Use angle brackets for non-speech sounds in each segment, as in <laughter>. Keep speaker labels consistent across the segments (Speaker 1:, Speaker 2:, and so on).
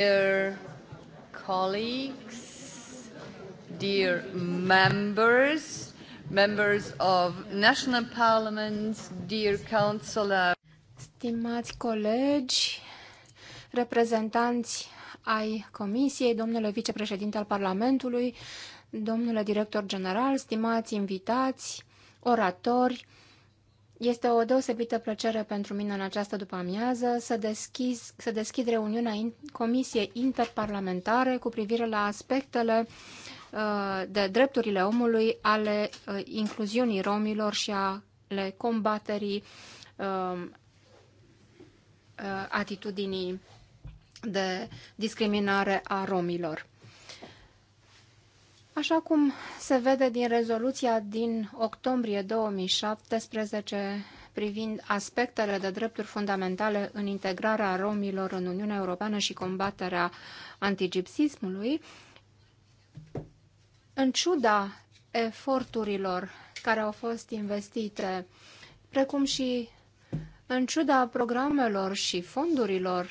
Speaker 1: Dear colleagues, dear members, members of national parliaments, dear councillors, Stimați colegi, reprezentanți ai Comisiei, domnule vicepreședinte al Parlamentului, domnule director general, stimați invitați, oratori, este o deosebită plăcere pentru mine în această după-amiază să, deschiz, să deschid reuniunea in, Comisiei Interparlamentare cu privire la aspectele uh, de drepturile omului ale uh, incluziunii romilor și ale combaterii um, uh, atitudinii de discriminare a romilor. Așa cum se vede din rezoluția din octombrie 2017 privind aspectele de drepturi fundamentale în integrarea romilor în Uniunea Europeană și combaterea antigipsismului, în ciuda eforturilor care au fost investite, precum și în ciuda programelor și fondurilor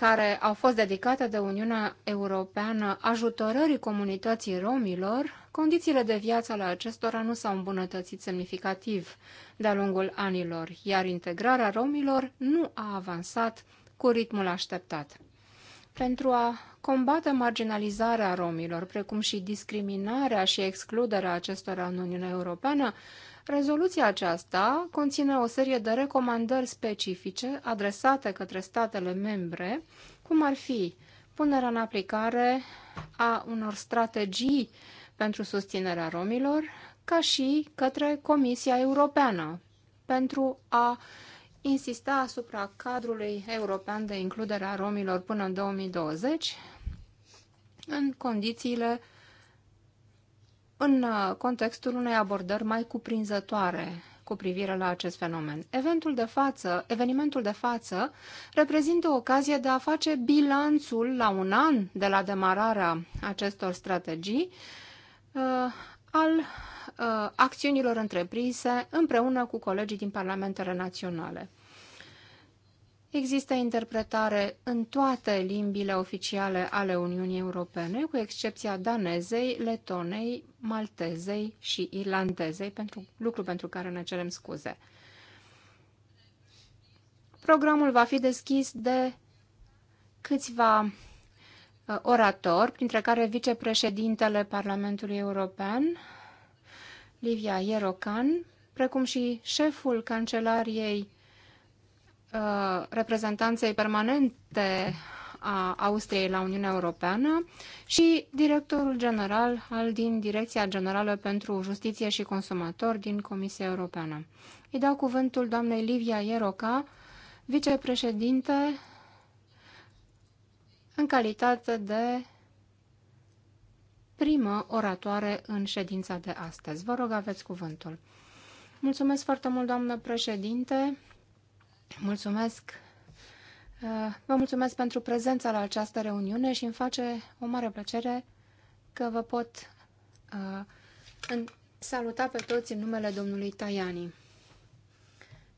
Speaker 1: care au fost dedicate de Uniunea Europeană ajutorării comunității romilor, condițiile de viață ale acestora nu s-au îmbunătățit semnificativ de-a lungul anilor, iar integrarea romilor nu a avansat cu ritmul așteptat. Pentru a combate marginalizarea romilor, precum și discriminarea și excluderea acestora în Uniunea Europeană, Rezoluția aceasta conține o serie de recomandări specifice adresate către statele membre, cum ar fi punerea în aplicare a unor strategii pentru susținerea romilor, ca și către Comisia Europeană, pentru a insista asupra cadrului european de includere a romilor până în 2020, în condițiile în uh, contextul unei abordări mai cuprinzătoare cu privire la acest fenomen. Eventul de față, evenimentul de față reprezintă ocazie de a face bilanțul la un an de la demararea acestor strategii uh, al uh, acțiunilor întreprise împreună cu colegii din parlamentele naționale. Există interpretare în toate limbile oficiale ale Uniunii Europene, cu excepția danezei, letonei, maltezei și irlandezei, pentru, lucru pentru care ne cerem scuze. Programul va fi deschis de câțiva uh, oratori, printre care vicepreședintele Parlamentului European, Livia Ierocan, precum și șeful Cancelariei Uh, reprezentanței permanente a Austriei la Uniunea Europeană și directorul general al din Direcția Generală pentru Justiție și Consumator din Comisia Europeană. Îi dau cuvântul doamnei Livia Ieroca, vicepreședinte în calitate de primă oratoare în ședința de astăzi. Vă rog, aveți cuvântul. Mulțumesc foarte mult, doamnă președinte. Mulțumesc! Uh, vă mulțumesc pentru prezența la această reuniune și îmi face o mare plăcere că vă pot uh, saluta pe toți în numele domnului Tajani.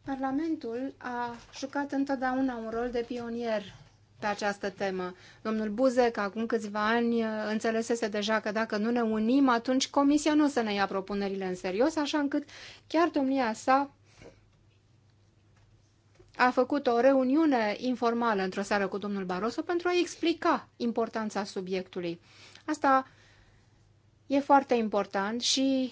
Speaker 1: Parlamentul a jucat întotdeauna un rol de pionier pe această temă. Domnul Buzec, acum câțiva ani, uh, înțelesese deja că dacă nu ne unim, atunci Comisia nu o să ne ia propunerile în serios, așa încât chiar domnia sa a făcut o reuniune informală într-o seară cu domnul Barroso pentru a explica importanța subiectului. Asta e foarte important și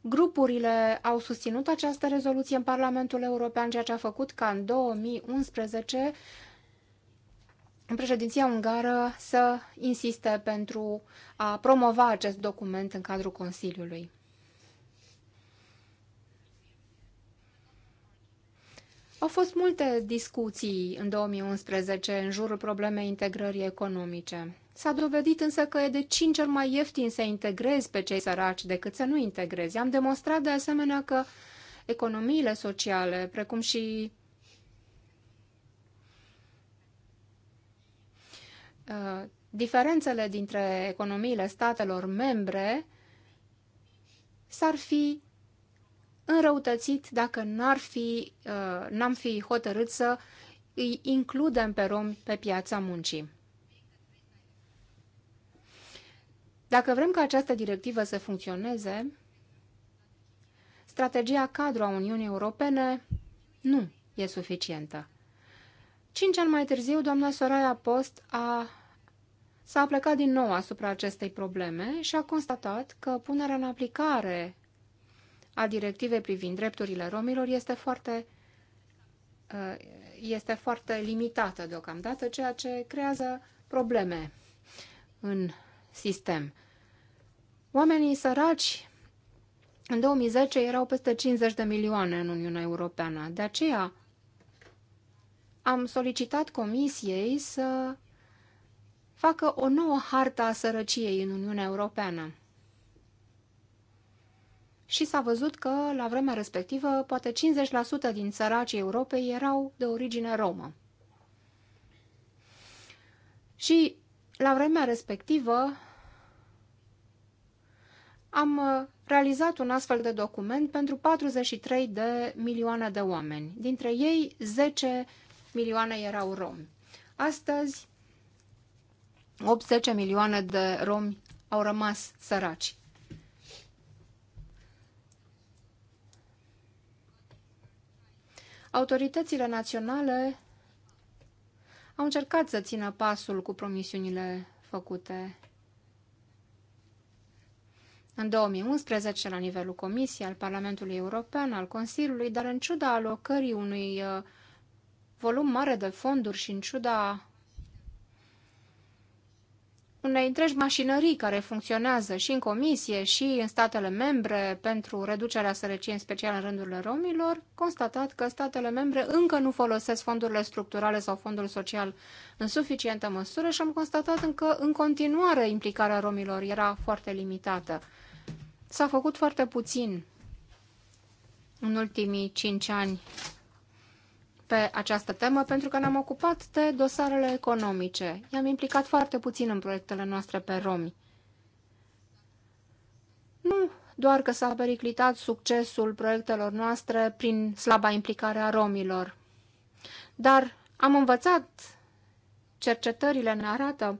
Speaker 1: grupurile au susținut această rezoluție în Parlamentul European, ceea ce a făcut ca în 2011 președinția ungară să insiste pentru a promova acest document în cadrul Consiliului. Au fost multe discuții în 2011 în jurul problemei integrării economice. S-a dovedit însă că e de cinci ori mai ieftin să integrezi pe cei săraci decât să nu integrezi. Am demonstrat de asemenea că economiile sociale, precum și uh, diferențele dintre economiile statelor membre, s-ar fi înrăutățit dacă n-ar fi, uh, n-am fi hotărât să îi includem pe romi pe piața muncii. Dacă vrem ca această directivă să funcționeze, strategia cadru a Uniunii Europene nu e suficientă. Cinci ani mai târziu, doamna Soraya Post a, s-a plecat din nou asupra acestei probleme și a constatat că punerea în aplicare a directivei privind drepturile romilor este foarte, uh, este foarte limitată deocamdată, ceea ce creează probleme în sistem. Oamenii săraci în 2010 erau peste 50 de milioane în Uniunea Europeană. De aceea am solicitat Comisiei să facă o nouă hartă a sărăciei în Uniunea Europeană și s-a văzut că, la vremea respectivă, poate 50% din săracii Europei erau de origine romă. Și, la vremea respectivă, am uh, realizat un astfel de document pentru 43 de milioane de oameni. Dintre ei, 10 milioane erau romi. Astăzi, 80 milioane de romi au rămas săraci. autoritățile naționale au încercat să țină pasul cu promisiunile făcute în 2011 la nivelul Comisiei, al Parlamentului European, al Consiliului, dar în ciuda alocării unui uh, volum mare de fonduri și în ciuda unei întregi mașinării care funcționează și în comisie și în statele membre pentru reducerea sărăciei, în special în rândul romilor, constatat că statele membre încă nu folosesc fondurile structurale sau fondul social în suficientă măsură și am constatat că în continuare implicarea romilor era foarte limitată. S-a făcut foarte puțin în ultimii cinci ani pe această temă pentru că ne-am ocupat de dosarele economice. I-am implicat foarte puțin în proiectele noastre pe romi. Nu doar că s-a periclitat succesul proiectelor noastre prin slaba implicare a romilor, dar am învățat, cercetările ne arată,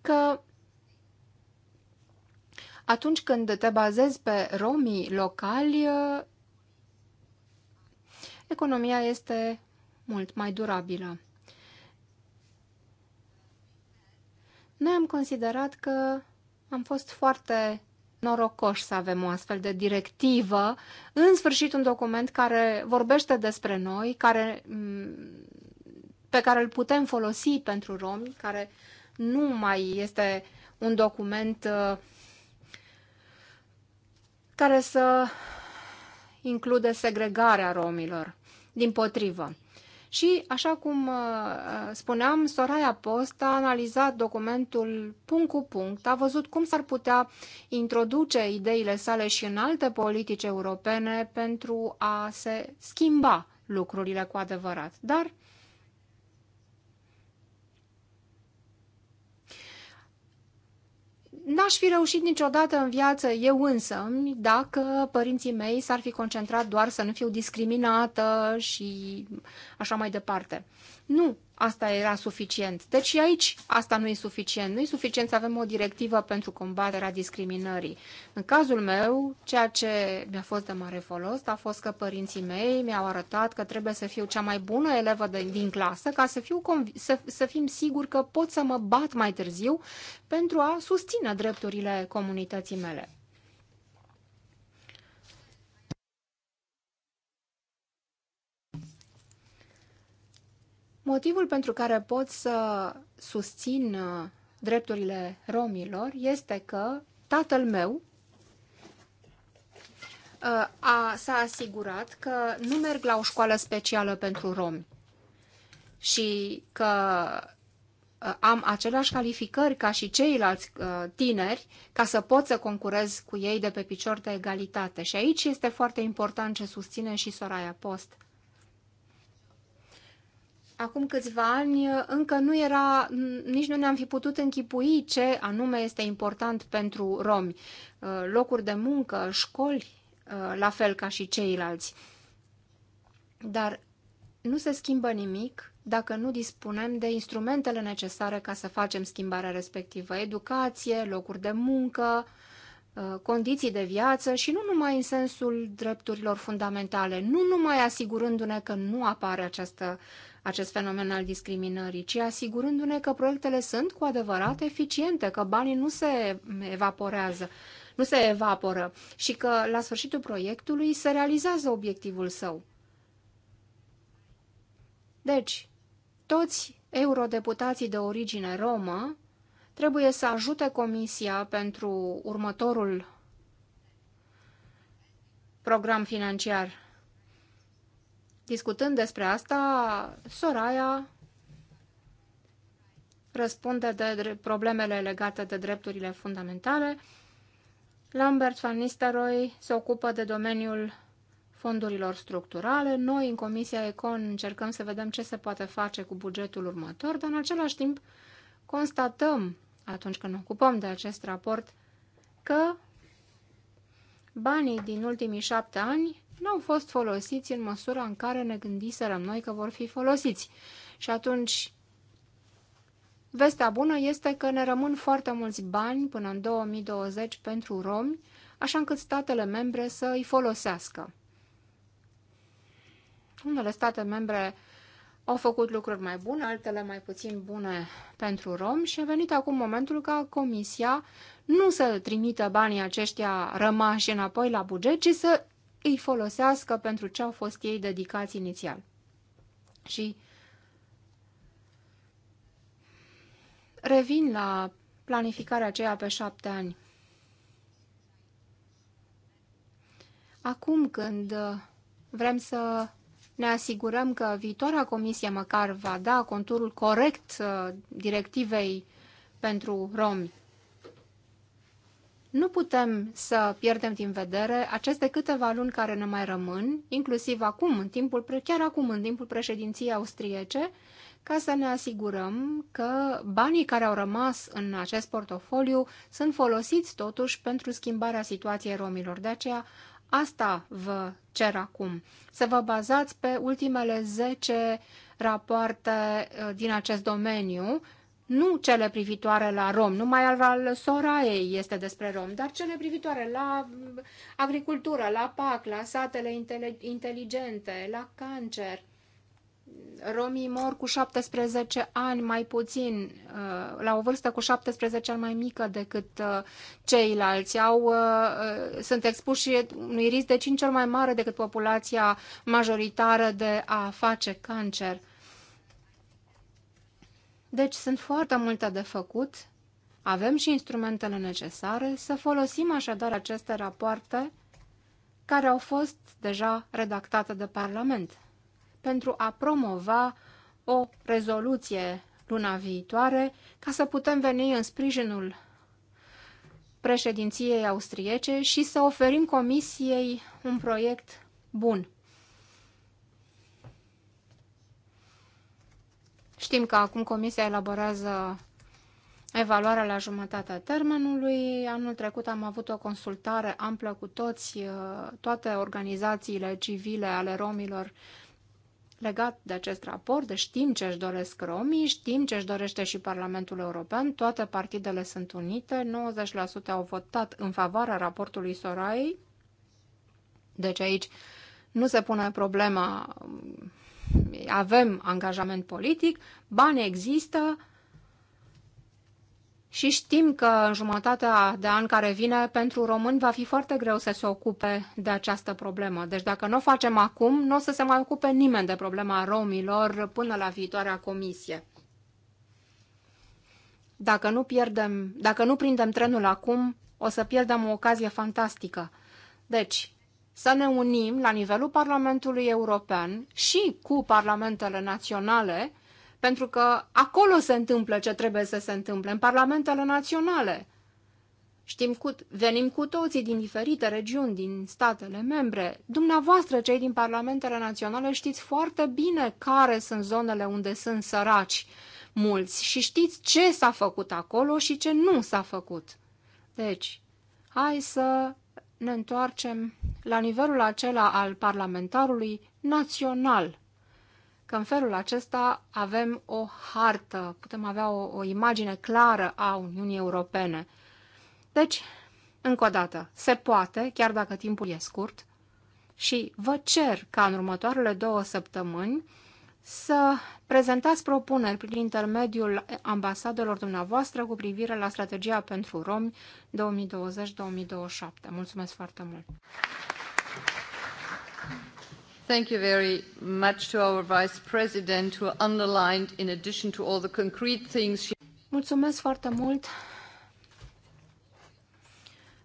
Speaker 1: că atunci când te bazezi pe romii locali, uh, economia este mult mai durabilă. Noi am considerat că am fost foarte norocoși să avem o astfel de directivă, în sfârșit un document care vorbește despre noi, care, mm, pe care îl putem folosi pentru romi, care nu mai este un document uh, care să includă segregarea romilor. Din potrivă. Și, așa cum uh, spuneam, Soraya Post a analizat documentul punct cu punct, a văzut cum s-ar putea introduce ideile sale și în alte politici europene pentru a se schimba lucrurile cu adevărat. Dar N-aș fi reușit niciodată în viață eu însă dacă părinții mei s-ar fi concentrat doar să nu fiu discriminată și așa mai departe. Nu, asta era suficient. Deci și aici asta nu e suficient. Nu e suficient să avem o directivă pentru combaterea discriminării. În cazul meu, ceea ce mi-a fost de mare folos a fost că părinții mei mi-au arătat că trebuie să fiu cea mai bună elevă de, din clasă ca să, fiu să, să fim siguri că pot să mă bat mai târziu pentru a susține drepturile comunității mele. Motivul pentru care pot să susțin uh, drepturile romilor este că tatăl meu uh, a, s-a asigurat că nu merg la o școală specială pentru romi și că uh, am aceleași calificări ca și ceilalți tineri ca să pot să concurez cu ei de pe picior de egalitate. Și aici este foarte important ce susține și Soraya Post – acum câțiva ani încă nu era, nici nu ne-am fi putut închipui ce anume este important pentru romi. Uh, locuri de muncă, școli, uh, la fel ca și ceilalți. Dar nu se schimbă nimic dacă nu dispunem de instrumentele necesare ca să facem schimbarea respectivă. Educație, locuri de muncă, uh, condiții de viață și nu numai în sensul drepturilor fundamentale, nu numai asigurându-ne că nu apare această uh, acest fenomen al discriminării, ci asigurându-ne că proiectele sunt cu adevărat eficiente, că banii nu se evaporează, nu se evaporă și că la sfârșitul proiectului se realizează obiectivul său. Deci, toți eurodeputații de origine romă trebuie să ajute Comisia pentru următorul program financiar Discutând despre asta, Soraya răspunde de problemele legate de drepturile fundamentale. Lambert van Nistelrooy se ocupă de domeniul fondurilor structurale. Noi, în Comisia Econ, încercăm să vedem ce se poate face cu bugetul următor, dar în același timp constatăm, atunci când ne ocupăm de acest raport, că banii din ultimii șapte ani nu au fost folosiți în măsura în care ne gândiserăm noi că vor fi folosiți. Și atunci, vestea bună este că ne rămân foarte mulți bani până în 2020 pentru romi, așa încât statele membre să îi folosească. Unele state membre au făcut lucruri mai bune, altele mai puțin bune pentru rom și a venit acum momentul ca Comisia nu să trimită banii aceștia rămași înapoi la buget, ci să îi folosească pentru ce au fost ei dedicați inițial. Și revin la planificarea aceea pe șapte ani. Acum când vrem să ne asigurăm că viitoarea comisie măcar va da conturul corect uh, directivei pentru romi, nu putem să pierdem din vedere aceste câteva luni care ne mai rămân, inclusiv acum, în timpul, chiar acum, în timpul președinției austriece, ca să ne asigurăm că banii care au rămas în acest portofoliu sunt folosiți totuși pentru schimbarea situației romilor. De aceea, asta vă cer acum, să vă bazați pe ultimele 10 rapoarte uh, din acest domeniu nu cele privitoare la rom, numai al, al Soraei este despre rom, dar cele privitoare la mm,
Speaker 2: agricultură,
Speaker 1: la PAC, la satele inteligente, la cancer. Romii mor cu 17 ani mai puțin, uh, la o vârstă cu 17 ani mai mică decât uh, ceilalți. Au, uh, sunt expuși unui risc de 5 ori mai mare decât populația majoritară de a face cancer. Deci sunt foarte multe de făcut, avem și instrumentele necesare să folosim așadar aceste rapoarte care au fost deja redactate de Parlament pentru a promova o rezoluție luna viitoare ca să putem veni în sprijinul președinției austriece și să oferim comisiei un proiect bun Știm că acum Comisia elaborează evaluarea la jumătatea termenului. Anul trecut am avut o consultare amplă cu toți, uh, toate organizațiile civile ale romilor legat de acest raport, deci știm ce își doresc romii, știm ce își dorește și Parlamentul European, toate partidele sunt unite, 90% au votat în favoarea raportului Sorai, deci aici nu se pune problema um, avem angajament politic, bani există și știm că în jumătatea de an care vine pentru români va fi foarte greu să se ocupe de această problemă. Deci dacă nu o facem acum, nu o să se mai ocupe nimeni de problema romilor până la viitoarea comisie. Dacă nu, pierdem, dacă nu prindem trenul acum, o să pierdem o ocazie fantastică. Deci, să ne unim la nivelul Parlamentului European și cu parlamentele naționale, pentru că acolo se întâmplă ce trebuie să se întâmple, în parlamentele naționale. Știm cu, venim cu toții din diferite regiuni, din statele membre. Dumneavoastră, cei din parlamentele naționale, știți foarte bine care sunt zonele unde sunt săraci mulți și știți ce s-a făcut acolo și ce nu s-a făcut. Deci, hai să ne întoarcem la nivelul acela al parlamentarului național. Că în felul acesta avem o hartă, putem avea o, o imagine clară a Uniunii Europene. Deci, încă o dată, se poate, chiar dacă timpul e scurt, și vă cer ca în următoarele două săptămâni să prezentați propuneri prin intermediul ambasadelor dumneavoastră cu privire la strategia pentru romi 2020-2027. Mulțumesc foarte mult! Thank you very much to our Vice President who underlined in addition to all the concrete things she Mulțumesc foarte mult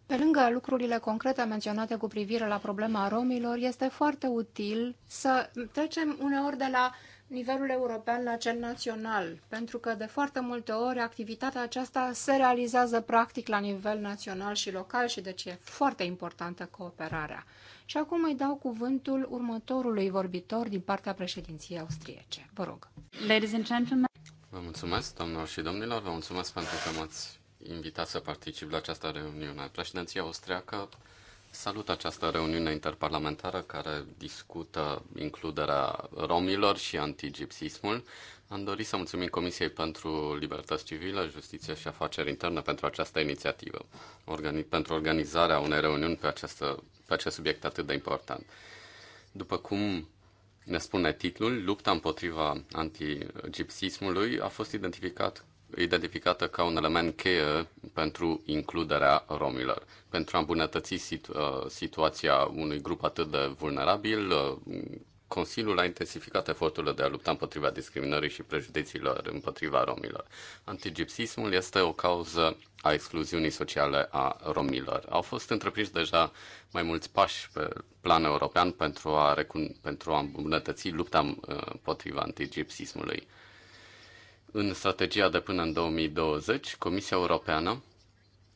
Speaker 1: pe lângă lucrurile concrete menționate cu privire la problema romilor, este foarte util să trecem uneori de la nivelul european la cel național, pentru că de foarte multe ori activitatea aceasta se realizează practic la nivel național și local și deci e foarte importantă cooperarea. Și acum îi dau cuvântul următorului vorbitor din partea președinției austriece. Vă rog. Ladies and gentlemen.
Speaker 3: Vă mulțumesc, doamnelor și domnilor, vă mulțumesc pentru că m-ați invitat să particip la această reuniune. Președinția austriacă salută această reuniune interparlamentară care discută includerea romilor și antigipsismul. Am dorit să mulțumim Comisiei pentru Libertăți Civile, Justiție și Afaceri Interne pentru această inițiativă, organi- pentru organizarea unei reuniuni pe, această, pe acest subiect atât de important. După cum ne spune titlul, lupta împotriva antigipsismului a fost identificat identificată ca un element cheie pentru includerea romilor. Pentru a îmbunătăți situ- uh, situația unui grup atât de vulnerabil, uh, Consiliul a intensificat eforturile de a lupta împotriva discriminării și prejudiciilor împotriva romilor. Antigipsismul este o cauză a excluziunii sociale a romilor. Au fost întreprinși deja mai mulți pași pe plan european pentru a, recun- pentru a îmbunătăți lupta împotriva antigipsismului. În strategia de până în 2020, Comisia Europeană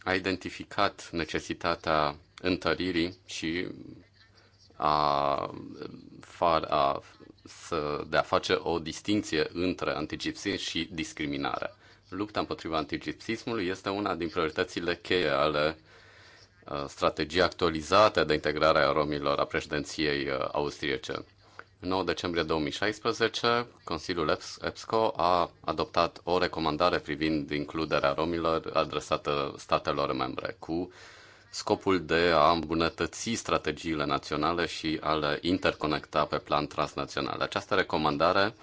Speaker 3: a identificat necesitatea întăririi și a, far, a, să, de a face o distinție între antigipsism și discriminare. Lupta împotriva antigipsismului este una din prioritățile cheie ale uh, strategiei actualizate de integrare a romilor a președinției uh, austriece. 9 decembrie 2016, Consiliul EPSCO a adoptat o recomandare privind includerea romilor adresată statelor membre, cu scopul de a îmbunătăți strategiile naționale și a le interconecta pe plan transnațional. Această recomandare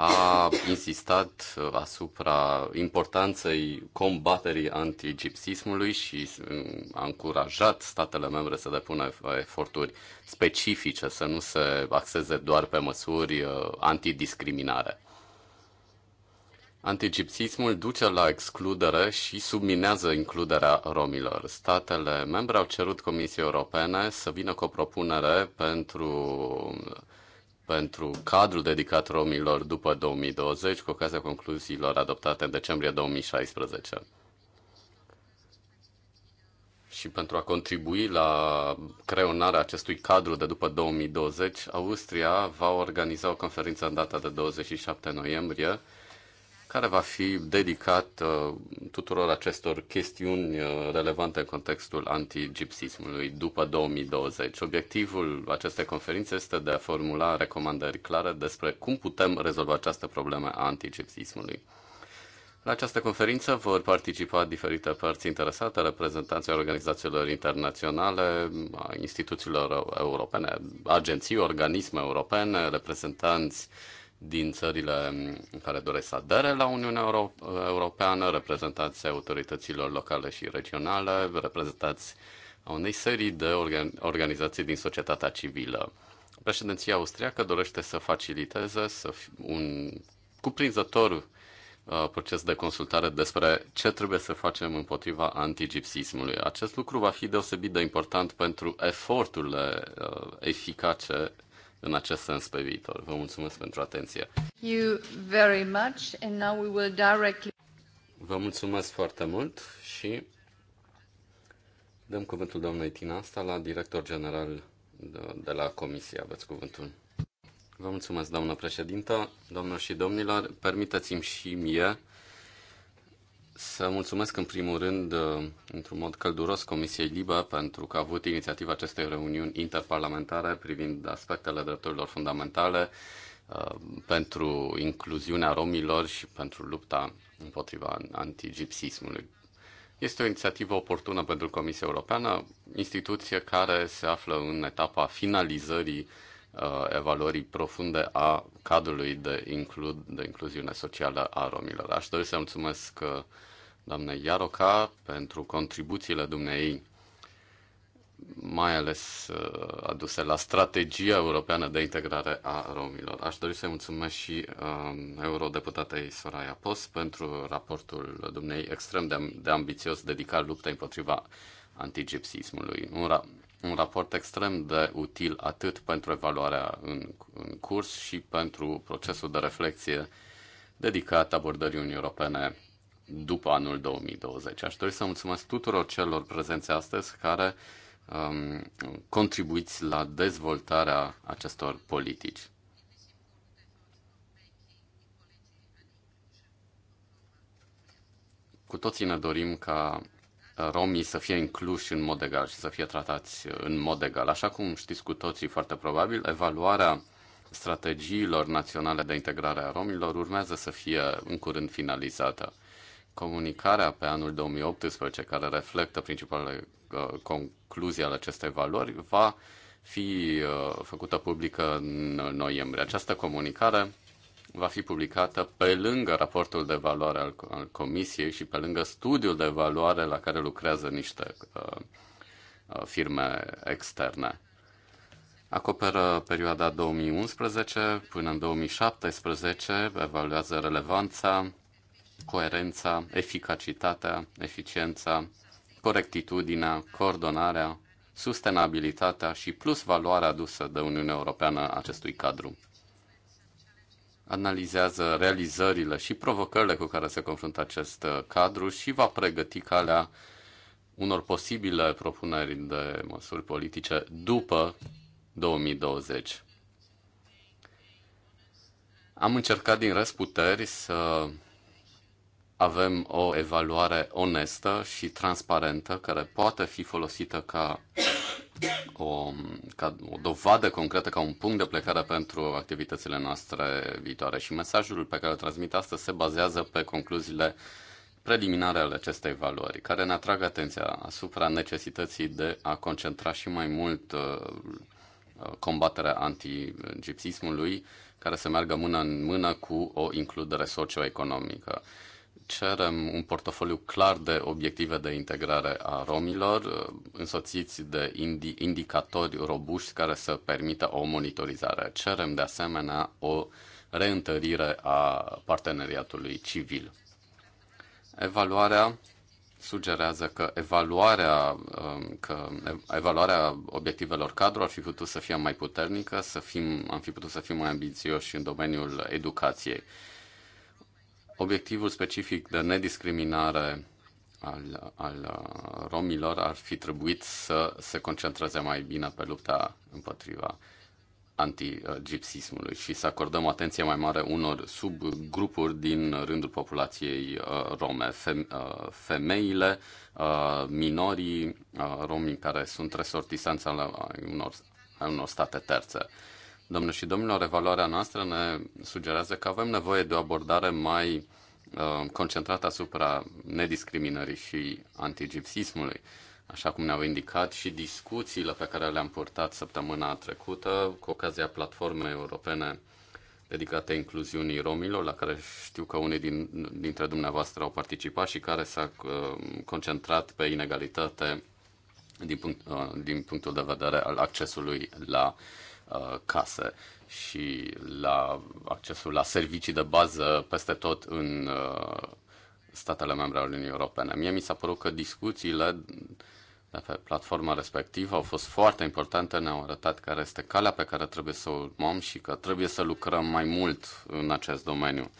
Speaker 3: a insistat uh, asupra importanței combaterii antigipsismului și uh, a încurajat statele membre să depună eforturi specifice, să nu se axeze doar pe măsuri uh, antidiscriminare. Antigipsismul duce la excludere și subminează includerea romilor. Statele membre au cerut Comisiei Europene să vină cu o propunere pentru pentru cadrul dedicat romilor după 2020, cu ocazia concluziilor adoptate în decembrie 2016. Și pentru a contribui la creonarea acestui cadru de după 2020, Austria va organiza o conferință în data de 27 noiembrie care va fi dedicat uh, tuturor acestor chestiuni uh, relevante în contextul antigipsismului după 2020. Obiectivul acestei conferințe este de a formula recomandări clare despre cum putem rezolva această problemă a antigipsismului. La această conferință vor participa diferite părți interesate, reprezentanții organizațiilor internaționale, a instituțiilor europene, agenții, organisme europene, reprezentanți uh, din țările mm, care doresc să adere la Uniunea Euro- Europeană, reprezentați autorităților locale și regionale, reprezentați a unei serii de organizații din societatea civilă. Președinția austriacă dorește să faciliteze să un cuprinzător uh, proces de consultare despre ce trebuie să facem împotriva antigipsismului. Acest lucru va fi deosebit de important pentru eforturile uh, eficace în acest sens pe viitor. Vă mulțumesc pentru atenție.
Speaker 1: You very much and now we will directly...
Speaker 3: Vă mulțumesc foarte mult și dăm cuvântul doamnei Tinasta la director general de, de la Comisie. Aveți cuvântul. Vă mulțumesc, doamnă președintă, doamnelor și domnilor. Permiteți-mi și mie să mulțumesc în primul rând, uh, într-un mod călduros, Comisiei Liba pentru că a avut inițiativa acestei reuniuni interparlamentare privind aspectele drepturilor fundamentale uh, pentru incluziunea romilor și pentru lupta împotriva antigipsismului. Este o inițiativă oportună pentru Comisia Europeană, instituție care se află în etapa finalizării uh, evaluării profunde a cadrului de, inclu- de incluziune socială a romilor. Aș dori să mulțumesc doamne Iaroca pentru contribuțiile dumnei, mai ales uh, aduse la strategia europeană de integrare a romilor. Aș dori să-i mulțumesc și um, eurodeputatei Soraya Post pentru raportul dumnei extrem de, de ambițios dedicat luptei împotriva antigipsismului. Un, ra- un raport extrem de util atât pentru evaluarea în, în curs și pentru procesul de reflexie dedicat abordării Uniunii Europene după anul 2020. Aș dori să mulțumesc tuturor celor prezenți astăzi care um, contribuiți la dezvoltarea acestor politici. Cu toții ne dorim ca romii să fie incluși în mod egal și să fie tratați în mod egal. Așa cum știți cu toții foarte probabil, evaluarea strategiilor naționale de integrare a romilor urmează să fie în curând finalizată comunicarea pe anul 2018, care reflectă principalele uh, concluzii ale acestei valori, va fi uh, făcută publică în noiembrie. Această comunicare va fi publicată pe lângă raportul de valoare al, al Comisiei și pe lângă studiul de valoare la care lucrează niște uh, uh firme externe. Acoperă perioada 2011 până în 2017, evaluează relevanța, coerența, eficacitatea, eficiența, corectitudinea, coordonarea, sustenabilitatea și plus valoarea adusă de Uniunea Europeană acestui cadru. Analizează realizările și provocările cu care se confruntă acest uh, cadru și va pregăti calea unor posibile propuneri de măsuri politice după 2020. Am încercat din răsputeri să avem o evaluare onestă și transparentă care poate fi folosită ca o, ca o dovadă concretă, ca un punct de plecare pentru activitățile noastre viitoare. Și mesajul pe care îl transmit astăzi se bazează pe concluziile preliminare ale acestei evaluări care ne atrag atenția asupra necesității de a concentra și mai mult uh, uh, combaterea antigipsismului, care să meargă mână în mână cu o includere socioeconomică. economică cerem un portofoliu clar de obiective de integrare a romilor, însoțiți de indi- indicatori robuști care să permită o monitorizare. Cerem de asemenea o reîntărire a parteneriatului civil. Evaluarea sugerează că evaluarea, um, că evaluarea obiectivelor cadru ar fi putut să fie mai puternică, să fim, am fi putut să fim mai ambițioși în domeniul educației. Obiectivul specific de nediscriminare al, al uh, romilor ar fi trebuit să se concentreze mai bine pe lupta împotriva antigipsismului și să acordăm atenție mai mare unor subgrupuri din rândul populației uh, rome, uh, femeile, minorii romii care sunt resortisanți ale unor, ale unor state terțe. Domnul și domnilor, evaluarea noastră ne sugerează că avem nevoie de o abordare mai uh, concentrată asupra nediscriminării și antigipsismului, așa cum ne-au indicat și discuțiile pe care le-am purtat săptămâna trecută cu ocazia platformei europene dedicate incluziunii romilor, la care știu că unii din, dintre dumneavoastră au participat și care s-a uh, concentrat pe inegalitate din, punct, uh, din punctul de vedere al accesului la uh, Uh, case și la accesul la servicii de bază peste tot în uh, statele membre ale Uniunii Europene. Mie mi s-a părut că discuțiile de pe platforma respectivă au fost foarte importante, ne-au arătat care este calea pe care trebuie să o urmăm și că trebuie să lucrăm mai mult în acest domeniu.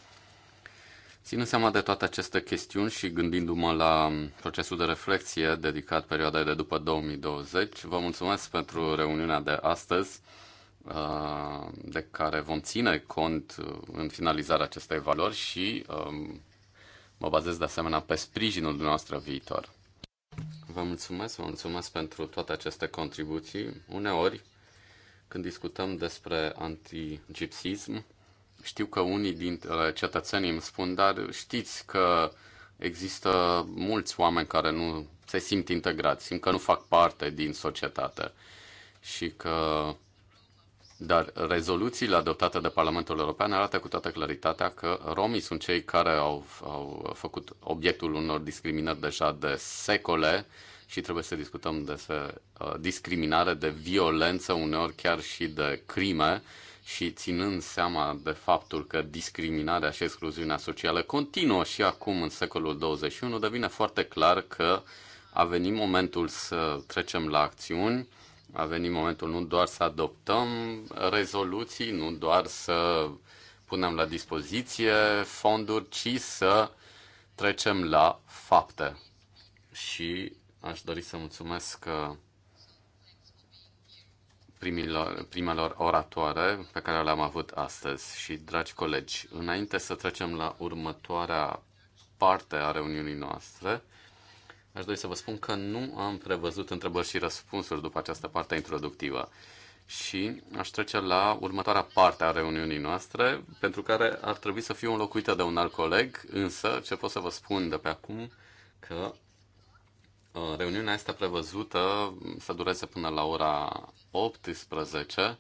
Speaker 3: Ținând seama de toate aceste chestiuni și gândindu-mă la procesul de reflexie dedicat perioadei de după 2020, vă mulțumesc pentru reuniunea de astăzi Uh, de care vom ține cont uh, în finalizarea acestei valori și um, mă bazez de asemenea pe sprijinul dumneavoastră viitor. Vă mulțumesc, vă mulțumesc pentru toate aceste contribuții. Uneori, când discutăm despre antigipsism, știu că unii dintre cetățenii îmi spun, dar știți că există mulți oameni care nu se simt integrați, simt că nu fac parte din societate și că dar rezoluțiile adoptate de Parlamentul European arată cu toată claritatea că romii sunt cei care au, au făcut obiectul unor discriminări deja de secole și trebuie să discutăm despre uh, discriminare, de violență, uneori chiar și de crime și ținând seama de faptul că discriminarea și excluziunea socială continuă și acum în secolul 21, devine foarte clar că a venit momentul să trecem la acțiuni a venit momentul nu doar să adoptăm rezoluții, nu doar să punem la dispoziție fonduri, ci să trecem la fapte. Și aș dori să mulțumesc uh, primilor, primelor oratoare pe care le-am avut astăzi. Și, dragi colegi, înainte să trecem la următoarea parte a reuniunii noastre, Aș dori să vă spun că nu am prevăzut întrebări și răspunsuri după această parte introductivă. Și aș trece la următoarea parte a reuniunii noastre, pentru care ar trebui să fiu înlocuită de un alt coleg, însă ce pot să vă spun de pe acum că uh, reuniunea este prevăzută să dureze până la ora 18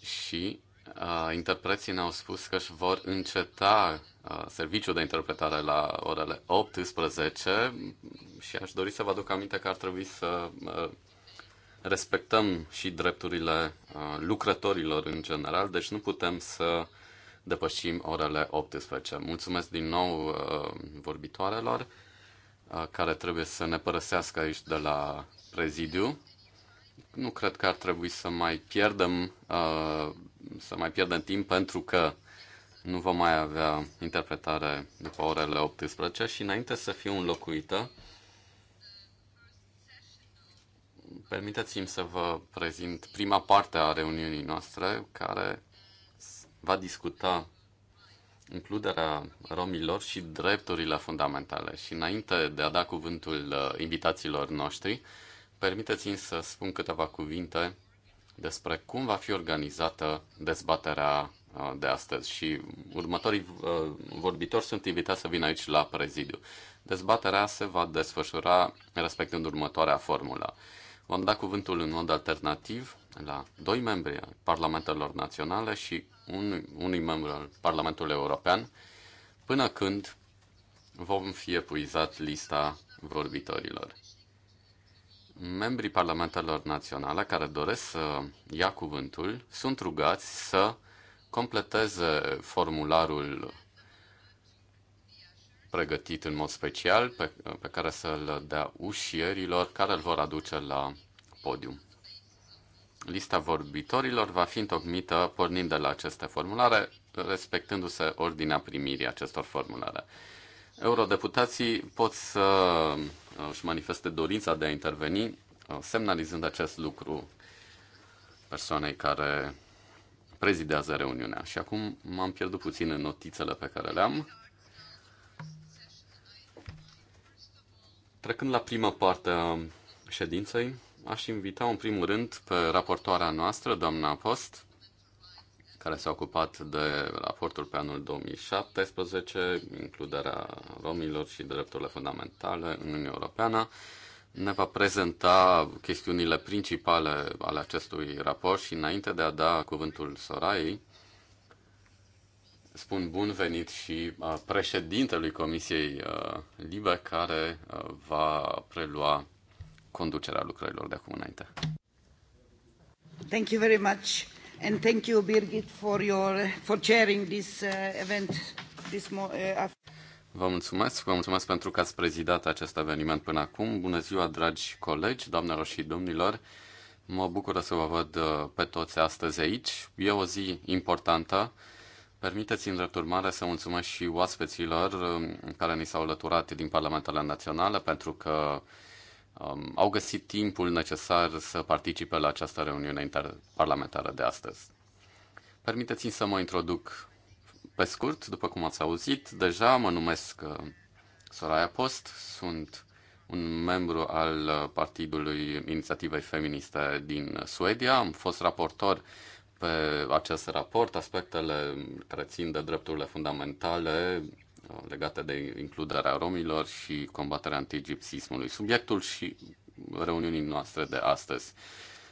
Speaker 3: și uh, interpreții ne-au spus că își vor înceta uh, serviciul de interpretare la orele 18 și aș dori să vă aduc aminte că ar trebui să uh, respectăm și drepturile uh, lucrătorilor în general, deci nu putem să depășim orele 18. Mulțumesc din nou uh, vorbitoarelor care trebuie să ne părăsească aici de la prezidiu. Nu cred că ar trebui să mai pierdem uh, să mai pierdem timp pentru că nu vom mai avea interpretare după orele 18 și înainte să fiu înlocuită, permiteți-mi să vă prezint prima parte a reuniunii noastre care va discuta includerea romilor și drepturile fundamentale. Și înainte de a da cuvântul uh, invitațiilor noștri, permiteți-mi să spun câteva cuvinte despre cum va fi organizată dezbaterea uh, de astăzi și următorii uh, vorbitori sunt invitați să vină aici la prezidiu. Dezbaterea se va desfășura respectând următoarea formulă. Vom da cuvântul în mod alternativ la doi membri ai Parlamentelor Naționale și un, unui membru al Parlamentului European până când vom fi epuizat lista vorbitorilor membrii parlamentelor naționale care doresc să ia cuvântul sunt rugați să completeze formularul pregătit în mod special pe, pe care să-l dea ușierilor care îl vor aduce la podium. Lista vorbitorilor va fi întocmită pornind de la aceste formulare, respectându-se ordinea primirii acestor formulare eurodeputații pot să uh, își manifeste dorința de a interveni, uh, semnalizând acest lucru persoanei care prezidează reuniunea. Și acum m-am pierdut puțin în notițele pe care le-am. Trecând la prima parte a ședinței, aș invita în primul rând pe raportoarea noastră, doamna Post, care s-a ocupat de raportul pe anul 2017, includerea romilor și drepturile fundamentale în Uniunea Europeană. Ne va prezenta chestiunile principale ale acestui raport și înainte de a da cuvântul Sorai, spun bun venit și uh, președintelui Comisiei uh, Libe care uh, va prelua conducerea lucrărilor de acum înainte.
Speaker 4: Thank you very much. And thank you, Birgit, for, your, for chairing this uh, event this uh,
Speaker 3: Vă mulțumesc, vă mulțumesc pentru că ați prezidat acest eveniment până acum. Bună ziua, dragi colegi, doamnelor și domnilor. Mă bucură să vă văd uh, pe toți astăzi aici. E o zi importantă. Permiteți-mi, drept urmare, să mulțumesc și oaspeților um, care ni s-au alăturat din Parlamentele Naționale pentru că um, au găsit timpul necesar să participe la această reuniune interparlamentară de astăzi. Permiteți-mi să mă introduc pe scurt, după cum ați auzit, deja mă numesc uh, Soraya Post, sunt un membru al uh, Partidului Inițiativei Feministe din Suedia, am fost raportor pe acest raport, aspectele care țin de drepturile fundamentale legate de includerea romilor și combaterea antigipsismului, subiectul și reuniunii noastre de astăzi.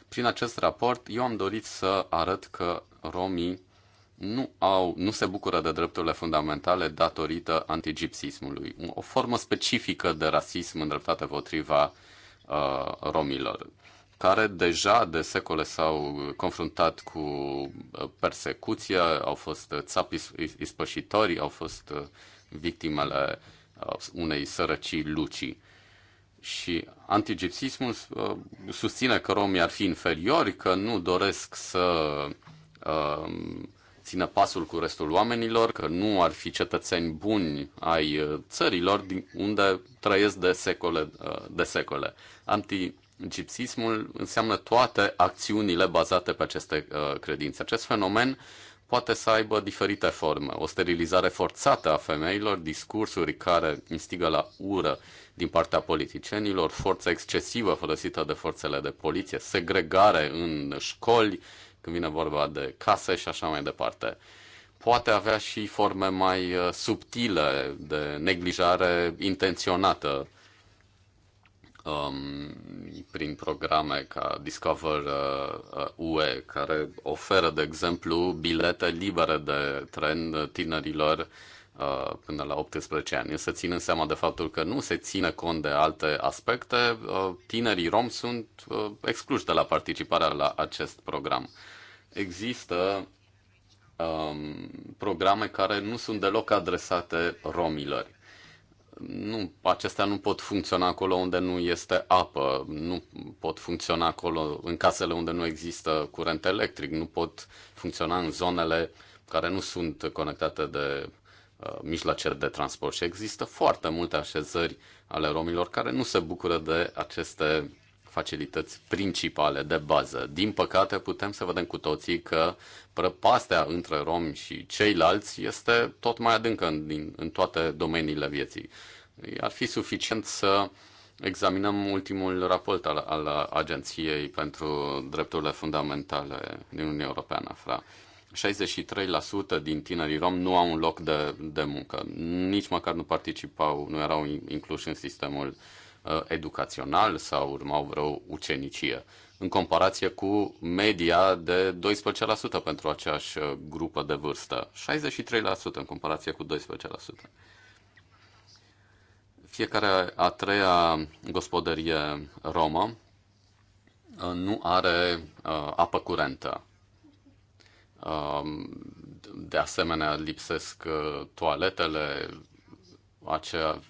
Speaker 3: Prin acest raport, eu am dorit să arăt că romii nu, au, nu se bucură de drepturile fundamentale datorită antigipsismului, o formă specifică de rasism îndreptată potriva uh, romilor, care deja de secole s-au confruntat cu uh, persecuția, au fost uh, țapi ispășitori, au fost uh, victimele uh, unei sărăcii lucii. Și antigipsismul uh, susține că romii ar fi inferiori, că nu doresc să uh, țină pasul cu restul oamenilor, că nu ar fi cetățeni buni ai țărilor unde trăiesc de secole. De secole. Anti, Gipsismul înseamnă toate acțiunile bazate pe aceste uh, credințe. Acest fenomen poate să aibă diferite forme. O sterilizare forțată a femeilor, discursuri care instigă la ură din partea politicienilor, forță excesivă folosită de forțele de poliție, segregare în școli, când vine vorba de case și așa mai departe. Poate avea și forme mai uh, subtile de neglijare intenționată um, prin programe ca Discover UE, uh, uh, care oferă, de exemplu, bilete libere de tren tinerilor uh, până la 18 ani. Să ținem seama de faptul că nu se ține cont de alte aspecte, uh, tinerii rom sunt uh, excluși de la participarea la acest program. Există um, programe care nu sunt deloc adresate romilor nu, acestea nu pot funcționa acolo unde nu este apă, nu pot funcționa acolo în casele unde nu există curent electric, nu pot funcționa în zonele care nu sunt conectate de uh, mijloace de transport. Și există foarte multe așezări ale romilor care nu se bucură de aceste facilități principale de bază. Din păcate, putem să vedem cu toții că prăpastea între romi și ceilalți este tot mai adâncă în, din, în toate domeniile vieții. Ar fi suficient să examinăm ultimul raport al, al Agenției pentru Drepturile Fundamentale din Uniunea Europeană, FRA. 63% din tinerii rom nu au un loc de, de muncă. Nici măcar nu participau, nu erau incluși în sistemul Uh, educațional sau urmau vreo ucenicie, în comparație cu media de 12% pentru aceeași uh, grupă de vârstă, 63% în comparație cu 12%. Fiecare a treia gospodărie romă uh, nu are apă curentă. Um, de asemenea, lipsesc toaletele, acea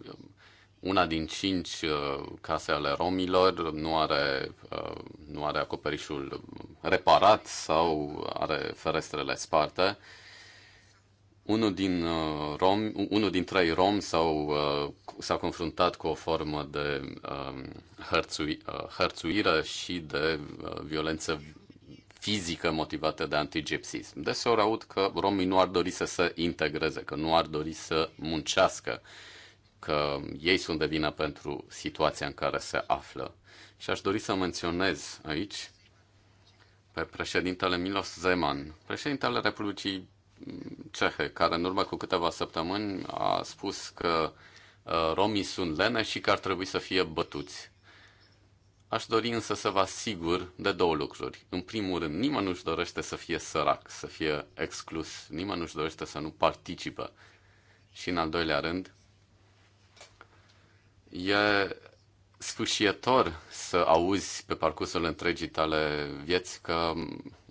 Speaker 3: una din cinci uh, case ale romilor nu are, uh, nu are acoperișul reparat sau are ferestrele sparte. Unul din, uh, rom, unul din trei romi s-au, s-a confruntat cu o formă de um, hărțui, hărțuire și de violență fizică motivată de antigipsism. Deseori aud că romii nu ar dori să se integreze, că nu ar dori să muncească că ei sunt de vină pentru situația în care se află. Și aș dori să menționez aici pe președintele Milos Zeman, președintele Republicii Cehe, care în urmă cu câteva săptămâni a spus că uh, romii sunt lene și că ar trebui să fie bătuți. Aș dori însă să vă asigur de două lucruri. În primul rând, nimeni nu-și dorește să fie sărac, să fie exclus, nimeni nu-și dorește să nu participe. Și în al doilea rând, E sfârșietor să auzi pe parcursul întregii tale vieți că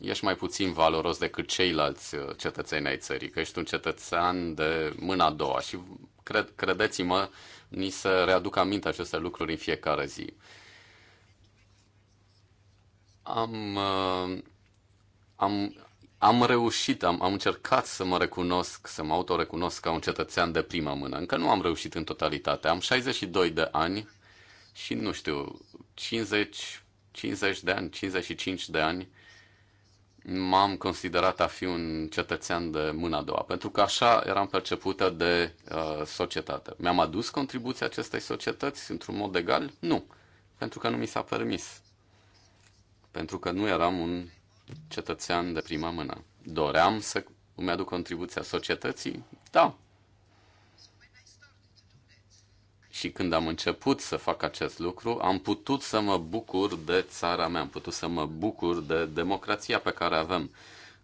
Speaker 3: ești mai puțin valoros decât ceilalți uh, cetățeni ai țării, că ești un cetățean de mâna a doua și cred, credeți-mă, ni se readuc aminte aceste lucruri în fiecare zi. Am, uh, am, am reușit, am, am încercat să mă recunosc, să mă autorecunosc ca un cetățean de primă mână. Încă nu am reușit în totalitate. Am 62 de ani și, nu știu, 50, 50 de ani, 55 de ani m-am considerat a fi un cetățean de mâna a doua, pentru că așa eram percepută de uh, societate. Mi-am adus contribuția acestei societăți într-un mod egal? Nu, pentru că nu mi s-a permis. Pentru că nu eram un cetățean de prima mână. Doream să îmi aduc contribuția societății? Da. Și când am început să fac acest lucru, am putut să mă bucur de țara mea, am putut să mă bucur de democrația pe care avem,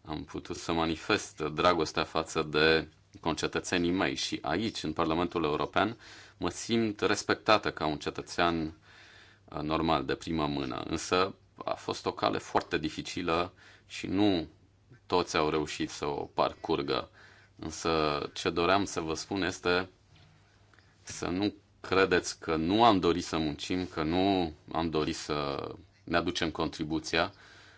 Speaker 3: am putut să manifest dragostea față de concetățenii mei și aici, în Parlamentul European, mă simt respectată ca un cetățean uh, normal, de primă mână. Însă a fost o cale foarte dificilă și nu toți au reușit să o parcurgă. Însă ce doream să vă spun este să nu credeți că nu am dorit să muncim, că nu am dorit să ne aducem contribuția.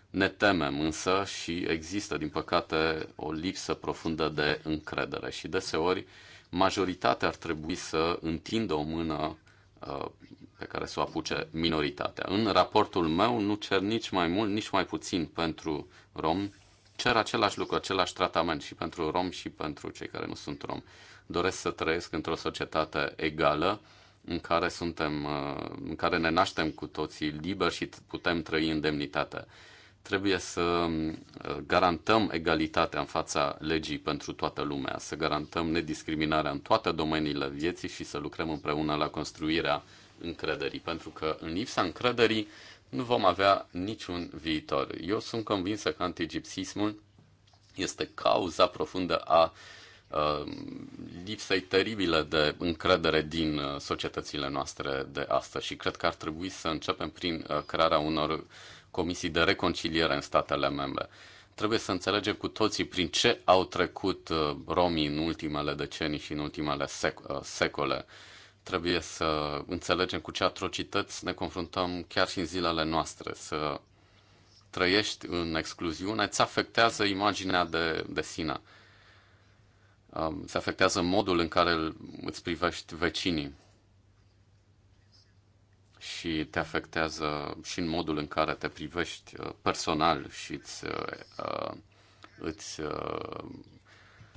Speaker 3: Ne temem însă și există, din păcate, o lipsă profundă de încredere și deseori majoritatea ar trebui să întindă o mână uh, pe care să o apuce minoritatea. În raportul meu nu cer nici mai mult, nici mai puțin pentru rom, cer același lucru, același tratament și pentru rom și pentru cei care nu sunt rom. Doresc să trăiesc într-o societate egală, în care suntem, uh, în care ne naștem cu toții liberi și putem trăi în demnitate. Trebuie să uh, garantăm egalitatea în fața legii pentru toată lumea, să garantăm nediscriminarea în toate domeniile vieții și să lucrăm împreună la construirea încrederii, pentru că în lipsa încrederii nu vom avea niciun viitor. Eu sunt convinsă că antigipsismul este cauza profundă a uh, lipsei teribile de încredere din uh, societățile noastre de astăzi și cred că ar trebui să începem prin uh, crearea unor comisii de reconciliere în statele membre. Trebuie să înțelegem cu toții prin ce au trecut romii în ultimele decenii și în ultimele sec- secole Trebuie să înțelegem cu ce atrocități ne confruntăm chiar și în zilele noastre. Să trăiești în excluziune îți afectează imaginea de, de sine. Se um, afectează modul în care îți privești vecinii și te afectează și în modul în care te privești uh, personal și îți, uh, uh, îți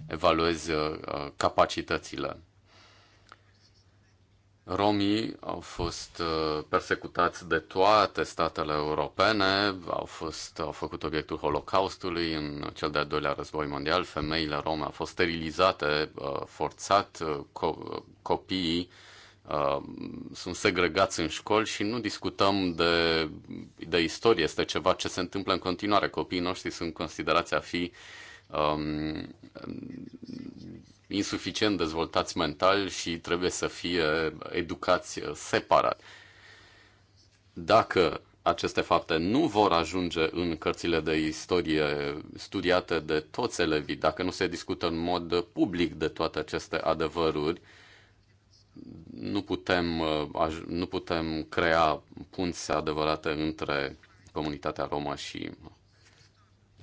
Speaker 3: evaluezi capacitățile. Romii au fost uh, persecutați de toate statele europene, au, fost, au făcut obiectul Holocaustului în cel de-al doilea război mondial, femeile rome au fost sterilizate, uh, forțat, uh, co- copiii sunt segregați în școli și nu discutăm de, de istorie, este ceva ce se întâmplă în continuare. Copiii noștri sunt considerați a fi um, insuficient dezvoltați mental și trebuie să fie educați uh, separat. Dacă aceste fapte nu vor ajunge în cărțile de istorie studiate de toți elevii, dacă nu se discută în mod public de toate aceste adevăruri, nu putem, uh, nu putem crea punți adevărate între comunitatea Roma și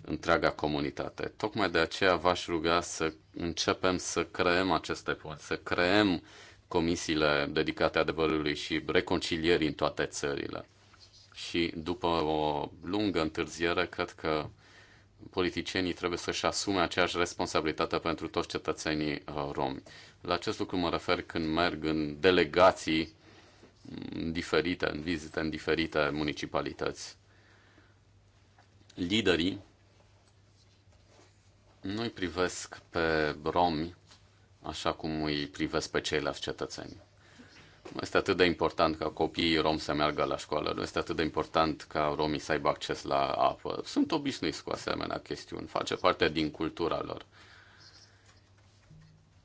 Speaker 3: întreaga comunitate. Tocmai de aceea v-aș ruga să începem să creăm aceste puncte, să creăm comisiile dedicate adevărului și reconcilierii în toate țările. Și după o lungă întârziere, cred că politicienii trebuie să-și asume aceeași responsabilitate pentru toți cetățenii uh, romi. La acest lucru mă refer când merg în delegații mm, diferite, în vizite în diferite municipalități. Liderii nu-i privesc pe romi așa cum îi privesc pe ceilalți cetățeni. Nu este atât de important ca copiii rom să meargă la școală, nu este atât de important ca romii să aibă acces la apă. Sunt obișnuiți cu asemenea chestiuni, face parte din cultura lor.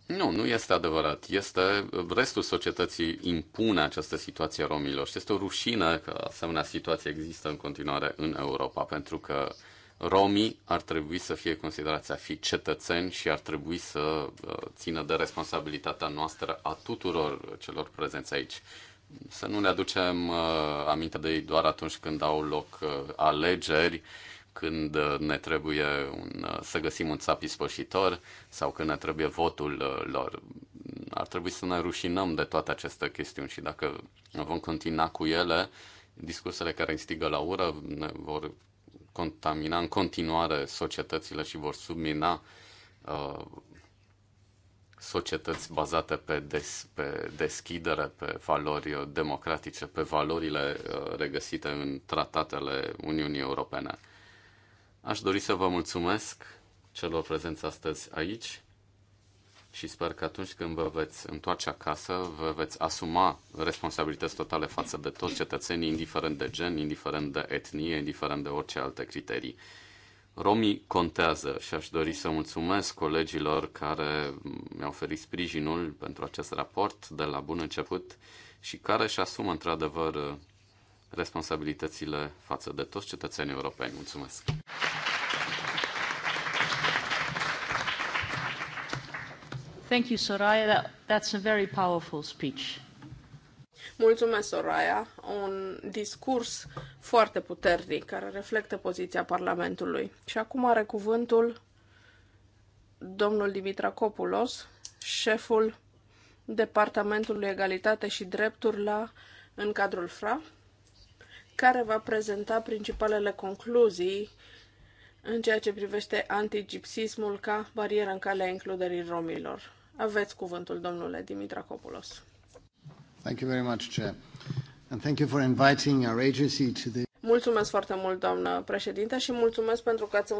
Speaker 3: Nu, nu este adevărat. Este restul societății impune această situație romilor și este o rușine că asemenea situație există în continuare în Europa, pentru că uh, romii ar trebui să fie considerați a fi cetățeni și ar trebui să uh, țină de responsabilitatea noastră a tuturor celor prezenți aici. Să nu ne aducem uh, aminte de ei doar atunci când au loc uh, alegeri, când ne trebuie un, să găsim un țap ispășitor sau când ne trebuie votul lor. Ar trebui să ne rușinăm de toate aceste chestiuni și dacă vom continua cu ele, discursele care instigă la ură ne vor contamina în continuare societățile și vor submina uh, societăți bazate pe, des, pe deschidere, pe valori democratice, pe valorile uh, regăsite în tratatele Uniunii Europene. Aș dori să vă mulțumesc celor prezenți astăzi aici și sper că atunci când vă veți întoarce acasă, vă veți asuma responsabilități totale față de toți cetățenii, indiferent de gen, indiferent de etnie, indiferent de orice alte criterii. Romii contează și aș dori să mulțumesc colegilor care mi-au oferit sprijinul pentru acest raport de la bun început și care își asumă într-adevăr responsabilitățile față de toți cetățenii europeni. Mulțumesc!
Speaker 5: Thank you, Soraya. That, that's a very powerful speech.
Speaker 2: Mulțumesc, Soraya. Un discurs foarte puternic care reflectă poziția Parlamentului. Și acum are cuvântul domnul Dimitra Copulos, șeful Departamentului Egalitate și Drepturi la, în cadrul FRA, care va prezenta principalele concluzii în ceea ce privește antigipsismul ca barieră în calea includerii romilor. Aveți cuvântul, domnule Dimitra
Speaker 6: Thank you very much, Chair. And thank you for inviting our agency to the...
Speaker 2: Mulțumesc foarte mult, doamnă președinte, și mulțumesc pentru că ați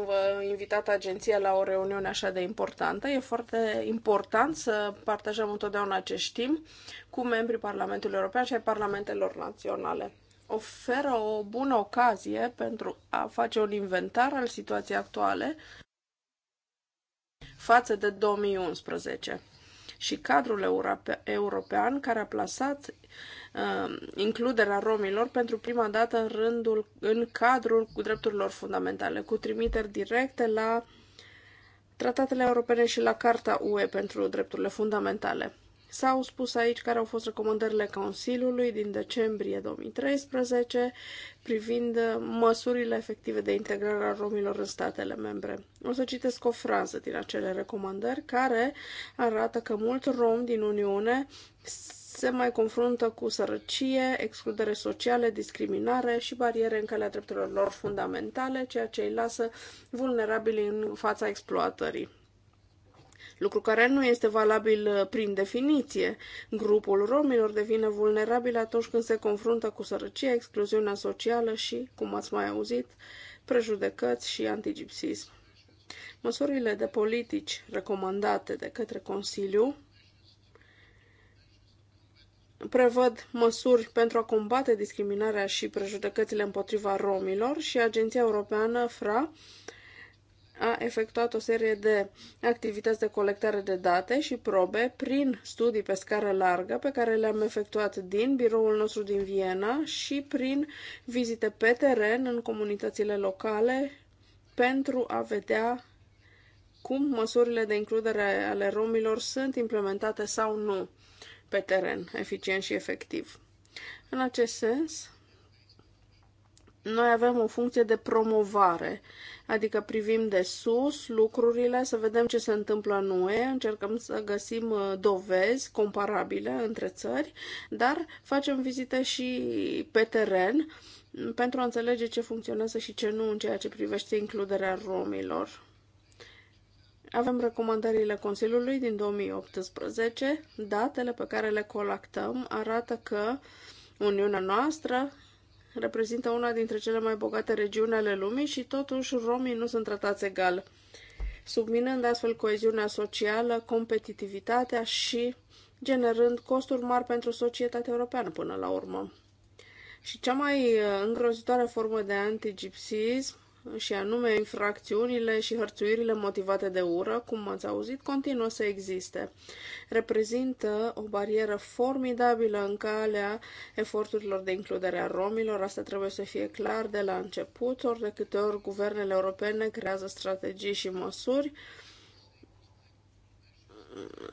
Speaker 2: invitat agenția la o reuniune așa de importantă. E foarte important să partajăm întotdeauna acest timp cu membrii Parlamentului European și ai Parlamentelor Naționale. Oferă o bună ocazie pentru a face un inventar al situației actuale față de 2011 și cadrul european care a plasat uh, includerea romilor pentru prima dată în, rândul, în cadrul cu drepturilor fundamentale, cu trimiteri directe la tratatele europene și la Carta UE pentru drepturile fundamentale. S-au spus aici care au fost recomandările Consiliului din decembrie 2013 privind uh, măsurile efective de integrare a romilor în statele membre. O să citesc o frază din acele recomandări care arată că mult rom din Uniune se mai confruntă cu sărăcie, excludere socială, discriminare și bariere în calea drepturilor lor fundamentale, ceea ce îi lasă vulnerabili în fața exploatării lucru care nu este valabil uh, prin definiție. Grupul romilor devine vulnerabil atunci când se confruntă cu sărăcia, excluziunea socială și, cum ați mai auzit, prejudecăți și antigipsism. Măsurile de politici recomandate de către Consiliu prevăd măsuri pentru a combate discriminarea și prejudecățile împotriva romilor și Agenția Europeană FRA a efectuat o serie de activități de colectare de date și probe prin studii pe scară largă pe care le-am efectuat din biroul nostru din Viena și prin vizite pe teren în comunitățile locale pentru a vedea cum măsurile de includere ale romilor sunt implementate sau nu pe teren, eficient și efectiv. În acest sens, noi avem o funcție de promovare, adică privim de sus lucrurile, să vedem ce se întâmplă în UE, încercăm să găsim uh, dovezi comparabile între țări, dar facem vizite și pe teren pentru a înțelege ce funcționează și ce nu în ceea ce privește includerea romilor. Avem recomandările Consiliului din 2018. Datele pe care le colectăm arată că Uniunea noastră reprezintă una dintre cele mai bogate regiuni ale lumii și totuși romii nu sunt tratați egal, subminând astfel coeziunea socială, competitivitatea și generând costuri mari pentru societatea europeană până la urmă. Și cea mai uh, îngrozitoare formă de antigipsism și anume infracțiunile și hărțuirile motivate de ură, cum ați auzit, continuă să existe. Reprezintă o barieră formidabilă în calea eforturilor de includere a romilor, asta trebuie să fie clar de la început, ori de câte ori guvernele europene creează strategii și măsuri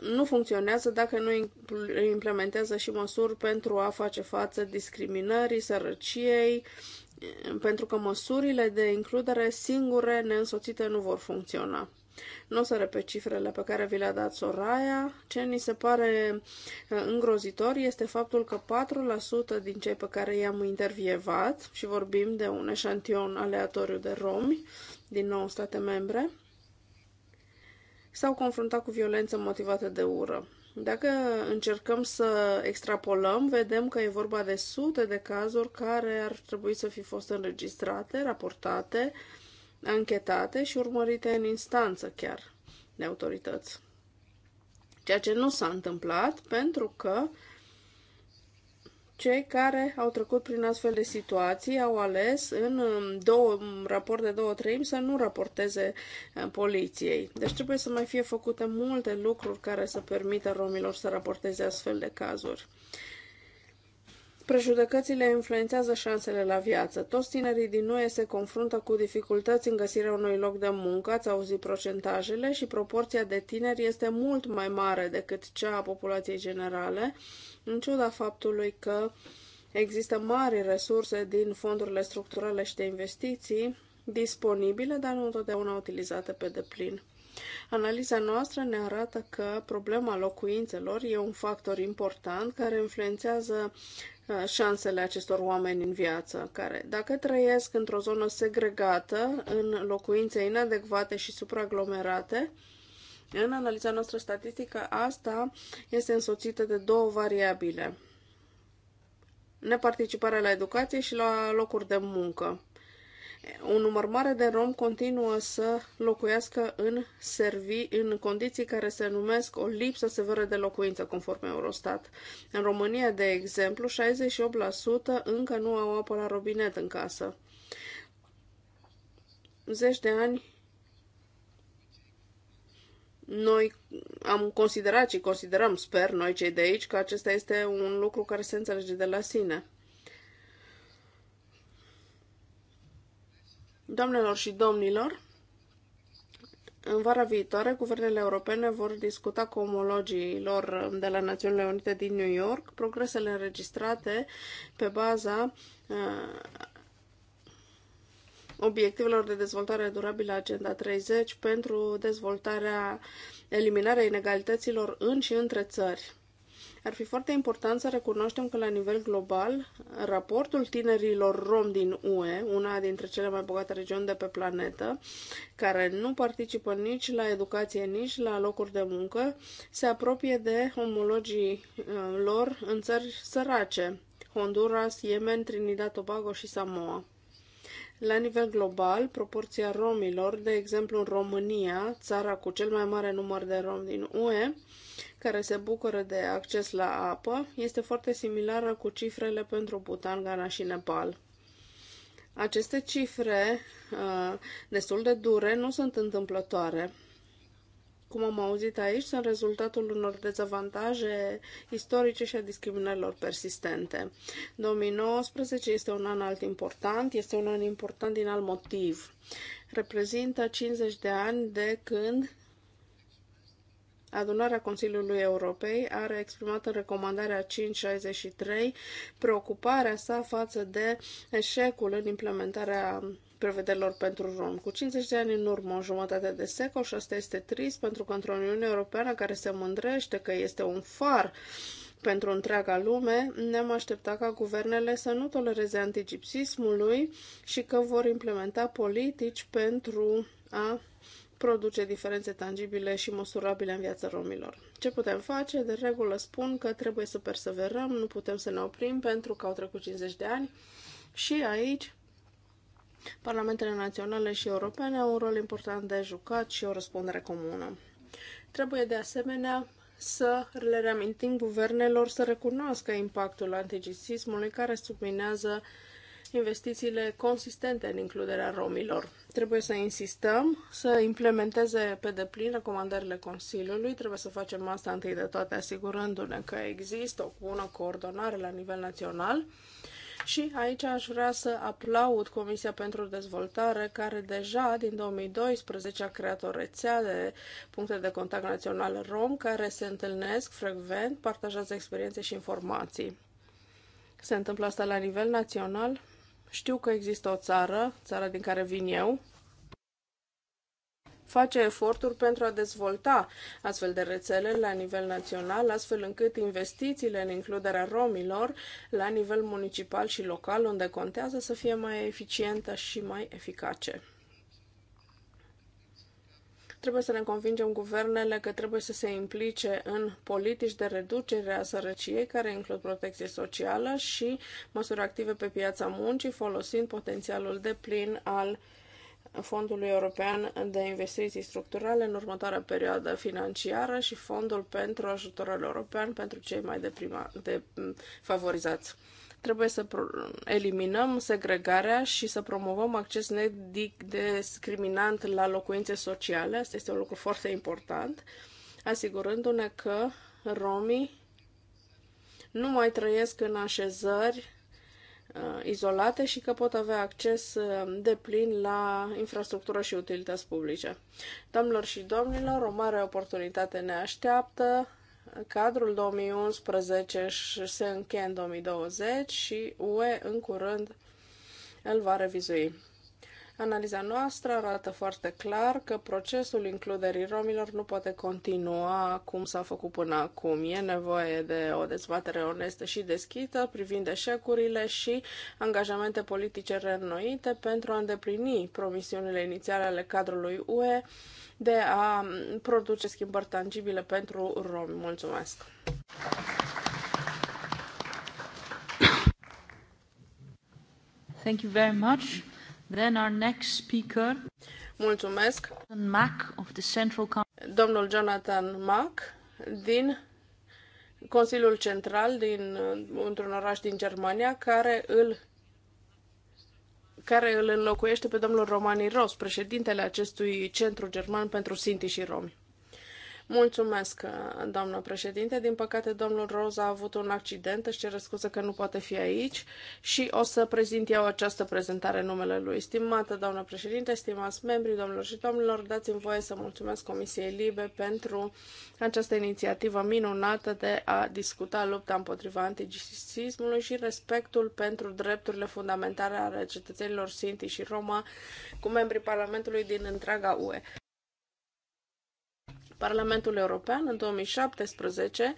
Speaker 2: nu funcționează dacă nu implementează și măsuri pentru a face față discriminării, sărăciei, pentru că măsurile de includere singure neînsoțite nu vor funcționa. Nu o să repet cifrele pe care vi le-a dat Soraya. Ce ni se pare uh, îngrozitor este faptul că 4% din cei pe care i-am intervievat, și vorbim de un eșantion aleatoriu de romi din 9 state membre, s-au confruntat cu violență motivată de ură. Dacă încercăm să extrapolăm, vedem că e vorba de sute de cazuri care ar trebui să fi fost înregistrate, raportate, anchetate și urmărite în instanță chiar de autorități. Ceea ce nu s-a întâmplat pentru că uh, cei care au trecut prin astfel de situații au ales în um, două, în um, raport de două treimi să nu raporteze uh, poliției. Deci trebuie să mai fie făcute multe lucruri care să permită romilor să raporteze astfel de cazuri. Prejudecățile influențează șansele la viață. Toți tinerii din noi se confruntă cu dificultăți în găsirea unui loc de muncă, ați auzit procentajele, și proporția de tineri este mult mai mare decât cea a populației generale, în ciuda faptului că există mari resurse din fondurile structurale și de investiții disponibile, dar nu întotdeauna utilizate pe deplin. Analiza noastră ne arată că problema locuințelor e un factor important care influențează Uh, șansele acestor oameni în viață, care, dacă trăiesc într-o zonă segregată, în locuințe inadecvate și supraaglomerate, în analiza noastră statistică, asta este însoțită de două variabile. Neparticiparea la educație și la locuri de muncă un număr mare de rom continuă să locuiască în, servi, în condiții care se numesc o lipsă severă de locuință, conform Eurostat. În România, de exemplu, 68% încă nu au apă la robinet în casă. Zeci de ani noi am considerat și considerăm, sper, noi cei de aici, că acesta este un lucru care se înțelege de la sine. Doamnelor și domnilor, în vara viitoare, guvernele europene vor discuta cu omologii lor de la Națiunile Unite din New York progresele înregistrate pe baza uh, obiectivelor de dezvoltare durabilă Agenda 30 pentru dezvoltarea, eliminarea inegalităților în și între țări. Ar fi foarte important să recunoaștem că la nivel global, raportul tinerilor rom din UE, una dintre cele mai bogate regiuni de pe planetă, care nu participă nici la educație, nici la locuri de muncă, se apropie de homologii uh, lor în țări sărace, Honduras, Yemen, Trinidad, Tobago și Samoa. La nivel global, proporția romilor, de exemplu în România, țara cu cel mai mare număr de romi din UE, care se bucură de acces la apă este foarte similară cu cifrele pentru Bhutan, Ghana și Nepal. Aceste cifre uh, destul de dure nu sunt întâmplătoare. Cum am auzit aici, sunt rezultatul unor dezavantaje istorice și a discriminărilor persistente. 2019 este un an alt important, este un an important din alt motiv. Reprezintă 50 de ani de când Adunarea Consiliului Europei are exprimat în recomandarea 563 preocuparea sa față de eșecul în implementarea prevederilor pentru rom. Cu 50 de ani în urmă, o jumătate de secol și asta este trist pentru că într-o Uniune Europeană care se mândrește că este un far pentru întreaga lume, ne-am așteptat ca guvernele să nu tolereze antigipsismului și că vor implementa politici pentru a produce diferențe tangibile și măsurabile în viața romilor. Ce putem face? De regulă spun că trebuie să perseverăm, nu putem să ne oprim pentru că au trecut 50 de ani și aici Parlamentele naționale și europene au un rol important de jucat și o răspundere comună. Trebuie de asemenea să le reamintim guvernelor să recunoască impactul antigisismului care subminează investițiile consistente în includerea romilor. Trebuie să insistăm să implementeze pe deplin recomandările Consiliului. Trebuie să facem asta întâi de toate asigurându-ne că există o bună coordonare la nivel național. Și aici aș vrea să aplaud Comisia pentru Dezvoltare, care deja din 2012 a creat o rețea de puncte de contact național rom, care se întâlnesc frecvent, partajează experiențe și informații. Se întâmplă asta la nivel național, știu că există o țară, țara din care vin eu, face eforturi pentru a dezvolta astfel de rețele la nivel național, astfel încât investițiile în includerea romilor la nivel municipal și local, unde contează, să fie mai eficientă și mai eficace. Trebuie să ne convingem guvernele că trebuie să se implice în politici de reducere a sărăciei, care includ protecție socială și măsuri active pe piața muncii, folosind potențialul de plin al Fondului European de Investiții Structurale în următoarea perioadă financiară și Fondul pentru Ajutorul European pentru cei mai de defavorizați. Trebuie să eliminăm segregarea și să promovăm acces nediscriminant la locuințe sociale. Asta este un lucru foarte important, asigurându-ne că romii nu mai trăiesc în așezări uh, izolate și că pot avea acces uh, de plin la infrastructură și utilități publice. Doamnelor și domnilor, o mare oportunitate ne așteaptă. Cadrul 2011 se încheie în 2020 și UE în curând îl va revizui. Analiza noastră arată foarte clar că procesul includerii romilor nu poate continua cum s-a făcut până acum. E nevoie de o dezbatere onestă și deschisă privind eșecurile și angajamente politice reînnoite pentru a îndeplini promisiunile inițiale ale cadrului UE de a produce schimbări tangibile pentru romi. Mulțumesc!
Speaker 5: Thank you very much. Then our next speaker.
Speaker 2: Mulțumesc.
Speaker 5: Mac of the Central
Speaker 2: Domnul Jonathan Mack din Consiliul Central din, într-un oraș din Germania care îl care îl înlocuiește pe domnul Romani Ros, președintele acestui centru german pentru Sinti și Romi. Mulțumesc, doamnă președinte. Din păcate, domnul Roza a avut un accident, își cere scuze că nu poate fi aici și o să prezint eu această prezentare în numele lui. Stimată doamnă președinte, stimați membri, domnilor și domnilor, dați-mi voie să mulțumesc Comisiei Libe pentru această inițiativă minunată de a discuta lupta împotriva antigisismului și respectul pentru drepturile fundamentale ale cetățenilor Sinti și Roma cu membrii Parlamentului din întreaga UE. Parlamentul European în 2017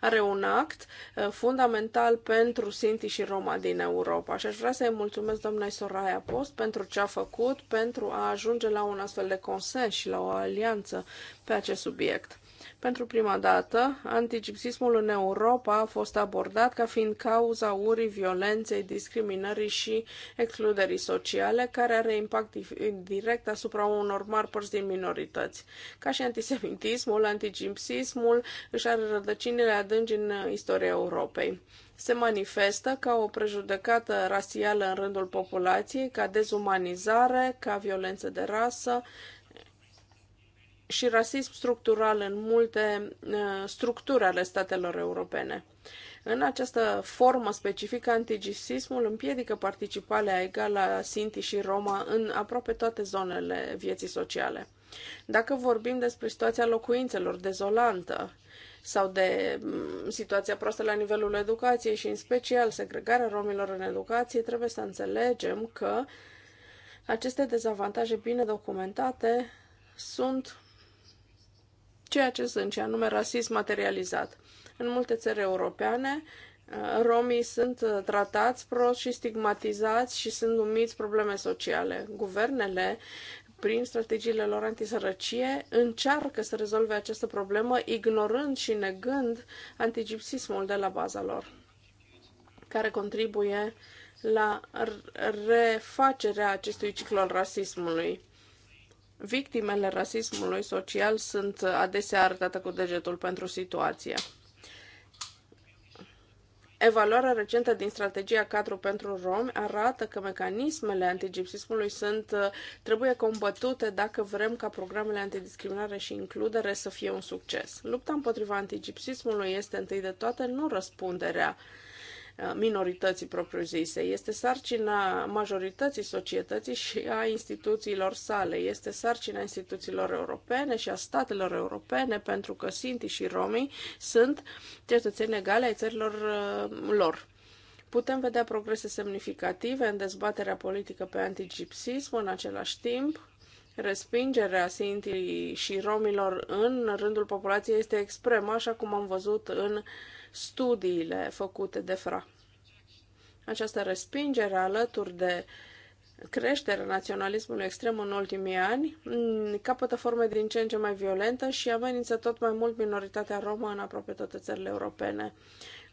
Speaker 2: are un act uh, fundamental pentru Sinti și Roma din Europa. Și aș vrea să-i mulțumesc doamnei Soraya Post pentru ce a făcut pentru a ajunge la un astfel de consens și la o alianță pe acest subiect. Pentru prima dată, antigipsismul în Europa a fost abordat ca fiind cauza urii, violenței, discriminării și excluderii sociale, care are impact direct asupra unor mari părți din minorități. Ca și antisemitismul, antigipsismul își are rădăcinile adânci în istoria Europei se manifestă ca o prejudecată rasială în rândul populației, ca dezumanizare, ca violență de rasă, și rasism structural în multe uh, structuri ale statelor europene. În această formă specifică, antigisismul împiedică participarea egală a Sinti și Roma în aproape toate zonele vieții sociale. Dacă vorbim despre situația locuințelor dezolantă sau de mm, situația proastă la nivelul educației și în special segregarea romilor în educație, trebuie să înțelegem că aceste dezavantaje bine documentate sunt ceea ce sunt, și anume rasism materializat. În multe țări europene, uh, romii sunt uh, tratați prost și stigmatizați și sunt numiți probleme sociale. Guvernele prin strategiile lor antisărăcie, încearcă să rezolve această problemă ignorând și negând antigipsismul de la baza lor, care contribuie la refacerea acestui ciclu al rasismului. Victimele rasismului social sunt adesea arătate cu degetul pentru situație. Evaluarea recentă din strategia cadru pentru romi arată că mecanismele antigipsismului sunt, trebuie combătute dacă vrem ca programele antidiscriminare și includere să fie un succes. Lupta împotriva antigipsismului este întâi de toate nu răspunderea minorității propriu-zise. Este sarcina majorității societății și a instituțiilor sale. Este sarcina instituțiilor europene și a statelor europene, pentru că Sinti și Romii sunt cetățeni egale ai țărilor uh, lor. Putem vedea progrese semnificative în dezbaterea politică pe antigipsism în același timp. Respingerea Sinti și romilor în rândul populației este extremă, așa cum am văzut în uh, studiile făcute de FRA. Această respingere alături de creșterea naționalismului extrem în ultimii ani mm, capătă forme din ce în ce mai violentă și amenință tot mai mult minoritatea romă în aproape toate țările europene.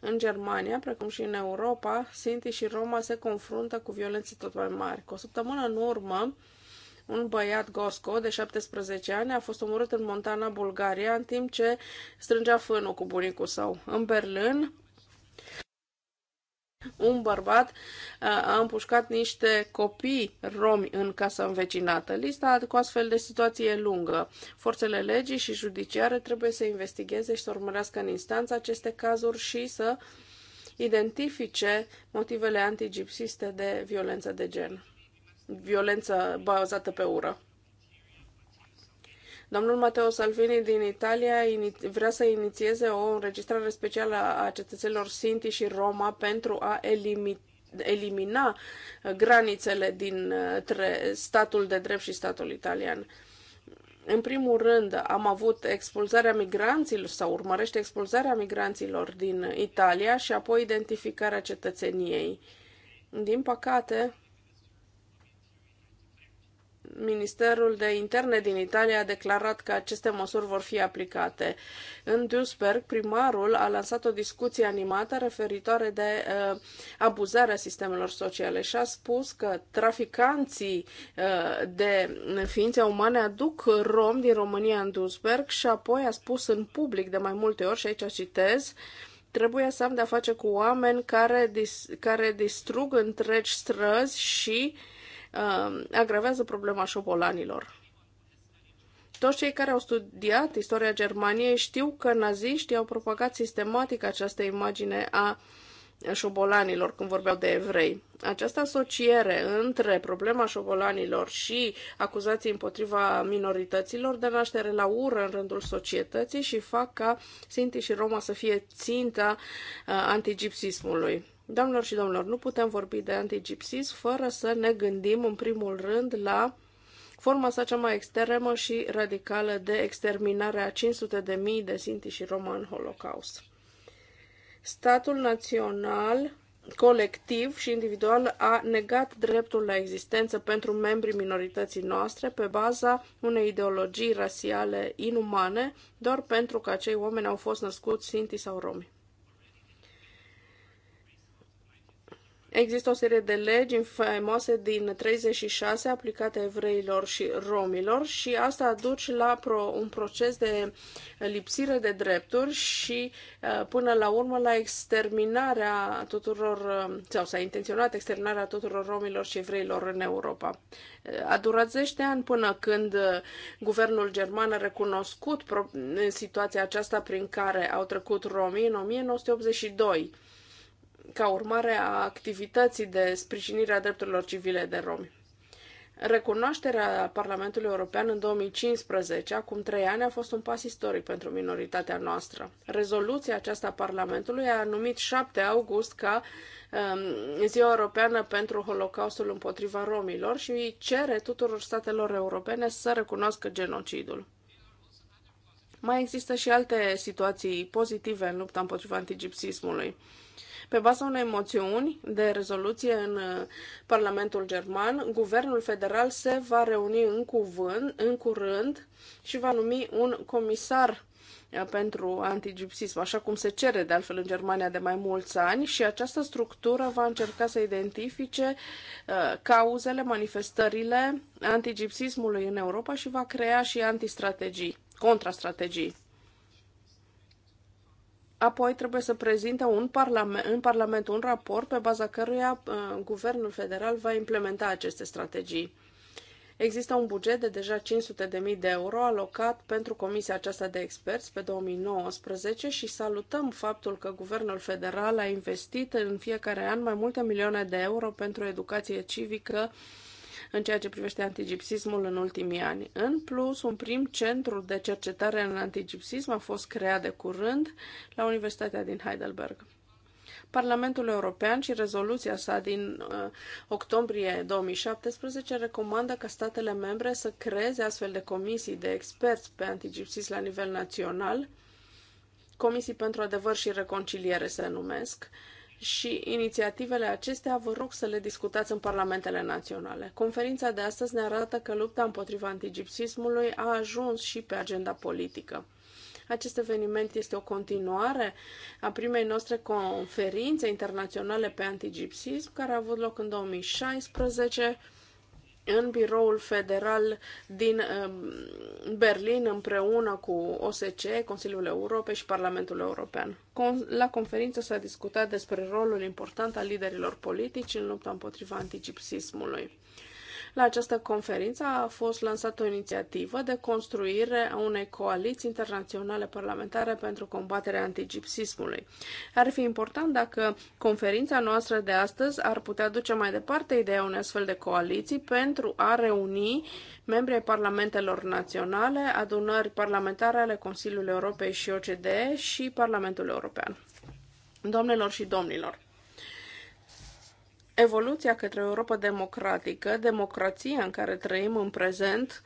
Speaker 2: În Germania, precum și în Europa, Sinti și Roma se confruntă cu violențe tot mai mari. Cu o săptămână în urmă, un băiat Gosco de 17 ani a fost omorât în Montana, Bulgaria, în timp ce strângea fânul cu bunicul său. În Berlin, un bărbat a împușcat niște copii romi în casa învecinată. Lista cu astfel de situație e lungă. Forțele legii și judiciare trebuie să investigheze și să urmărească în instanță aceste cazuri și să identifice motivele antigipsiste de violență de gen violență bazată pe ură. Domnul Matteo Salvini din Italia vrea să inițieze o înregistrare specială a cetățenilor Sinti și Roma pentru a elimina granițele dintre statul de drept și statul italian. În primul rând, am avut expulzarea migranților sau urmărește expulzarea migranților din Italia și apoi identificarea cetățeniei. Din păcate, Ministerul de Interne din Italia a declarat că aceste măsuri vor fi aplicate. În Duisburg, primarul a lansat o discuție animată referitoare de uh, abuzarea sistemelor sociale și a spus că traficanții uh, de ființe umane aduc rom din România în Duisburg și apoi a spus în public de mai multe ori, și aici citez, trebuie să am de-a face cu oameni care, dis- care distrug întregi străzi și uh, uh, agravează problema șobolanilor. Toți cei care au studiat istoria Germaniei știu că naziștii au propagat sistematic această imagine a șobolanilor când vorbeau de evrei. Această asociere între problema șobolanilor și acuzații împotriva minorităților dă naștere la ură în rândul societății și fac ca Sinti și Roma să fie ținta uh, antigipsismului. Doamnelor și domnilor, nu putem vorbi de antigipsis fără să ne gândim în primul rând la forma sa cea mai extremă și radicală de exterminare a 500.000 de mii de sinti și romani în Holocaust. Statul național colectiv și individual a negat dreptul la existență pentru membrii minorității noastre pe baza unei ideologii rasiale inumane, doar pentru că acei oameni au fost născuți sinti sau romi. Există o serie de legi faimoase din 36 aplicate evreilor și romilor și asta aduce la pro, un proces de lipsire de drepturi și uh, până la urmă la exterminarea tuturor, uh, sau s-a intenționat exterminarea tuturor romilor și evreilor în Europa. Uh, a durat 10 ani până când guvernul german a recunoscut situația aceasta prin care au trecut romii în 1982 ca urmare a activității de sprijinire a drepturilor civile de romi. Recunoașterea Parlamentului European în 2015, acum trei ani, a fost un pas istoric pentru minoritatea noastră. Rezoluția aceasta a Parlamentului a numit 7 august ca um, Ziua Europeană pentru Holocaustul împotriva romilor și cere tuturor statelor europene să recunoască genocidul. Mai există și alte situații pozitive în lupta împotriva antigipsismului. Pe baza unei moțiuni de rezoluție în uh, Parlamentul German, Guvernul Federal se va reuni în, cuvânt, în curând și va numi un comisar uh, pentru antigipsism, așa cum se cere de altfel în Germania de mai mulți ani și această structură va încerca să identifice uh, cauzele, manifestările antigipsismului în Europa și va crea și antistrategii, contrastrategii apoi trebuie să prezinte un parlament, în Parlament un raport pe baza căruia uh, Guvernul Federal va implementa aceste strategii. Există un buget de deja 500.000 de euro alocat pentru comisia aceasta de experți pe 2019 și salutăm faptul că Guvernul Federal a investit în fiecare an mai multe milioane de euro pentru educație civică în ceea ce privește antigipsismul în ultimii ani. În plus, un prim centru de cercetare în antigipsism a fost creat de curând la Universitatea din Heidelberg. Parlamentul European și rezoluția sa din uh, octombrie 2017 recomandă ca statele membre să creeze astfel de comisii de experți pe antigipsis la nivel național, comisii pentru adevăr și reconciliere se numesc, uh, și inițiativele acestea vă rog să le discutați în parlamentele naționale. Conferința de astăzi ne arată că lupta împotriva antigipsismului a ajuns și pe agenda politică. Acest eveniment este o continuare a primei noastre conferințe internaționale pe antigipsism, care a avut loc în 2016 în biroul federal din um, Berlin împreună cu OSCE, Consiliul Europei și Parlamentul European. La conferință s-a discutat despre rolul important al liderilor politici în lupta împotriva anticipsismului. La această conferință a fost lansată o inițiativă de construire a unei coaliții internaționale parlamentare pentru combaterea antigipsismului. Ar fi important dacă conferința noastră de astăzi ar putea duce mai departe ideea unei astfel de coaliții pentru a reuni membrii parlamentelor naționale, adunări parlamentare ale Consiliului Europei și OCDE și Parlamentul European. Domnilor și domnilor, evoluția către Europa democratică, democrația în care trăim în prezent,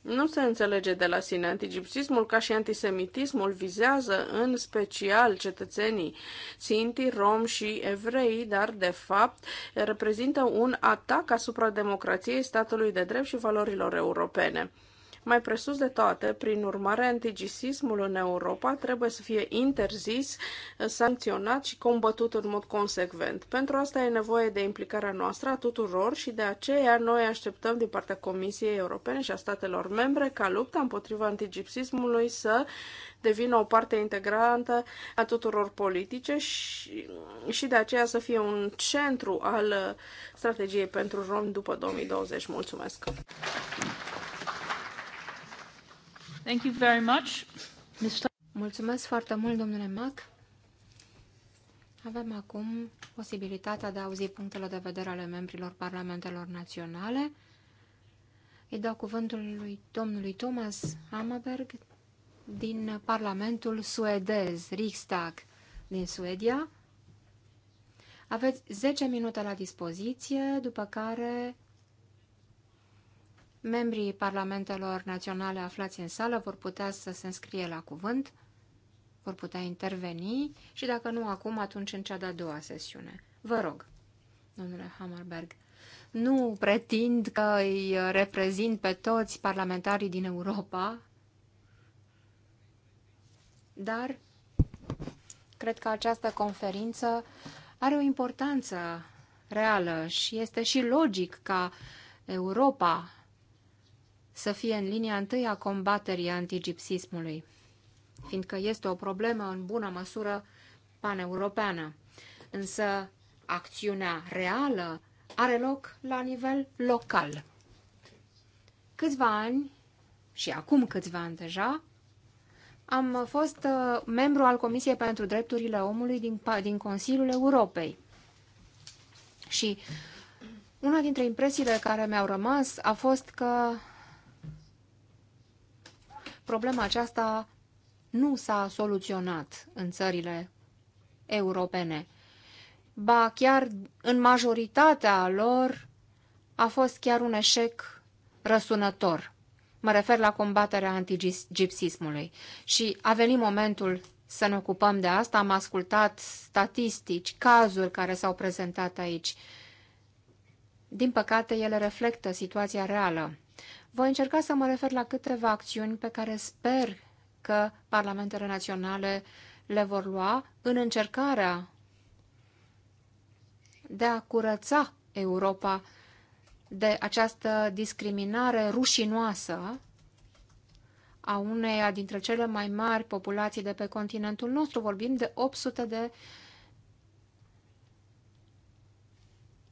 Speaker 2: nu se înțelege de la sine. Antigipsismul, ca și antisemitismul, vizează în special cetățenii sinti, rom și evrei, dar, de fapt, reprezintă un atac asupra democrației, statului de drept și valorilor europene. Mai presus de toate, prin urmare, antigisismul în Europa trebuie să fie interzis, sancționat și combătut în mod consecvent. Pentru asta e nevoie de implicarea noastră a tuturor și de aceea noi așteptăm din partea Comisiei Europene și a statelor membre ca lupta împotriva antigipsismului să devină o parte integrantă a tuturor politice și, și de aceea să fie un centru al strategiei pentru romi după 2020. Mulțumesc!
Speaker 1: Thank you very much. Mulțumesc foarte mult, domnule Mac. Avem acum posibilitatea de a auzi punctele de vedere ale membrilor parlamentelor naționale. Îi dau cuvântul lui domnului Thomas Hammerberg din Parlamentul suedez, Riksdag, din Suedia. Aveți 10 minute la dispoziție, după care Membrii parlamentelor naționale aflați în sală vor putea să se înscrie la cuvânt, vor putea interveni și dacă nu acum, atunci în cea de-a doua sesiune. Vă rog, domnule Hammerberg, nu pretind că îi reprezint pe toți parlamentarii din Europa, dar cred că această conferință are o importanță reală și este și logic ca Europa să fie în linia întâi a combaterii antigipsismului, fiindcă este o problemă în bună măsură paneuropeană. Însă acțiunea reală are loc la nivel local. Câțiva ani, și acum câțiva ani deja, am fost uh, membru al Comisiei pentru Drepturile Omului din, din Consiliul Europei. Și una dintre impresiile care mi-au rămas a fost că problema aceasta nu s-a soluționat în țările europene. Ba chiar în majoritatea lor a fost chiar un eșec răsunător. Mă refer la combaterea antigipsismului. Și a venit momentul să ne ocupăm de asta. Am ascultat statistici, cazuri care s-au prezentat aici. Din păcate, ele reflectă situația reală. Voi încerca să mă refer la câteva acțiuni pe care sper că parlamentele naționale le vor lua în încercarea de a curăța Europa de această discriminare rușinoasă a uneia dintre cele mai mari populații de pe continentul nostru. Vorbim de 800 de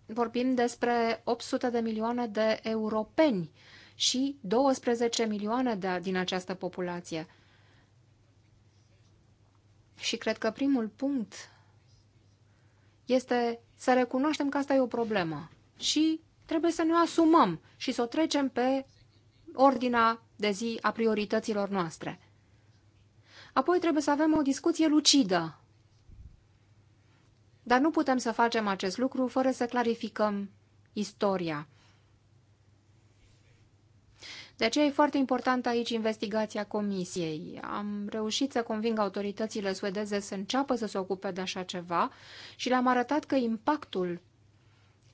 Speaker 1: vorbim despre 800 de milioane de europeni și 12 milioane de, din această populație. Și cred că primul punct este să recunoaștem că asta e o problemă și trebuie să ne o asumăm și să o trecem pe ordinea de zi a priorităților noastre. Apoi trebuie să avem o discuție lucidă. Dar nu putem să facem acest lucru fără să clarificăm istoria. De aceea e foarte importantă aici investigația comisiei. Am reușit să conving autoritățile suedeze să înceapă să se ocupe de așa ceva și le-am arătat că impactul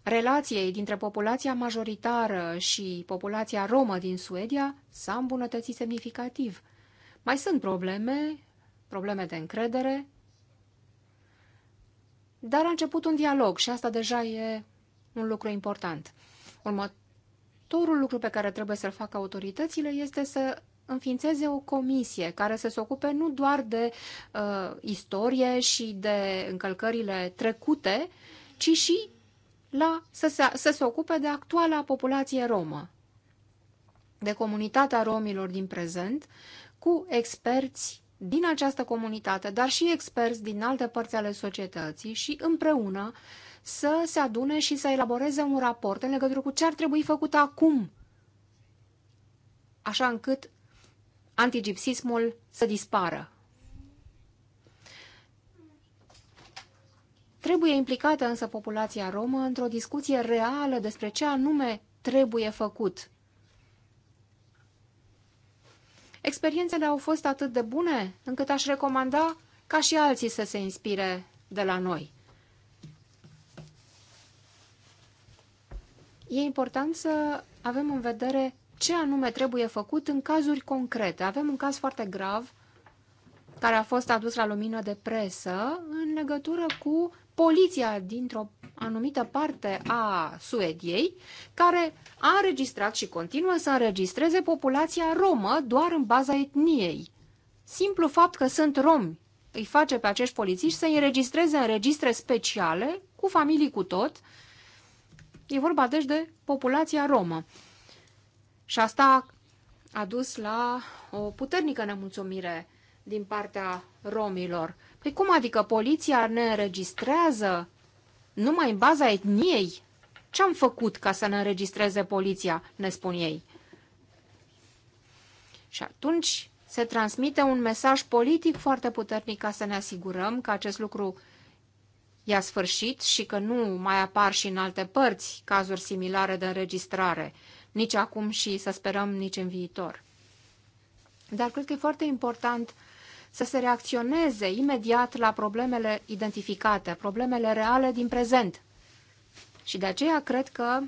Speaker 1: relației dintre populația majoritară și populația romă din Suedia s-a îmbunătățit semnificativ. Mai sunt probleme, probleme de încredere, dar a început un dialog și asta deja e un lucru important. Urmă următorul lucru pe care trebuie să-l facă autoritățile este să înființeze o comisie care să se ocupe nu doar de uh, istorie și de încălcările trecute, ci și la, să, se, să se ocupe de actuala populație romă, de comunitatea romilor din prezent, cu experți din această comunitate, dar și experți din alte părți ale societății și împreună să se adune și să elaboreze un raport în legătură cu ce ar trebui făcut acum, așa încât antigipsismul să dispară. Trebuie implicată însă populația romă într-o discuție reală despre ce anume trebuie făcut. Experiențele au fost atât de bune încât aș recomanda ca și alții să se inspire de la noi. e important să avem în vedere ce anume trebuie făcut în cazuri concrete. Avem un caz foarte grav care a fost adus la lumină de presă în legătură cu poliția dintr-o anumită parte a Suediei, care a înregistrat și continuă să înregistreze populația romă doar în baza etniei. Simplu fapt că sunt romi îi face pe acești polițiști să înregistreze în registre speciale, cu familii cu tot, E vorba deci de populația romă. Și asta a dus la o puternică nemulțumire din partea romilor. Păi cum adică poliția ne înregistrează numai în baza etniei? Ce-am făcut ca să ne înregistreze poliția, ne spun ei. Și atunci se transmite un mesaj politic foarte puternic ca să ne asigurăm că acest lucru i-a sfârșit și că nu mai apar și în alte părți cazuri similare de înregistrare, nici acum și să sperăm nici în viitor. Dar cred că e foarte important să se reacționeze imediat la problemele identificate, problemele reale din prezent. Și de aceea cred că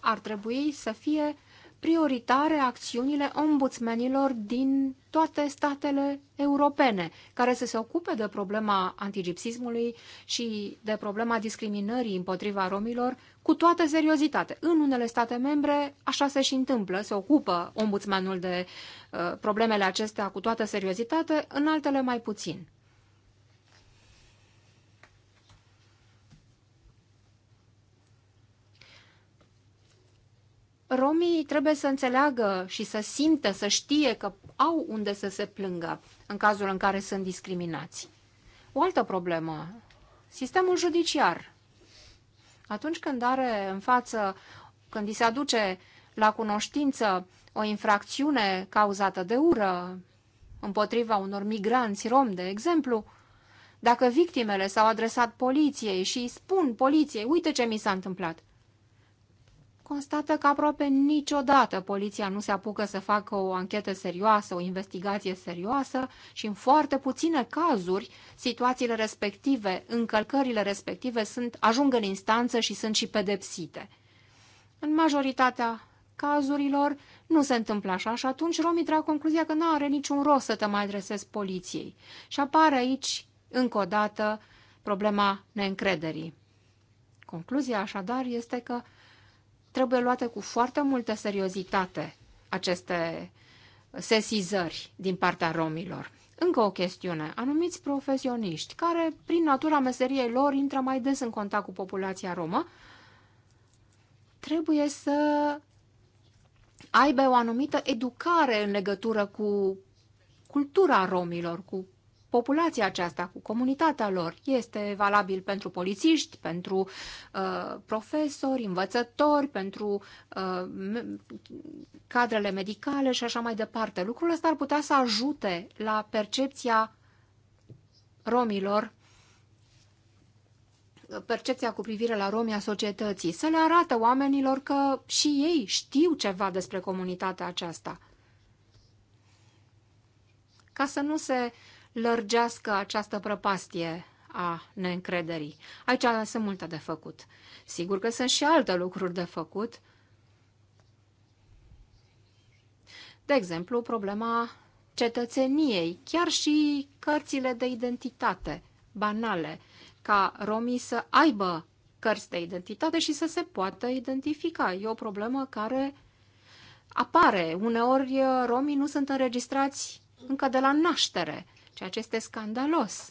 Speaker 1: ar trebui să fie prioritare acțiunile ombudsmenilor din toate statele europene, care să se ocupe de problema antigipsismului și de problema discriminării împotriva romilor cu toată seriozitate. În unele state membre așa se și întâmplă, se ocupă ombudsmanul de uh, problemele acestea cu toată seriozitate, în altele mai puțin. romii trebuie să înțeleagă și să simtă, să știe că au unde să se plângă în cazul în care sunt discriminați. O altă problemă, sistemul judiciar. Atunci când are în față, când îi se aduce la cunoștință o infracțiune cauzată de ură împotriva unor migranți rom, de exemplu, dacă victimele s-au adresat poliției și spun poliției, uite ce mi s-a întâmplat, constată că aproape niciodată poliția nu se apucă să facă o anchetă serioasă, o investigație serioasă și în foarte puține cazuri situațiile respective, încălcările respective sunt, ajung în instanță și sunt și pedepsite. În majoritatea cazurilor nu se întâmplă așa și atunci romii trag concluzia că nu are niciun rost să te mai adresezi poliției. Și apare aici, încă o dată, problema neîncrederii. Concluzia așadar este că trebuie luate cu foarte multă seriozitate aceste sesizări din partea romilor. Încă o chestiune. Anumiți profesioniști care, prin natura meseriei lor, intră mai des în contact cu populația romă, trebuie să aibă o anumită educare în legătură cu cultura romilor, cu populația aceasta, cu comunitatea lor. Este valabil pentru polițiști, pentru uh, profesori, învățători, pentru uh, cadrele medicale și așa mai departe. Lucrul ăsta ar putea să ajute la percepția romilor percepția cu privire la romii a societății, să le arată oamenilor că și ei știu ceva despre comunitatea aceasta. Ca să nu se lărgească această prăpastie a neîncrederii. Aici sunt multe de făcut. Sigur că sunt și alte lucruri de făcut. De exemplu, problema cetățeniei, chiar și cărțile de identitate banale, ca romii să aibă cărți de identitate și să se poată identifica. E o problemă care apare. Uneori romii nu sunt înregistrați încă de la naștere ceea ce este scandalos.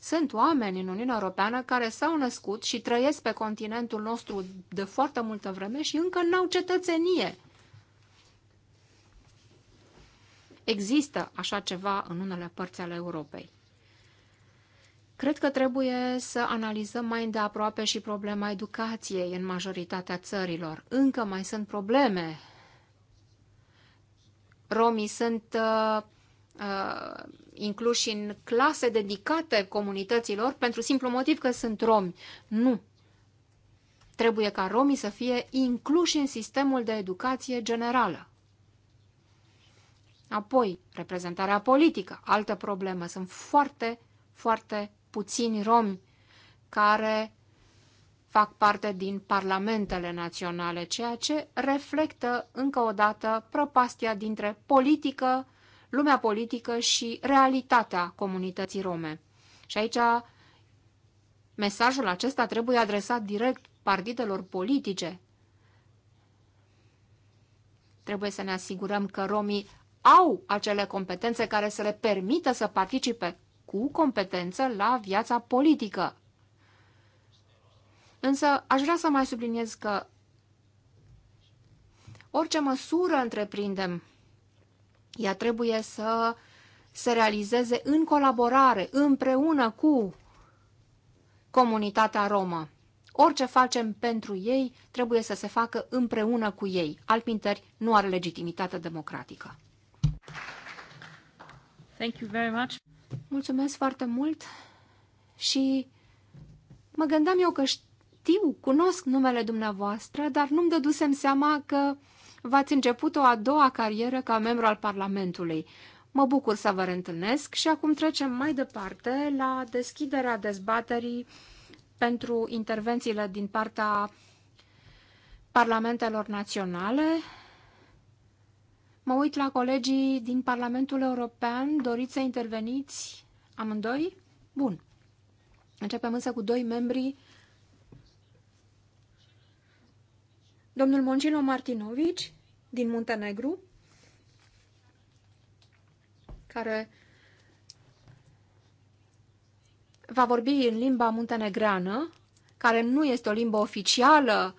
Speaker 1: Sunt oameni în Uniunea Europeană care s-au născut și trăiesc pe continentul nostru de foarte multă vreme și încă n-au cetățenie. Există așa ceva în unele părți ale Europei. Cred că trebuie să analizăm mai îndeaproape și problema educației în majoritatea țărilor. Încă mai sunt probleme. Romii sunt uh, uh, incluși în clase dedicate comunităților pentru simplu motiv că sunt romi. Nu. Trebuie ca romii să fie incluși în sistemul de educație generală. Apoi, reprezentarea politică, altă problemă. Sunt foarte, foarte puțini romi care fac parte din parlamentele naționale, ceea ce reflectă încă o dată prăpastia dintre politică lumea politică și realitatea comunității rome. Și aici mesajul acesta trebuie adresat direct partidelor politice. Trebuie să ne asigurăm că romii au acele competențe care să le permită să participe cu competență la viața politică. Însă aș vrea să mai subliniez că orice măsură întreprindem ea trebuie să se realizeze în colaborare, împreună cu comunitatea romă. Orice facem pentru ei trebuie să se facă împreună cu ei. Alpinteri nu are legitimitate democratică. Thank you very much. Mulțumesc foarte mult și mă gândeam eu că știu, cunosc numele dumneavoastră, dar nu-mi dădusem seama că v-ați început o a doua carieră ca membru al Parlamentului. Mă bucur să vă reîntâlnesc și acum trecem mai departe la deschiderea dezbaterii pentru intervențiile din partea parlamentelor naționale. Mă uit la colegii din Parlamentul European. Doriți să interveniți amândoi? Bun. Începem însă cu doi membri Domnul Moncino Martinovici, din Muntenegru, care va vorbi în limba muntenegreană, care nu este o limbă oficială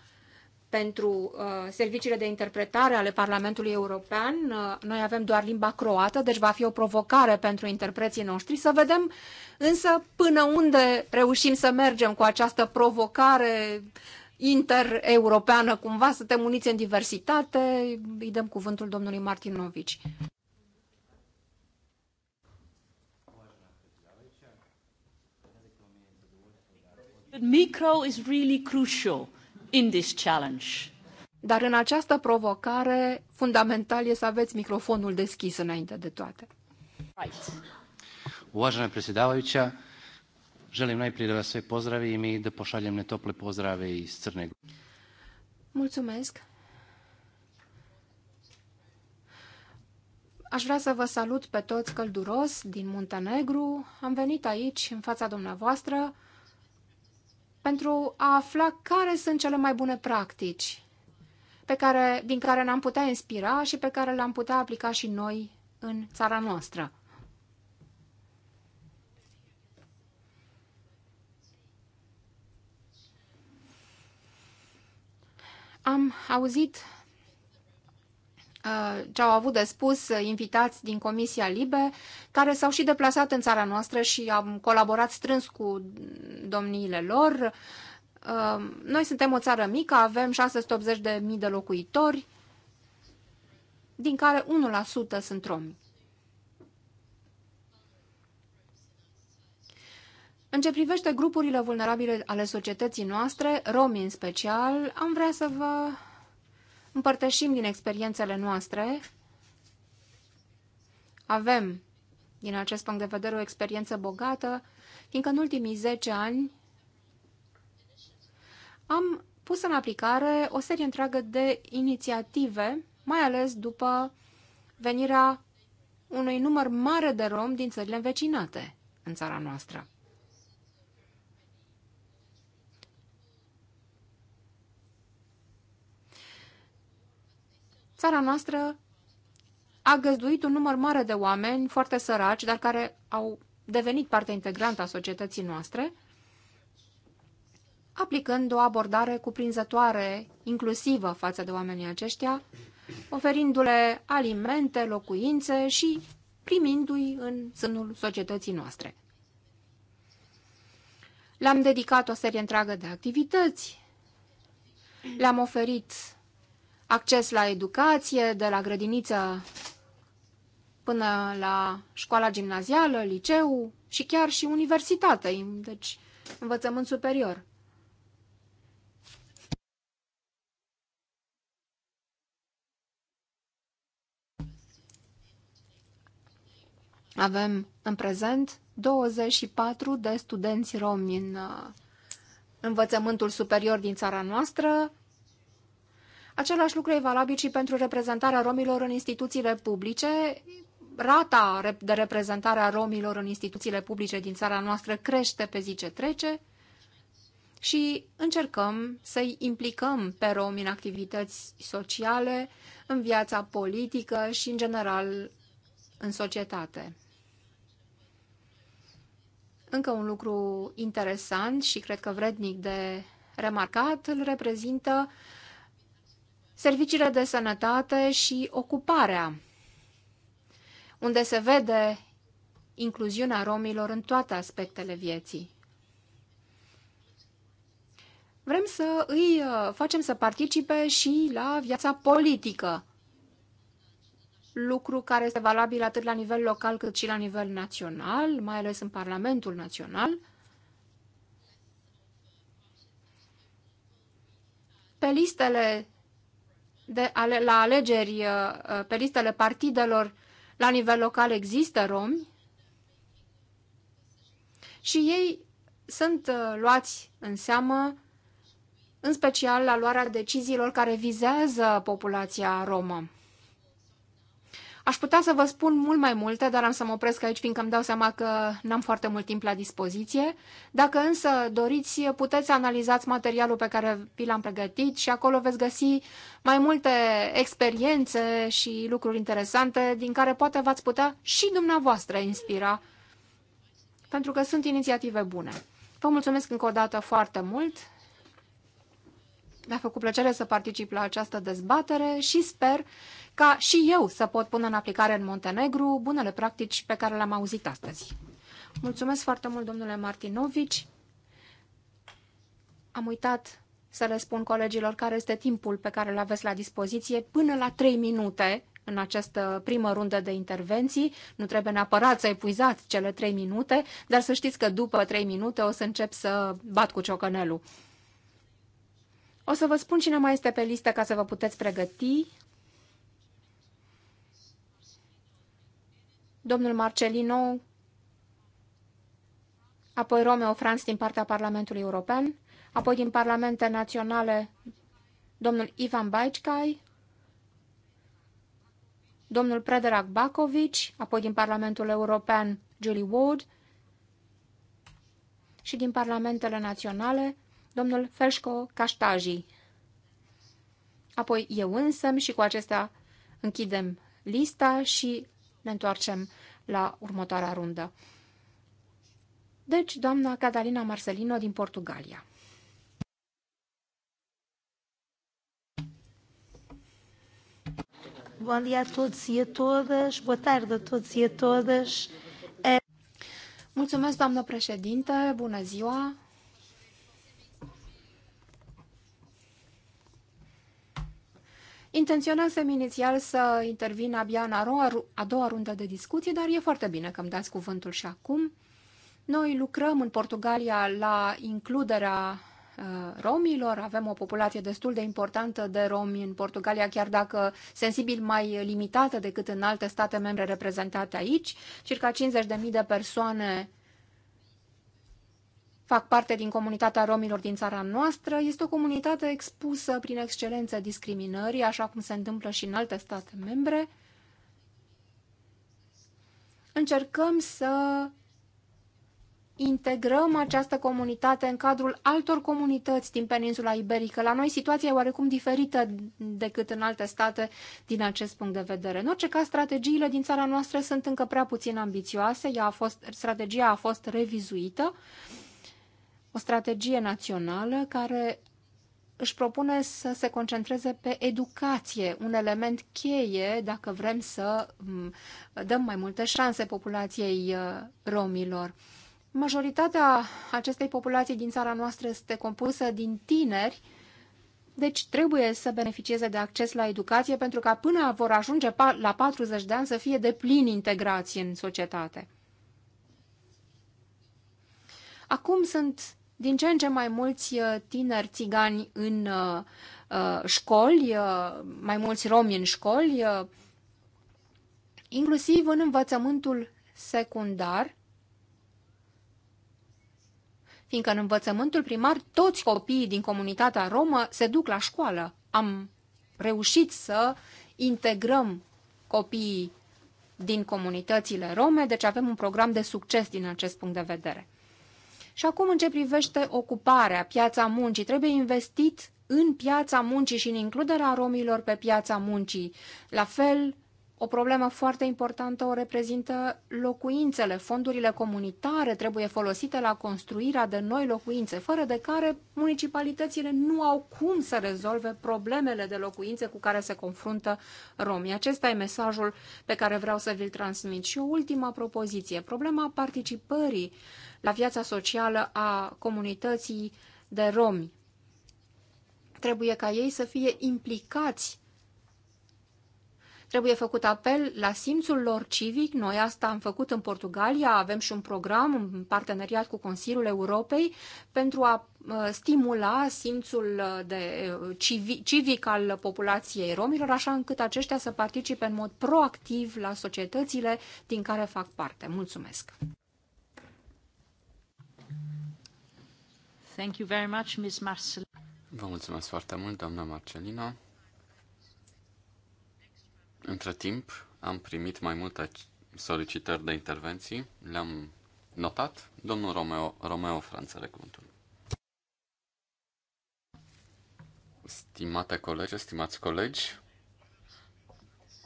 Speaker 1: pentru uh, serviciile de interpretare ale Parlamentului European. Uh, noi avem doar limba croată, deci va fi o provocare pentru interpreții noștri. Să vedem însă până unde reușim să mergem cu această provocare uh, intereuropeană cumva, suntem uniți în diversitate. Îi dăm cuvântul domnului Martinovici. micro is really crucial in this challenge. Dar în această provocare, fundamental e să aveți microfonul deschis înainte de toate. Right.
Speaker 6: Uvažena predsjedavajuća, Želim najprije da vas sve pozdravim i da pošaljem netople pozdrave iz Crne Gore.
Speaker 1: Mulțumesc! Aș vrea să vă salut pe toți călduros din Muntenegru. Am venit aici, în fața dumneavoastră, pentru a afla care sunt cele mai bune practici pe care, din care ne-am putea inspira și pe care le-am putea aplica și noi în țara noastră. Am auzit uh, ce au avut de spus invitați din Comisia Libe, care s-au și deplasat în țara noastră și am colaborat strâns cu domniile lor. Uh, noi suntem o țară mică, avem 680.000 de locuitori, din care 1% sunt romi. În ce privește grupurile vulnerabile ale societății noastre, romii în special, am vrea să vă împărtășim din experiențele noastre. Avem, din acest punct de vedere, o experiență bogată, fiindcă în ultimii 10 ani am pus în aplicare o serie întreagă de inițiative, mai ales după venirea unui număr mare de romi din țările învecinate în țara noastră. țara noastră a găzduit un număr mare de oameni foarte săraci, dar care au devenit parte integrantă a societății noastre, aplicând o abordare cuprinzătoare, inclusivă față de oamenii aceștia, oferindu-le alimente, locuințe și primindu-i în sânul societății noastre. Le-am dedicat o serie întreagă de activități, le-am oferit acces la educație, de la grădiniță până la școala gimnazială, liceu și chiar și universitate, deci învățământ superior. Avem în prezent 24 de studenți romi în uh, învățământul superior din țara noastră, Același lucru e valabil și pentru reprezentarea romilor în instituțiile publice. Rata de reprezentare a romilor în instituțiile publice din țara noastră crește pe zi ce trece și încercăm să-i implicăm pe romi în activități sociale, în viața politică și, în general, în societate. Încă un lucru interesant și cred că vrednic de remarcat îl reprezintă uh, serviciile de sănătate și ocuparea, unde se vede incluziunea romilor în toate aspectele vieții. Vrem să îi uh, facem să participe și la viața politică, lucru care este valabil atât la nivel local cât și la nivel național, mai ales în Parlamentul Național. Pe listele de, ale, la alegeri uh, uh, pe listele partidelor la nivel local există romi și ei sunt uh, luați în seamă în special la luarea deciziilor care vizează populația romă. Aș putea să vă spun mult mai multe, dar am să mă opresc aici, fiindcă îmi dau seama că n-am foarte mult timp la dispoziție. Dacă însă doriți, puteți analizați materialul pe care vi l-am pregătit și acolo veți găsi mai multe experiențe și lucruri interesante din care poate v-ați putea și dumneavoastră inspira, pentru că sunt inițiative bune. Vă mulțumesc încă o dată foarte mult mi-a făcut plăcere să particip la această dezbatere și sper ca și eu să pot pune în aplicare în Montenegru bunele practici pe care le-am auzit astăzi. Mulțumesc foarte mult, domnule Martinovici. Am uitat să le spun colegilor care este timpul pe care îl aveți la dispoziție până la 3 minute în această primă rundă de intervenții. Nu trebuie neapărat să epuizați cele 3 minute, dar să știți că după 3 minute o să încep să bat cu ciocănelul. O să vă spun cine mai este pe listă ca să vă puteți pregăti. Domnul Marcelino, apoi Romeo Franz din partea Parlamentului European, apoi din Parlamente Naționale domnul Ivan Baicicai, domnul Predrag Bakovic, apoi din Parlamentul European Julie Ward și din Parlamentele Naționale domnul Felșco Caștaji. Apoi eu însăm și cu acestea închidem lista și ne întoarcem la următoarea rundă. Deci, doamna Catalina Marcelino din Portugalia. Bom dia a todos e a todas, boa tarde a todos e a todas. Mulțumesc, doamnă președinte, bună ziua! Intenționasem inițial să intervin abia în a doua rundă de discuții, dar e foarte bine că îmi dați cuvântul și acum. Noi lucrăm în Portugalia la includerea uh, romilor. Avem o populație destul de importantă de romi în Portugalia, chiar dacă sensibil mai limitată decât în alte state membre reprezentate aici. Circa 50.000 de persoane fac parte din comunitatea romilor din țara noastră, este o comunitate expusă prin excelență discriminării, așa cum se întâmplă și în alte state membre. Încercăm să integrăm această comunitate în cadrul altor comunități din peninsula iberică. La noi situația e oarecum diferită decât în alte state din acest punct de vedere. În orice caz, strategiile din țara noastră sunt încă prea puțin ambițioase, Ea a fost, strategia a fost revizuită o strategie națională care își propune să se concentreze pe educație, un element cheie dacă vrem să mm, dăm mai multe șanse populației uh, romilor. Majoritatea acestei populații din țara noastră este compusă din tineri, deci trebuie să beneficieze de acces la educație pentru ca până vor ajunge la 40 de ani să fie de plin integrați în societate. Acum sunt din ce în ce mai mulți uh, tineri țigani în uh, uh, școli, mai mulți romi în școli, inclusiv în învățământul secundar, fiindcă în învățământul primar toți copiii din comunitatea romă se duc la școală. Am reușit să integrăm copiii din comunitățile rome, deci avem un program de succes din acest punct de vedere. Și acum în ce privește ocuparea, piața muncii, trebuie investit în piața muncii și în includerea romilor pe piața muncii. La fel, o problemă foarte importantă o reprezintă locuințele. Fondurile comunitare trebuie folosite la construirea de noi locuințe, fără de care municipalitățile nu au cum să rezolve problemele de locuințe cu care se confruntă romii. Acesta e mesajul pe care vreau să vi-l transmit. Și o ultima propoziție, problema participării la viața socială a comunității de romi. Trebuie ca ei să fie implicați. Trebuie făcut apel la simțul lor civic. Noi asta am făcut în Portugalia, avem și un program în parteneriat cu Consiliul Europei pentru a uh, stimula simțul uh, de uh, civic, al populației romilor, așa încât aceștia să participe în mod proactiv la societățile din care fac parte. Mulțumesc!
Speaker 5: Thank you very much, Ms.
Speaker 3: Vă mulțumesc foarte mult, doamna Marcelino. Între timp, am primit mai multe solicitări de intervenții. Le-am notat. Domnul Romeo, Romeo Franță, recuntul. Stimate colegi, stimați colegi,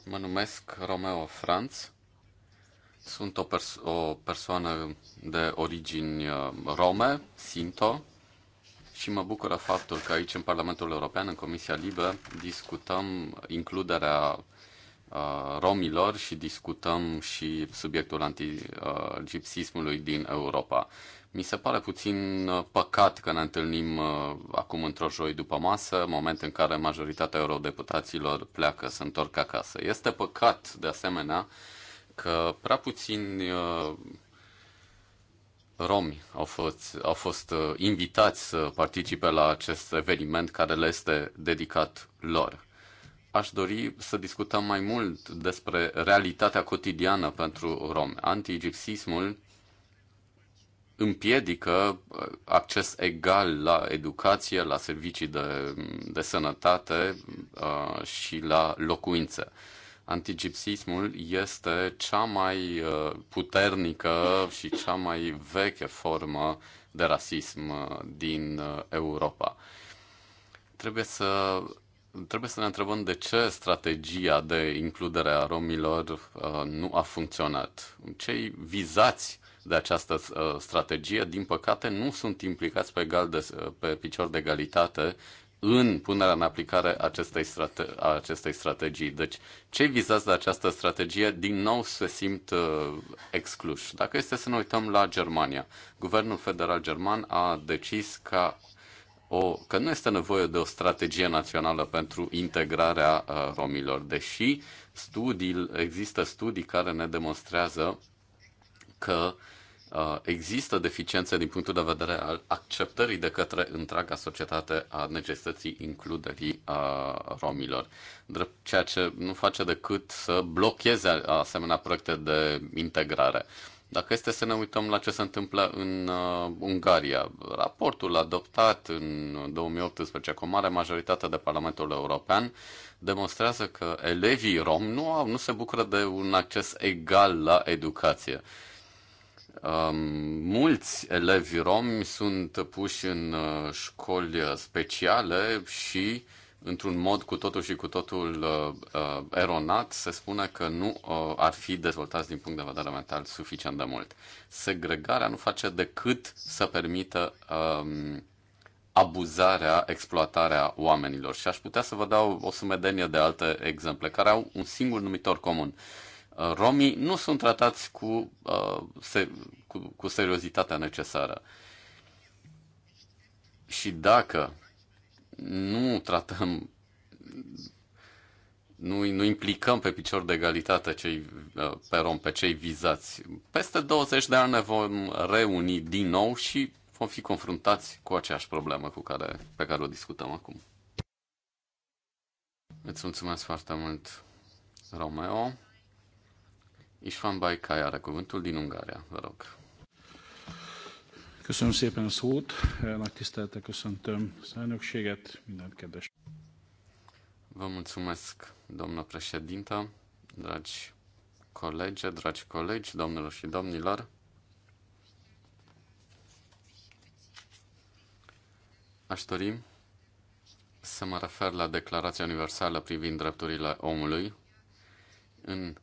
Speaker 3: mă numesc Romeo Franț, sunt o, pers- o persoană de origini uh, rome, Sinto, și mă bucură faptul că aici în Parlamentul European, în Comisia Libă, discutăm includerea uh, romilor și discutăm și subiectul antigipsismului din Europa. Mi se pare puțin uh, păcat că ne întâlnim uh, acum într-o joi după masă, moment în care majoritatea eurodeputaților pleacă, se întorc acasă. Este păcat, de asemenea, că prea puțini romi au fost, au fost uh, invitați să participe la acest eveniment care le este dedicat lor. Aș dori să discutăm mai mult despre realitatea cotidiană pentru romi. Antigipsismul împiedică uh, acces egal la educație, la servicii de, de sănătate uh, și la locuințe. Uh, antigipsismul este cea mai uh, puternică și cea mai veche formă de rasism uh, din uh, Europa. Trebuie să, trebuie să ne întrebăm de ce strategia de includere a romilor nu a funcționat. Cei vizați de această strategie, din păcate, nu sunt implicați pe, egal de, pe picior de egalitate în punerea în aplicare acestei, strate- acestei strategii. Deci, cei vizați de această strategie din nou se simt uh, excluși. Dacă este să ne uităm la Germania, guvernul federal german a decis ca o, că nu este nevoie de o strategie națională pentru integrarea uh, romilor, deși studii, există studii care ne demonstrează că uh, Uh, există deficiențe din punctul de vedere al acceptării de către întreaga societate a necesității includerii a uh, romilor, ceea ce nu face decât să blocheze asemenea proiecte de integrare. Dacă este să ne uităm la ce se întâmplă în uh, Ungaria, raportul adoptat în 2018 cu o mare majoritate de Parlamentul European demonstrează că elevii rom nu, au, nu se bucură de un acces egal la educație. Uh, Um, mulți elevi romi sunt puși în uh, școli speciale și într-un mod cu totul și cu totul uh, uh, eronat, se spune că nu uh, ar fi dezvoltați din punct de vedere mental suficient de mult. Segregarea nu face decât să permită um, abuzarea, exploatarea oamenilor. Și aș putea să vă dau o sumedenie de alte exemple care au un singur numitor comun. Uh, romii nu sunt tratați cu, uh, se, cu, cu seriozitatea necesară. Și dacă nu tratăm, nu, nu implicăm pe picior de egalitate cei, uh, pe rom, pe cei vizați, peste 20 de ani ne vom reuni din nou și vom fi confruntați cu aceeași problemă cu care, pe care o discutăm acum. Îți mulțumesc foarte mult, Romeo. Ișvan Baicai are cuvântul din Ungaria, vă rog. Köszönöm szépen a szót,
Speaker 2: nagy tisztelettel köszöntöm az elnökséget, minden kedves.
Speaker 3: Vă mulțumesc, domnul președinte, dragi colegi, dragi colegi, domnilor și domnilor. Aș dori să mă refer la Declarația Universală privind drepturile omului. În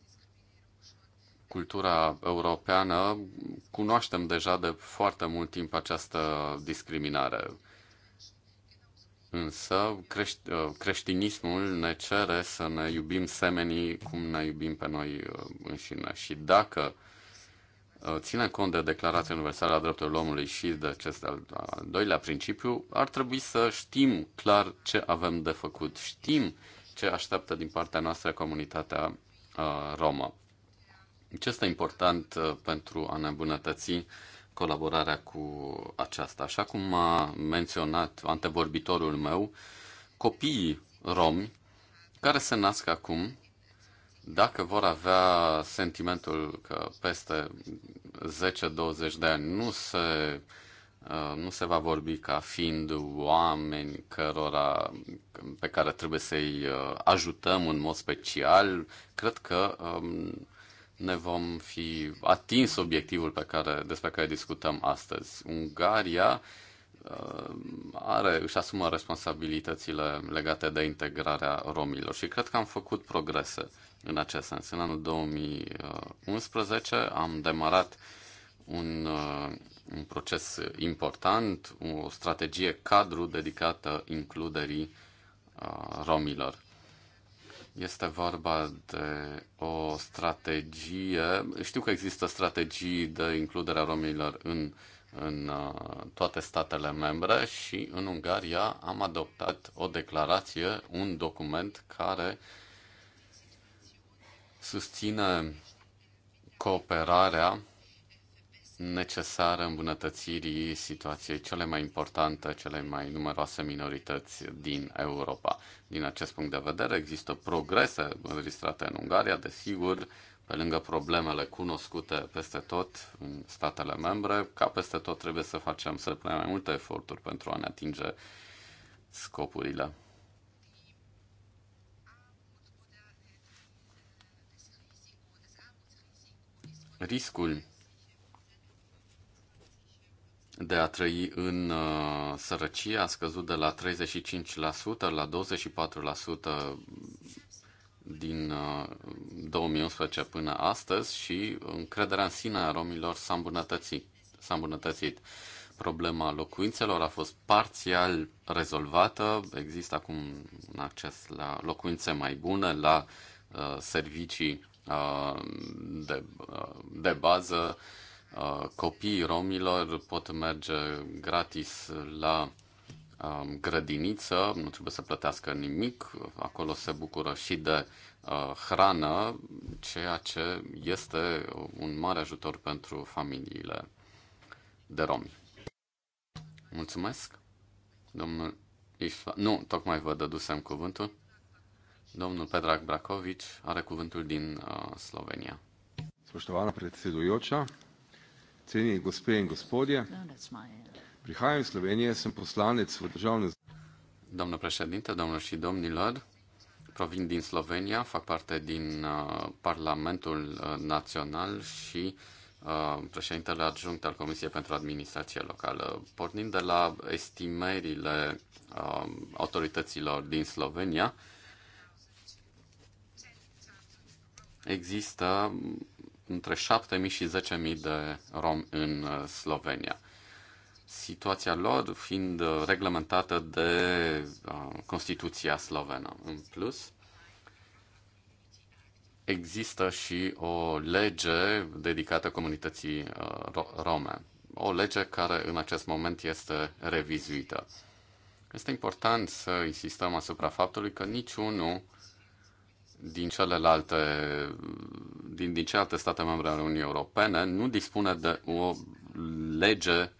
Speaker 3: cultura europeană cunoaștem deja de foarte mult timp această discriminare. Însă uh, creștinismul ne cere să ne iubim semenii cum ne iubim pe noi uh, înșine. Și dacă uh, ține cont de Declarația Universală a Drepturilor Omului și de acest al, al doilea principiu, ar trebui să știm clar ce avem de făcut. Știm ce așteaptă din partea noastră comunitatea uh, romă. Ce este important uh, pentru a ne îmbunătăți colaborarea cu aceasta? Așa cum a menționat antevorbitorul meu, copiii romi care se nasc acum, dacă vor avea sentimentul că peste 10-20 de ani nu se, uh, nu se va vorbi ca fiind oameni cărora, pe care trebuie să-i uh, ajutăm în mod special, cred că um, ne vom fi atins obiectivul pe care, despre care discutăm astăzi. Ungaria uh, are, își asumă responsabilitățile legate de integrarea romilor și cred că am făcut progrese în acest sens. În anul 2011 am demarat un, uh, un proces important, o strategie cadru dedicată includerii uh, romilor. Este vorba de o strategie. Știu că există strategii de includere a romilor în, în uh, toate statele membre și în Ungaria am adoptat o declarație, un document care susține cooperarea necesară îmbunătățirii situației cele mai importante, cele mai numeroase minorități din Europa. Din acest punct de vedere, există progrese înregistrate în Ungaria, desigur, pe lângă problemele cunoscute peste tot în statele membre, ca peste tot trebuie să facem să punem mai multe eforturi pentru a ne atinge scopurile. Riscul de a trăi în uh, sărăcie a scăzut de la 35% la 24% din uh, 2011 până astăzi și încrederea în sine a romilor s-a îmbunătățit. S-a îmbunătățit. Problema locuințelor a fost parțial rezolvată, există acum un acces la locuințe mai bune, la uh, servicii uh, de, uh, de bază, uh, copiii romilor pot merge gratis la grădiniță, nu trebuie să plătească nimic, acolo se bucură și de hrană, ceea ce este un mare ajutor pentru familiile de romi. Mulțumesc, domnul Ișfa. Nu, tocmai vă dădusem cuvântul. Domnul Pedrag Bracovici are cuvântul din uh, Slovenia. Spoštovana predsedujoča, Cenjeni gospe in gospodje,
Speaker 6: uh,
Speaker 3: prihajam iz Slovenije, sem poslanec v državnem... Domnul președinte, domnul și domnilor, provin din Slovenia, fac parte din uh, Parlamentul uh, Național și uh, președintele adjunct al Comisiei pentru Administrație Locală. Pornind de la estimările uh, autorităților din Slovenia, există între 7.000 și 10.000 de romi în uh, Slovenia. Situația lor fiind uh, reglementată de uh, Constituția slovenă. În plus, există și o lege dedicată comunității rome. O lege care în acest moment este revizuită. Este important să insistăm asupra faptului că niciunul din celelalte din, din celelalte state membre ale Uniunii Europene nu dispune de o lege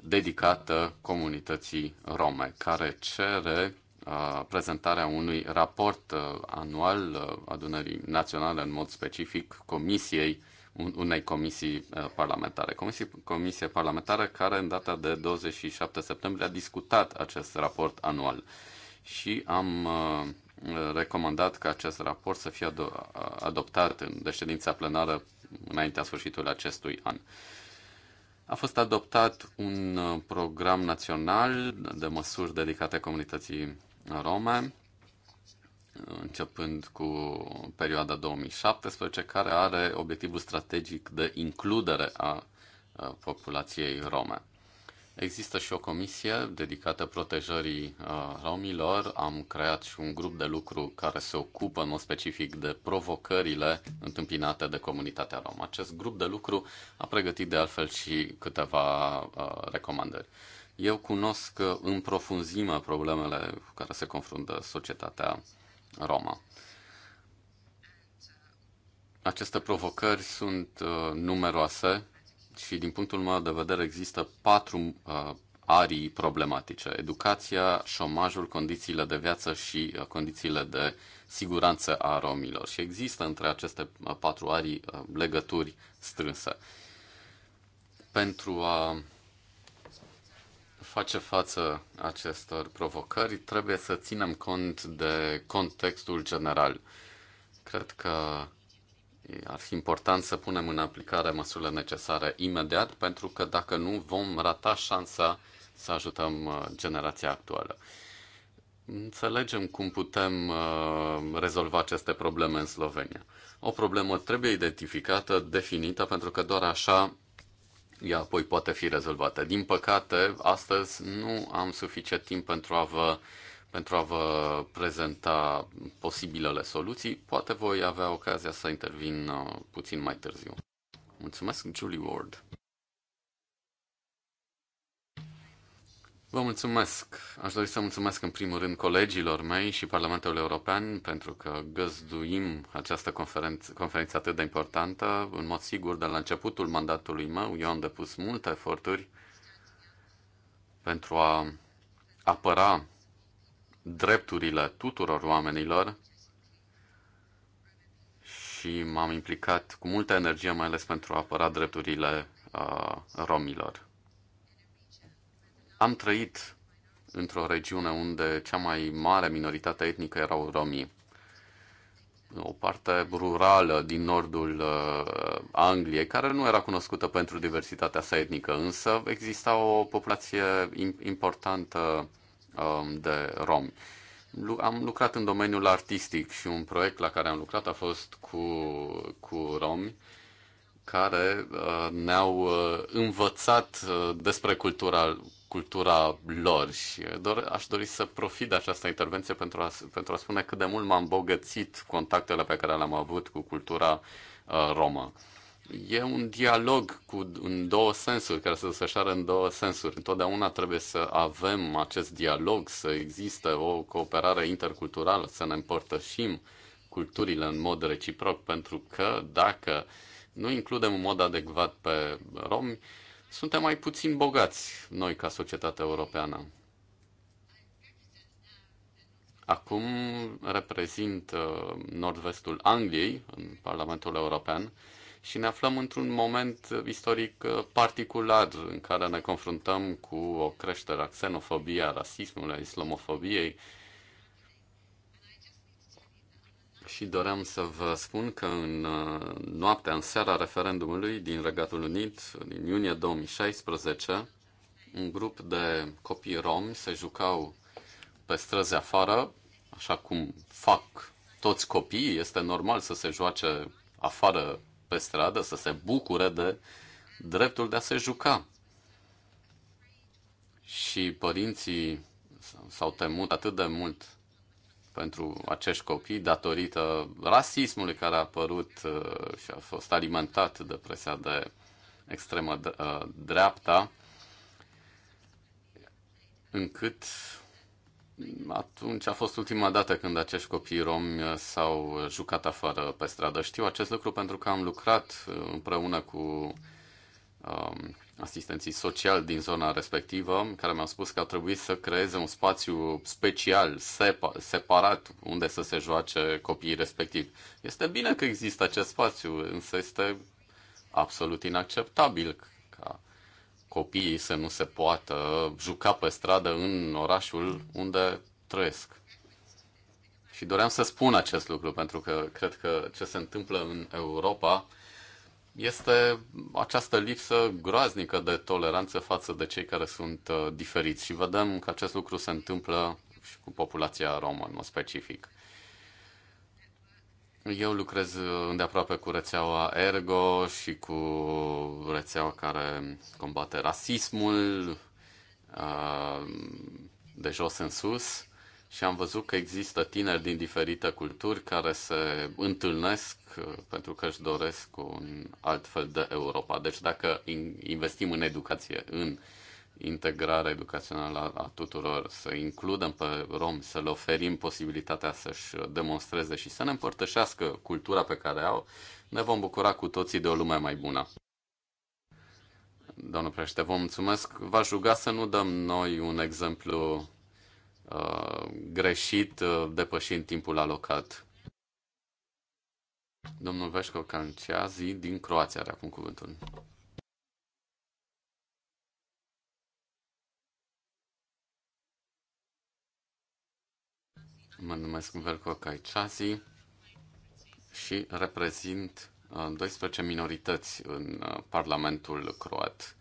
Speaker 3: dedicată comunității rome, care cere uh, prezentarea unui raport uh, anual uh, adunării naționale, în mod specific comisiei, un, unei comisii uh, parlamentare. Comisie, comisie parlamentară care în data de 27 septembrie a discutat acest raport anual și am uh, recomandat ca acest raport să fie ado- adoptat în deședința plenară înaintea sfârșitului acestui an. A fost adoptat un uh, program național de măsuri dedicate comunității rome, începând cu perioada 2017, care are obiectivul strategic de includere a uh, populației rome. Există și o comisie dedicată protejării uh, romilor. Am creat și un grup de lucru care se ocupă în mod specific de provocările întâmpinate de comunitatea rom. Acest grup de lucru a pregătit de altfel și câteva uh, recomandări. Eu cunosc în profunzime problemele cu care se confruntă societatea roma. Aceste provocări sunt uh, numeroase și din punctul meu de vedere există patru uh, arii problematice. Educația, șomajul, condițiile de viață și uh, condițiile de siguranță a romilor. Și există între aceste uh, patru arii uh, legături strânse. Pentru a face față acestor provocări, trebuie să ținem cont de contextul general. Cred că ar fi important să punem în aplicare măsurile necesare imediat, pentru că dacă nu, vom rata șansa să ajutăm uh, generația actuală. Înțelegem cum putem uh, rezolva aceste probleme în Slovenia. O problemă trebuie identificată, definită, pentru că doar așa ea apoi poate fi rezolvată. Din păcate, astăzi nu am suficient timp pentru a vă pentru a vă prezenta posibilele soluții. Poate voi avea ocazia să intervin uh, puțin mai târziu. Mulțumesc, Julie Ward. Vă mulțumesc. Aș dori să mulțumesc în primul rând colegilor mei și Parlamentul European pentru că găzduim această conferență conferință atât de importantă. În mod sigur, de la începutul mandatului meu, eu am depus multe eforturi pentru a apăra drepturile tuturor oamenilor și m-am implicat cu multă energie, mai ales pentru a apăra drepturile uh, romilor. Am trăit într-o regiune unde cea mai mare minoritate etnică erau romii. O parte rurală din nordul uh, Angliei, care nu era cunoscută pentru diversitatea sa etnică, însă exista o populație importantă Um, de romi. Am lucrat în domeniul artistic și un proiect la care am lucrat a fost cu, cu romi care uh, ne-au uh, învățat uh, despre cultura, cultura lor și dor, aș dori să profit de această intervenție pentru a, pentru a spune cât de mult m-am bogățit contactele pe care le-am avut cu cultura romă e un dialog cu, în două sensuri, care se desfășoară în două sensuri. Întotdeauna trebuie să avem acest dialog, să existe o cooperare interculturală, să ne împărtășim culturile în mod reciproc, pentru că dacă nu includem în mod adecvat pe romi, suntem mai puțin bogați noi ca societate europeană. Acum reprezint uh, nord-vestul Angliei în Parlamentul European și ne aflăm într-un moment istoric uh, particular în care ne confruntăm cu o creștere a xenofobiei, a rasismului, a islamofobiei. Și doream să vă spun că în uh, noaptea, în seara referendumului din Regatul Unit, din iunie 2016, un grup de copii romi se jucau pe străzi afară, așa cum fac toți copiii, este normal să se joace afară pe stradă să se bucure de dreptul de a se juca. Și părinții s-au temut atât de mult pentru acești copii datorită rasismului care a apărut uh, și a fost alimentat de presa de extremă uh, dreapta, încât atunci a fost ultima dată când acești copii romi s-au jucat afară pe stradă. Știu acest lucru pentru că am lucrat împreună cu um, asistenții sociali din zona respectivă, care mi-au spus că a trebuit să creeze un spațiu special, sepa, separat, unde să se joace copiii respectivi. Este bine că există acest spațiu, însă este absolut inacceptabil copiii să nu se poată juca pe stradă în orașul unde trăiesc. Și doream să spun acest lucru, pentru că cred că ce se întâmplă în Europa este această lipsă groaznică de toleranță față de cei care sunt uh, diferiți. Și vedem că acest lucru se întâmplă și cu populația romă, în mod specific. Eu lucrez uh, îndeaproape cu rețeaua Ergo și cu rețeaua care combate rasismul uh, de jos în sus și am văzut că există tineri din diferite culturi care se întâlnesc uh, pentru că își doresc un alt fel de Europa. Deci dacă investim în educație, în integrare educațională a tuturor, să includem pe romi, să le oferim posibilitatea să-și demonstreze și să ne împărtășească cultura pe care au, ne vom bucura cu toții de o lume mai bună. Domnul președinte, vă mulțumesc. V-aș ruga să nu dăm noi un exemplu uh, greșit, uh, depășind timpul alocat. Domnul Veșco Canciazi din Croația are acum cuvântul. Mă numesc Velko Kaichasi și reprezint 12 uh, minorități în uh, Parlamentul croat.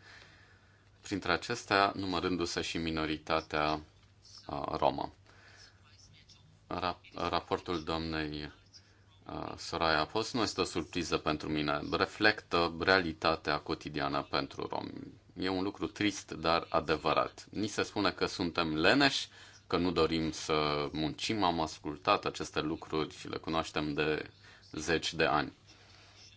Speaker 3: Printre acestea, numărându-se și minoritatea uh, romă. Raportul doamnei Soraya Post nu este o surpriză pentru mine. Reflectă realitatea cotidiană pentru romi. E un lucru trist, dar adevărat. Ni se spune că suntem leneși, că nu dorim să muncim. Am ascultat aceste lucruri și le cunoaștem de zeci de ani.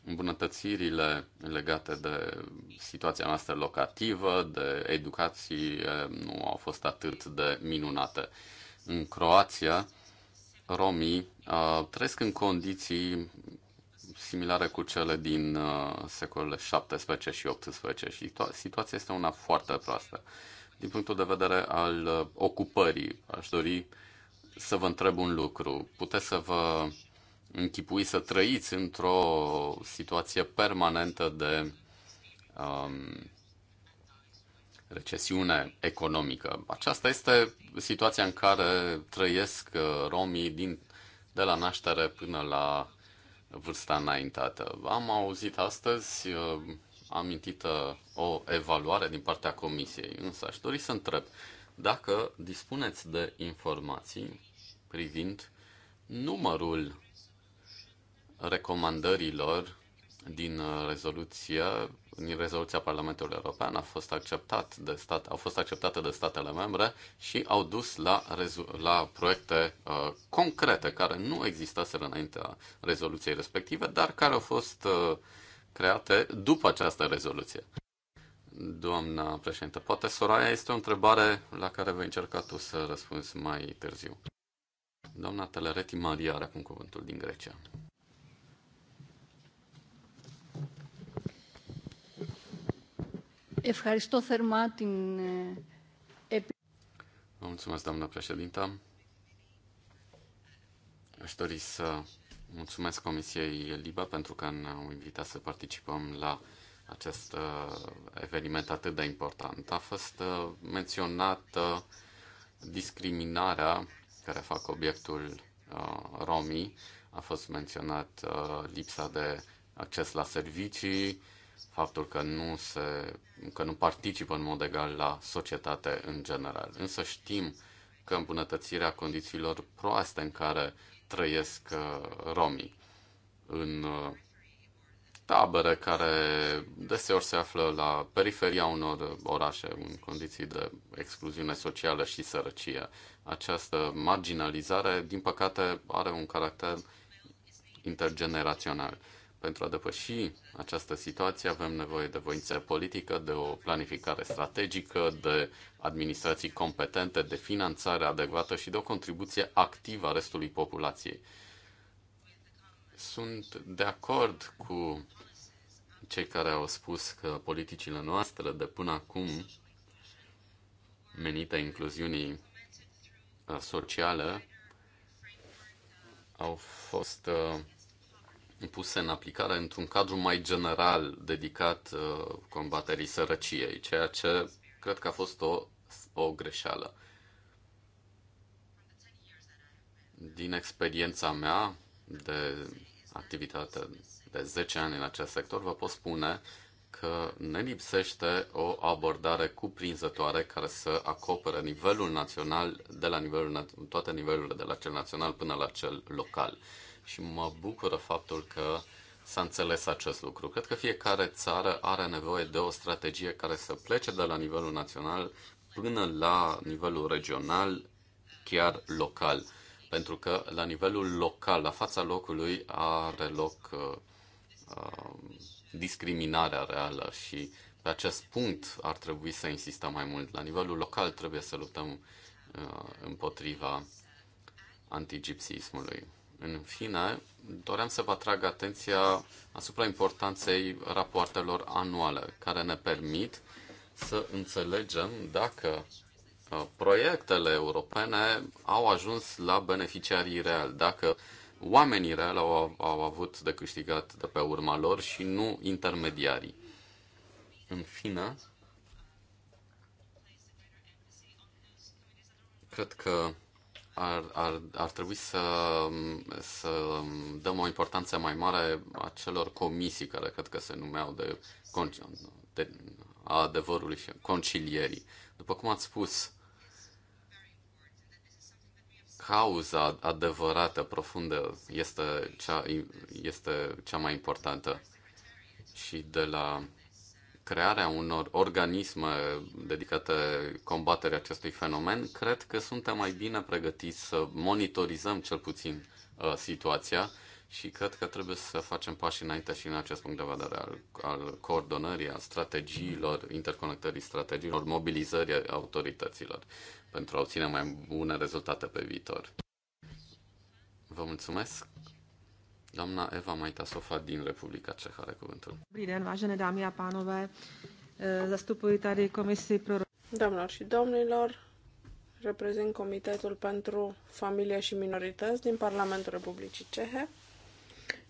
Speaker 3: Îmbunătățirile legate de situația noastră locativă, de educație, eh, nu au fost atât de minunate. În Croația, romii uh, trăiesc în condiții similare cu cele din uh, secolele 17 și 18 și situația este una foarte proastă. Uh, din punctul de vedere al uh, ocupării, aș dori să vă întreb un lucru. Puteți să vă închipui să trăiți într-o situație permanentă de um, recesiune economică. Aceasta este situația în care trăiesc uh, romii din, de la naștere până la vârsta înaintată. Am auzit astăzi uh, amintită o evaluare din partea Comisiei, însă aș dori să întreb dacă dispuneți de informații privind numărul recomandărilor din rezoluție, din rezoluția Parlamentului European a fost acceptat de stat, au fost acceptate de statele membre și au dus la, la proiecte uh, concrete care nu existaseră înaintea rezoluției respective, dar care au fost uh, create după această rezoluție. Doamna președinte, poate Soraya este o întrebare la care vei încerca tu să răspunzi mai târziu. Doamna Telereti Maria are acum cuvântul din Grecia. Eh, Vă mulțumesc, doamnă președintă. Aș dori să Mulțumesc Comisiei Liba pentru că ne-au invitat să participăm la acest uh, eveniment atât de important. A fost uh, menționată discriminarea care fac obiectul uh, romii, a fost menționat lipsa de acces la servicii, faptul că nu, se, că nu participă în mod egal la societate în general. Însă știm că îmbunătățirea condițiilor proaste în care trăiesc uh, romii în uh, tabere care deseori se află la periferia unor orașe în condiții de excluziune socială și sărăcie. Această marginalizare, din păcate, are un caracter intergenerațional. Pentru a depăși această situație avem nevoie de voință politică, de o planificare strategică, de administrații competente, de finanțare adecvată și de o contribuție activă a restului populației. Sunt de acord cu cei care au spus că politicile noastre de până acum menite incluziunii uh, sociale au fost uh, puse în aplicare într-un cadru mai general dedicat uh, combaterii sărăciei, ceea ce cred că a fost o, o greșeală. Din experiența mea de activitate de 10 ani în acest sector, vă pot spune că ne lipsește o abordare cuprinzătoare care să acopere nivelul național de la nivelul, toate nivelurile de la cel național până la cel local și mă bucură faptul că s-a înțeles acest lucru. Cred că fiecare țară are nevoie de o strategie care să plece de la nivelul național până la nivelul regional, chiar local. Pentru că la nivelul local, la fața locului, are loc uh, um, discriminarea reală și pe acest punct ar trebui să insistăm mai mult. La nivelul local trebuie să luptăm uh, împotriva antigipsismului. În fine, doream să vă atrag atenția asupra importanței rapoartelor anuale, care ne permit să înțelegem dacă uh, proiectele europene au ajuns la beneficiarii reali, dacă oamenii reali au, au avut de câștigat de pe urma lor și nu intermediarii. În fine, cred că ar, ar, ar trebui să, să dăm o importanță mai mare acelor comisii care cred că se numeau de, de a adevărului și concilierii. După cum ați spus, cauza adevărată, profundă, este cea, este cea mai importantă. Și de la crearea unor organisme dedicate combaterii acestui fenomen, cred că suntem mai bine pregătiți să monitorizăm cel puțin uh, situația și cred că trebuie să facem pași înainte și în acest punct de vedere al, al coordonării, al strategiilor, interconectării strategiilor, mobilizării autorităților pentru a obține mai bune rezultate pe viitor. Vă mulțumesc! Doamna Eva Maita Sofa din Republica Ceha, are cuvântul.
Speaker 2: Dobrý den, vážené dámy a pánové. Eh, zastupuji tady Komisii pro... Doamnelor și domnilor, reprezint Comitetul pentru Familie și Minorități din Parlamentul Republicii Cehe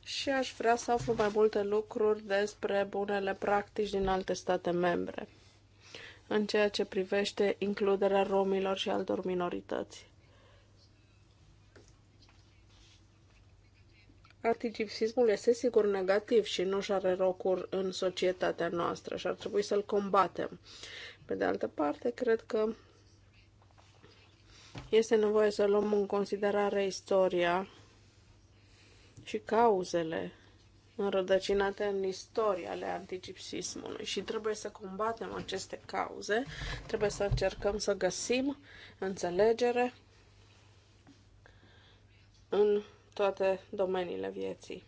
Speaker 2: și aș vrea să aflu mai multe lucruri despre bunele practici din alte state membre în ceea ce privește includerea romilor și altor minorități. Artificismul este sigur negativ și nu și are locuri în societatea noastră și ar trebui să-l combatem. Pe de altă parte, cred că este nevoie să luăm în considerare istoria și cauzele înrădăcinate în istoria ale antigipsismului și trebuie să combatem aceste cauze, trebuie să încercăm să găsim înțelegere în toate domeniile vieții.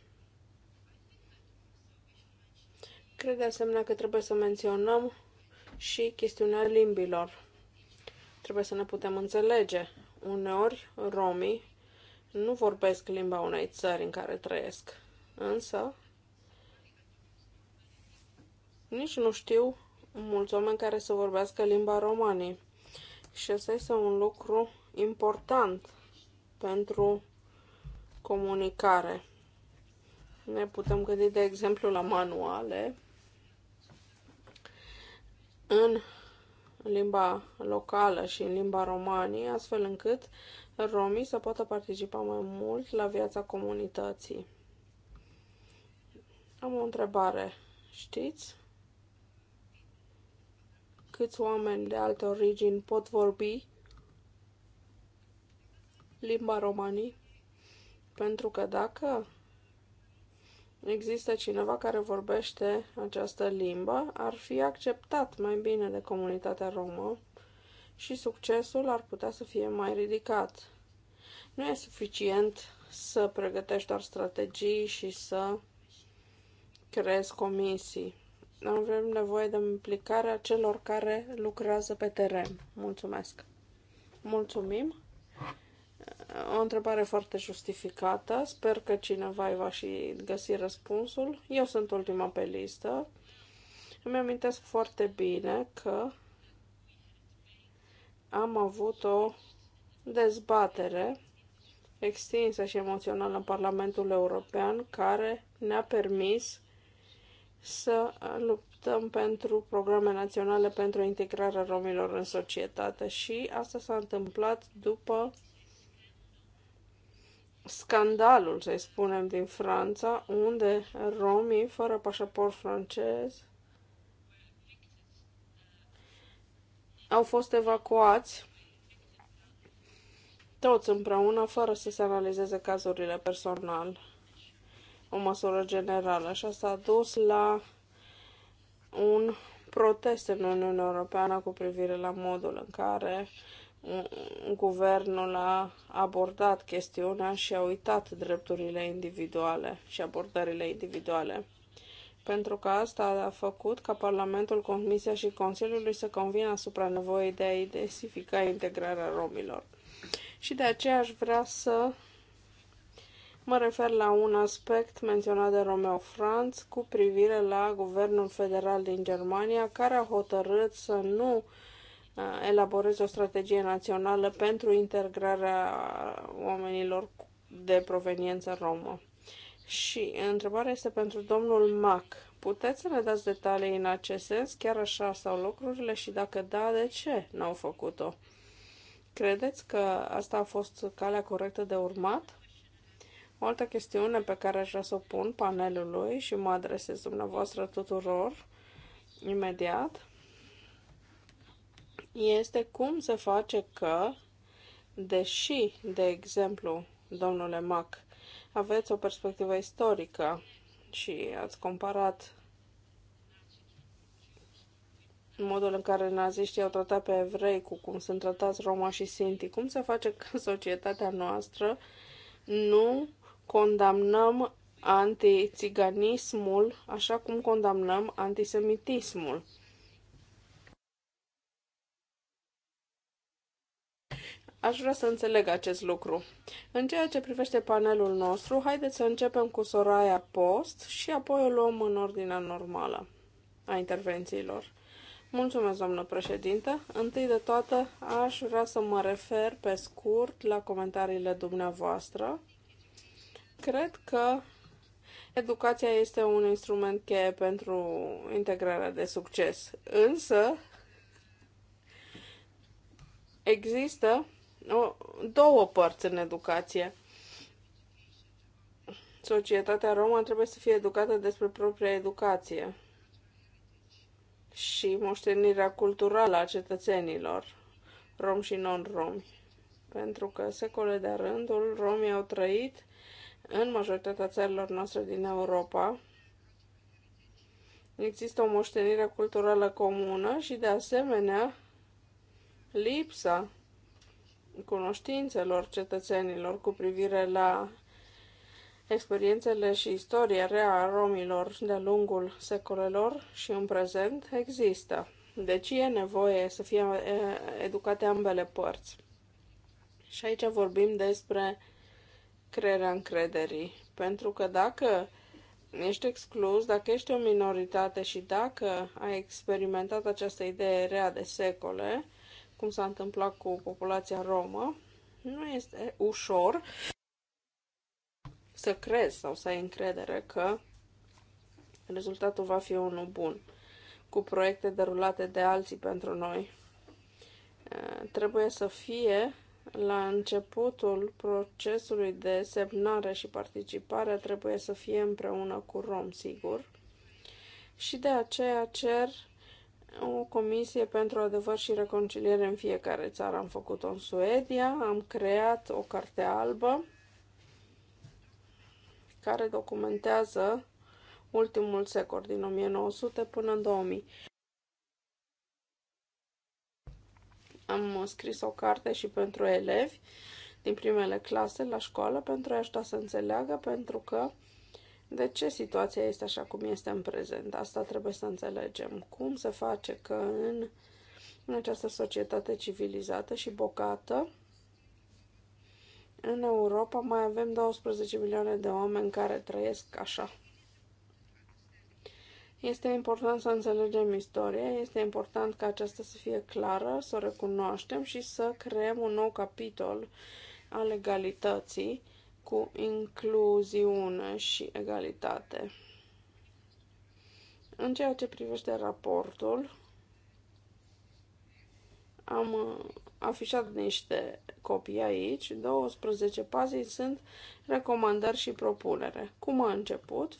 Speaker 2: Cred de asemenea că trebuie să menționăm și chestiunea limbilor. Trebuie să ne putem înțelege. Uneori, romii nu vorbesc limba unei țări în care trăiesc, însă nici nu știu mulți oameni care să vorbească limba romanii. Și asta este un lucru important pentru comunicare. Ne putem gândi, de exemplu, la manuale în limba locală și în limba romanii, astfel încât romii să poată participa mai mult la viața comunității. Am o întrebare. Știți câți oameni de alte origini pot vorbi limba romanii? Pentru că dacă există cineva care vorbește această limbă, ar fi acceptat mai bine de comunitatea romă și succesul ar putea să fie mai ridicat. Nu e suficient să pregătești doar strategii și să creezi comisii. Avem nevoie de implicarea celor care lucrează pe teren. Mulțumesc! Mulțumim! o întrebare foarte justificată. Sper că cineva va și găsi răspunsul. Eu sunt ultima pe listă. Îmi amintesc foarte bine că am avut o dezbatere extinsă și emoțională în Parlamentul European care ne-a permis să luptăm pentru programe naționale pentru integrarea romilor în societate și asta s-a întâmplat după scandalul, să-i spunem, din Franța, unde romii fără pașaport francez au fost evacuați toți împreună, fără să se analizeze cazurile personal, o măsură generală. Și asta a dus la un protest în Uniunea Europeană cu privire la modul în care guvernul a abordat chestiunea și a uitat drepturile individuale și abordările individuale. Pentru că asta a făcut ca Parlamentul, Comisia și Consiliul să convină asupra nevoii de a identifica integrarea romilor. Și de aceea aș vrea să mă refer la un aspect menționat de Romeo Franz cu privire la Guvernul Federal din Germania, care a hotărât să nu uh, Uh, elaboreze o strategie națională pentru integrarea oamenilor de proveniență romă. Și întrebarea este pentru domnul Mac. Puteți să ne dați detalii în acest sens? Chiar așa sau lucrurile? Și dacă da, de ce n-au făcut-o? Credeți că asta a fost calea corectă de urmat? O altă chestiune pe care aș vrea să o pun panelului și mă adresez dumneavoastră tuturor imediat este cum se face că, deși, de exemplu, domnule Mac, aveți o perspectivă istorică și ați comparat modul în care naziștii au tratat pe evrei cu cum sunt tratați Roma și Sinti, cum se face că <laughs> societatea noastră nu condamnăm antiziganismul așa cum condamnăm antisemitismul? Aș vrea să înțeleg acest lucru. În ceea ce privește panelul nostru, haideți să începem cu Soraya Post și apoi o luăm în ordinea normală a intervențiilor. Mulțumesc, doamnă președintă. Întâi de toate, aș vrea să mă refer pe scurt la comentariile dumneavoastră. Cred că educația este un instrument cheie pentru integrarea de succes, însă există două părți în educație. Societatea romă trebuie să fie educată despre propria educație și moștenirea culturală a cetățenilor, rom și non-romi. Pentru că secole de rândul romii au trăit în majoritatea țărilor noastre din Europa. Există o moștenire culturală comună și, de asemenea, lipsa cunoștințelor cetățenilor cu privire la experiențele și istoria rea a romilor de-a lungul secolelor și în prezent există. Deci e nevoie să fie educate ambele părți. Și aici vorbim despre crearea încrederii. Pentru că dacă ești exclus, dacă ești o minoritate și dacă ai experimentat această idee rea de secole, cum s-a întâmplat cu populația romă, nu este ușor să crezi sau să ai încredere că rezultatul va fi unul bun, cu proiecte derulate de alții pentru noi. Trebuie să fie la începutul procesului de semnare și participare, trebuie să fie împreună cu rom, sigur. Și de aceea cer o comisie pentru adevăr și reconciliere în fiecare țară. Am făcut-o în Suedia, am creat o carte albă care documentează ultimul secol din 1900 până în 2000. Am scris o carte și pentru elevi din primele clase la școală pentru a da ajuta să înțeleagă, pentru că de ce situația este așa cum este în prezent? Asta trebuie să înțelegem. Cum se face că în, în această societate civilizată și bogată, în Europa mai avem 12 milioane de oameni care trăiesc așa. Este important să înțelegem istoria, este important ca aceasta să fie clară, să o recunoaștem și să creăm un nou capitol al legalității cu incluziune și egalitate. În ceea ce privește raportul, am afișat niște copii aici, 12 pazii sunt recomandări și propunere. Cum a început?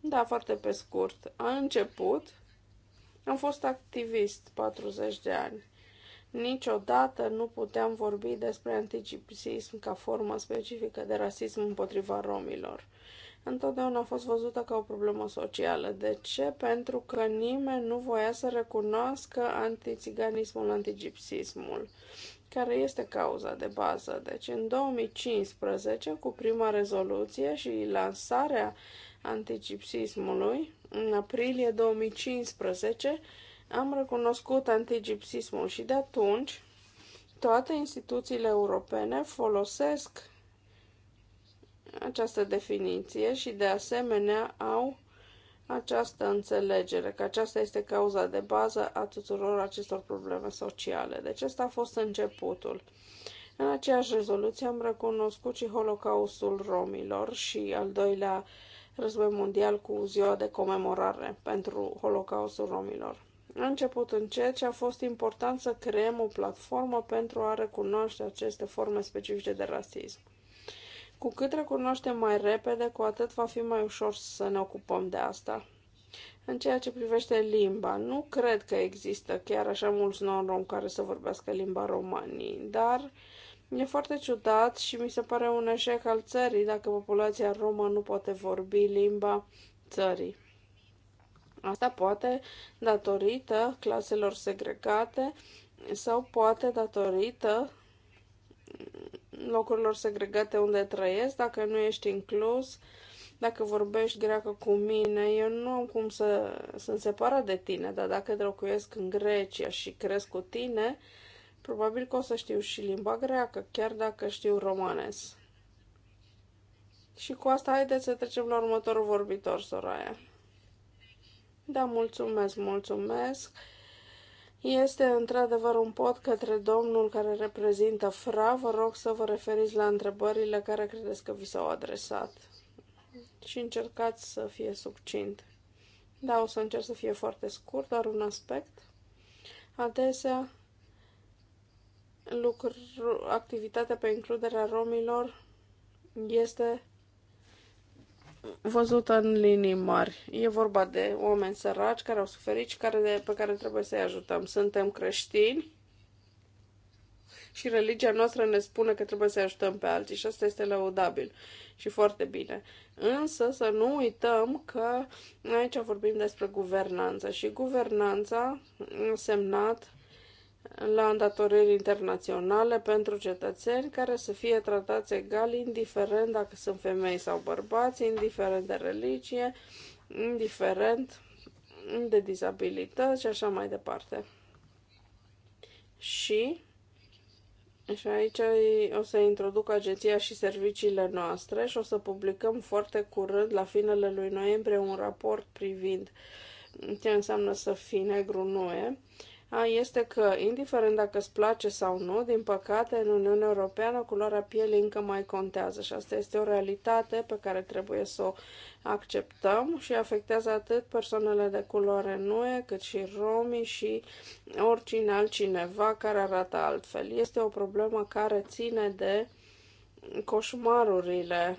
Speaker 2: Da, foarte pe scurt. A început, am fost activist 40 de ani. Niciodată nu putem vorbi despre anticism ca formă specifică de rasism împotriva romilor. Întotdeauna a fost văzută ca o problemă socială. De ce? Pentru că nimeni nu voia să recunoască antiziganismul, antigipsismul, care este cauza de bază. Deci, în 2015, cu prima rezoluție și lansarea antigipsismului, în aprilie 2015, am recunoscut antigipsismul și de atunci toate instituțiile europene folosesc această definiție și de asemenea au această înțelegere, că aceasta este cauza de bază a tuturor acestor probleme sociale. Deci ăsta a fost începutul. În aceeași rezoluție am recunoscut și Holocaustul romilor și al doilea război mondial cu ziua de comemorare pentru Holocaustul romilor. A început încet și a fost important să creăm o platformă pentru a recunoaște aceste forme specifice de rasism. Cu cât recunoaștem mai repede, cu atât va fi mai ușor să ne ocupăm de asta. În ceea ce privește limba, nu cred că există chiar așa mulți non-rom care să vorbească limba romanii, dar e foarte ciudat și mi se pare un eșec al țării dacă populația romă nu poate vorbi limba țării. Asta poate datorită claselor segregate sau poate datorită locurilor segregate unde trăiesc, dacă nu ești inclus, dacă vorbești greacă cu mine, eu nu am cum să sunt separat de tine, dar dacă locuiesc în Grecia și cresc cu tine, probabil că o să știu și limba greacă, chiar dacă știu romanes. Și cu asta haideți să trecem la următorul vorbitor, Soraya. Da, mulțumesc, mulțumesc. Este într-adevăr un pot către domnul care reprezintă FRA. Vă rog să vă referiți la întrebările care credeți că vi s-au adresat și încercați să fie succint. Da, o să încerc să fie foarte scurt, dar un aspect. Adesea, lucru, activitatea pe includerea romilor este văzut în linii mari. E vorba de oameni săraci care au suferit și care, de, pe care trebuie să-i ajutăm. Suntem creștini și religia noastră ne spune că trebuie să-i ajutăm pe alții și asta este lăudabil și foarte bine. Însă să nu uităm că aici vorbim despre guvernanță și guvernanța însemnat semnat la îndatoriri internaționale pentru cetățeni care să fie tratați egal, indiferent dacă sunt femei sau bărbați, indiferent de religie, indiferent de dizabilități și așa mai departe. Și, și aici o să introduc agenția și serviciile noastre și o să publicăm foarte curând, la finele lui noiembrie, un raport privind ce înseamnă să fii negru nu e este că, indiferent dacă îți place sau nu, din păcate, în Uniunea Europeană, culoarea pielii încă mai contează și asta este o realitate pe care trebuie să o acceptăm și afectează atât persoanele de culoare nuie, cât și romii și oricine altcineva care arată altfel. Este o problemă care ține de coșmarurile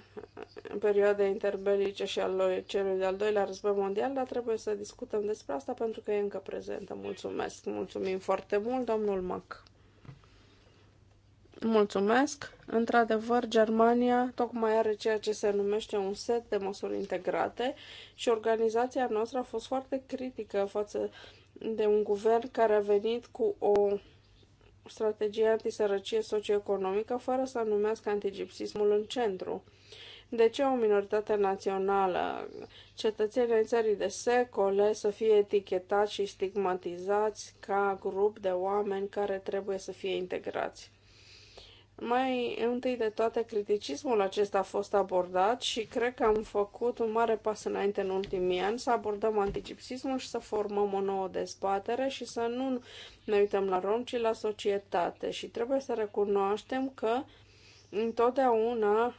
Speaker 2: în perioade interbelice și al celui de-al doilea război mondial, dar trebuie să discutăm despre asta pentru că e încă prezentă. Mulțumesc! Mulțumim foarte mult, domnul Mac! Mulțumesc! Într-adevăr, Germania tocmai are ceea ce se numește un set de măsuri integrate și organizația noastră a fost foarte critică față de un guvern care a venit cu o strategie antisărăcie socioeconomică fără să numească antigipsismul în centru. De ce o minoritate națională, cetățenii ai țării de secole, să fie etichetați și stigmatizați ca grup de oameni care trebuie să fie integrați? Mai întâi de toate, criticismul acesta a fost abordat și cred că am făcut un mare pas înainte în ultimii ani să abordăm anticipsismul și să formăm o nouă dezbatere și să nu ne uităm la rom, ci la societate. Și trebuie să recunoaștem că întotdeauna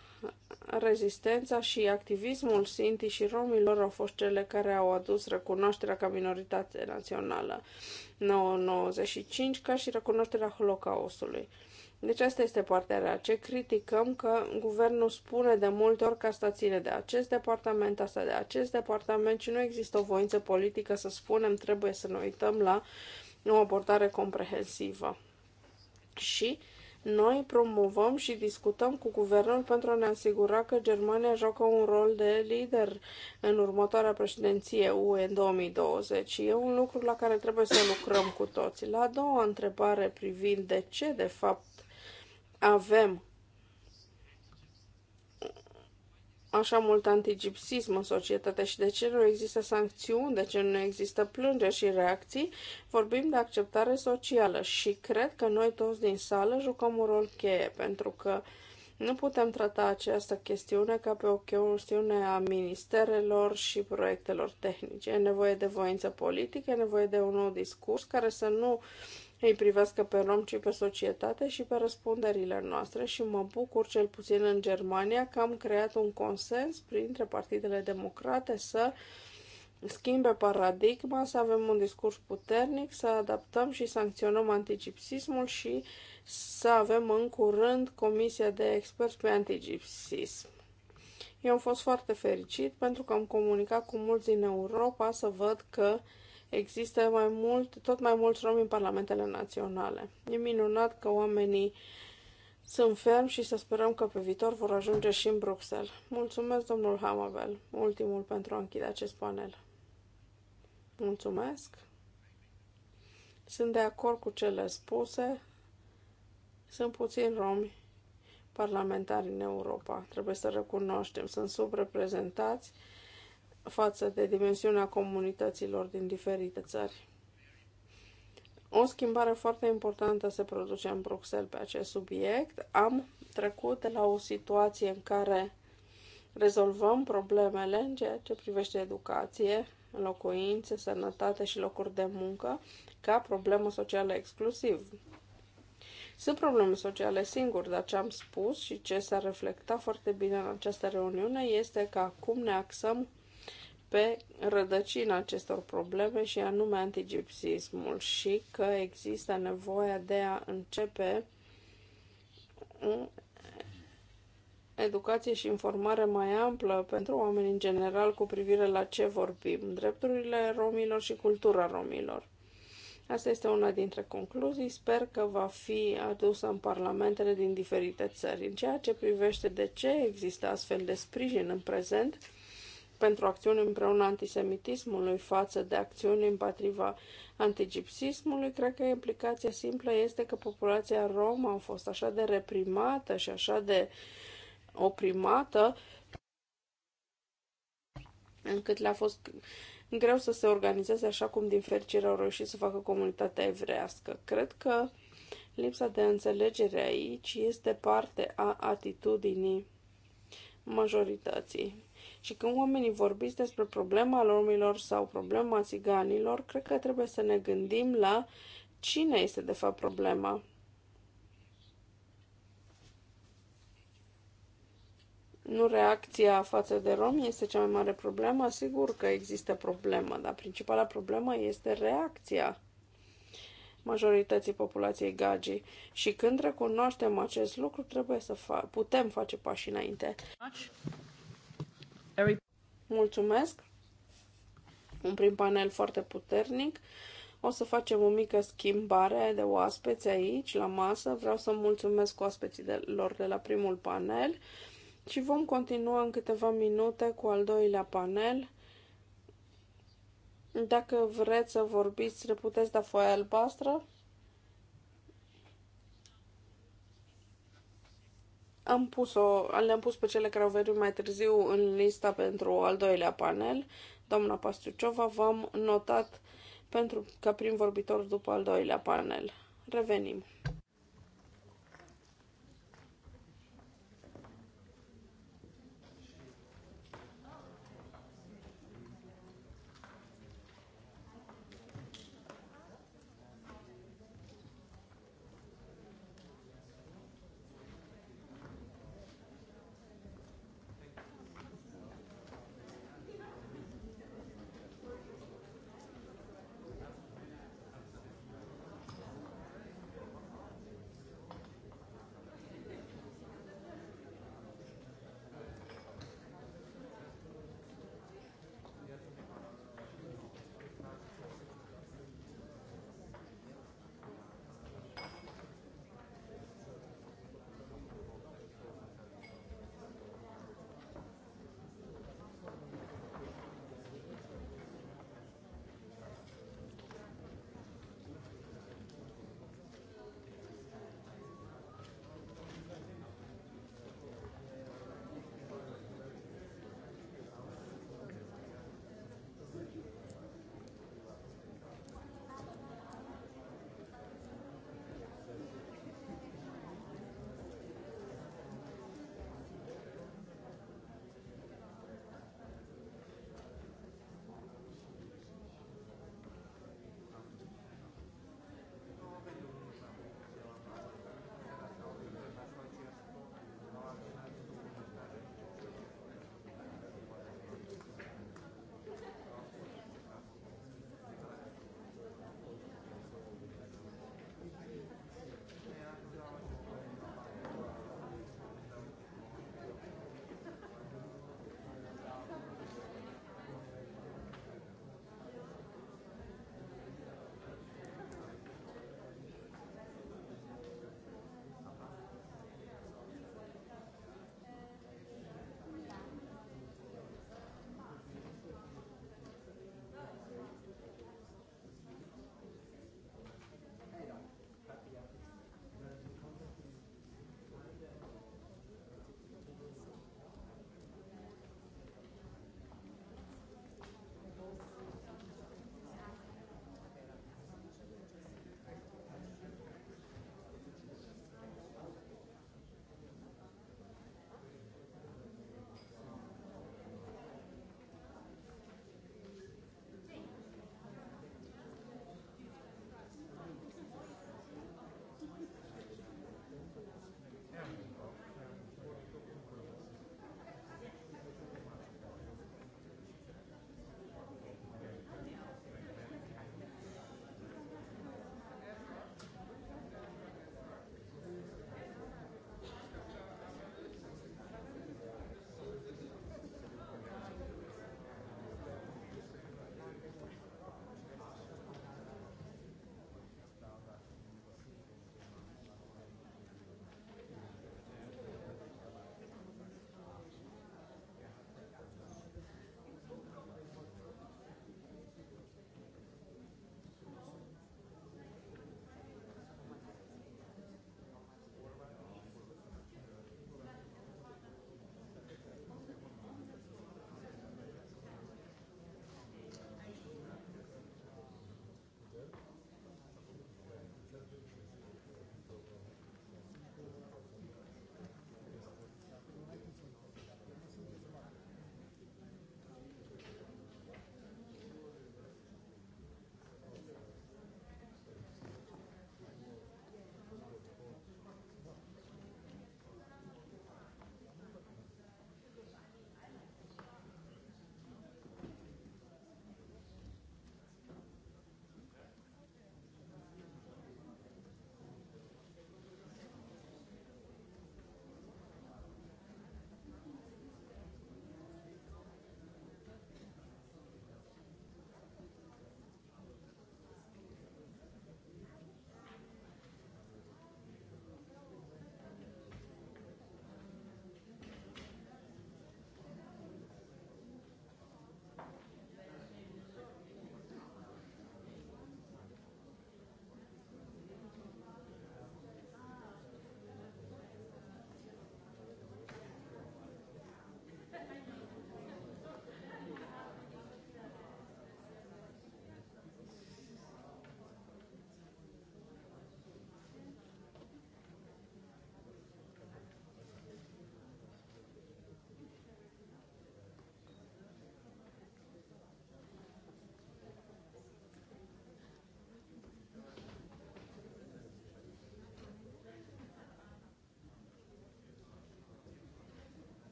Speaker 2: rezistența și activismul Sinti și romilor au fost cele care au adus recunoașterea ca minoritate națională 995 ca și recunoașterea Holocaustului. Deci asta este partea rea. Ce criticăm că guvernul spune de multe ori că asta ține de acest departament, asta de acest departament și nu există o voință politică să spunem trebuie să ne uităm la o abordare comprehensivă. Și noi promovăm și discutăm cu guvernul pentru a ne asigura că Germania joacă un rol de lider în următoarea președinție UE în 2020. E un lucru la care trebuie să lucrăm cu toți. La a doua întrebare privind de ce, de fapt, avem așa mult antigipsism în societate și de ce nu există sancțiuni, de ce nu există plângeri și reacții, vorbim de acceptare socială și cred că noi toți din sală jucăm un rol cheie, pentru că nu putem trata această chestiune ca pe o chestiune a ministerelor și proiectelor tehnice. E nevoie de voință politică, e nevoie de un nou discurs care să nu îi privească pe rom, ci pe societate și pe răspunderile noastre și mă bucur, cel puțin în Germania, că am creat un consens printre partidele democrate să schimbe paradigma, să avem un discurs puternic, să adaptăm și sancționăm antigipsismul și să avem în curând comisia de experți pe antigipsism. Eu am fost foarte fericit pentru că am comunicat cu mulți din Europa să văd că uh, există mai mult, tot mai mulți romi în parlamentele naționale. E minunat că oamenii sunt ferm și să sperăm că pe viitor vor ajunge și în Bruxelles. Mulțumesc, domnul Hamabel, ultimul pentru a închide acest panel. Mulțumesc. Sunt de acord cu cele spuse. Sunt puțini romi parlamentari în Europa. Trebuie să recunoaștem, sunt subreprezentați față de dimensiunea comunităților din diferite țări. O schimbare foarte importantă se produce în Bruxelles pe acest subiect. Am trecut de la o situație în care rezolvăm problemele în ceea ce privește educație, locuințe, sănătate și locuri de muncă ca problemă socială exclusiv. Sunt probleme sociale singuri, dar ce am spus și ce s-a reflectat foarte bine în această reuniune este că acum ne axăm pe rădăcina acestor probleme și anume antigipsismul și că există nevoia de a începe educație și informare mai amplă pentru oameni în general cu privire la ce vorbim, drepturile romilor și cultura romilor. Asta este una dintre concluzii. Sper că va fi adusă în parlamentele din diferite țări. În ceea ce privește de ce există astfel de sprijin în prezent, pentru acțiuni împreună antisemitismului față de acțiuni împotriva antigipsismului, cred că implicația simplă este că populația romă a fost așa de reprimată și așa de oprimată încât le-a fost greu să se organizeze așa cum din fericire au reușit să facă comunitatea evrească. Cred că lipsa de înțelegere aici este parte a atitudinii majorității. Și când oamenii vorbiți despre problema romilor sau problema țiganilor, cred că trebuie să ne gândim la cine este de fapt problema. Nu reacția față de romi este cea mai mare problemă, sigur că există problemă, dar principala problemă este reacția majorității populației Gagi. Și când recunoaștem acest lucru, trebuie să fa- putem face pași înainte. Mulțumesc! Un prim panel foarte puternic. O să facem o mică schimbare de oaspeți aici, la masă. Vreau să mulțumesc oaspeții de lor de la primul panel și vom continua în câteva minute cu al doilea panel. Dacă vreți să vorbiți, puteți da foaia albastră. Am pus -o, le-am pus pe cele care au venit mai târziu în lista pentru al doilea panel. Doamna Pastuciova, v-am notat pentru ca prim vorbitor după al doilea panel. Revenim.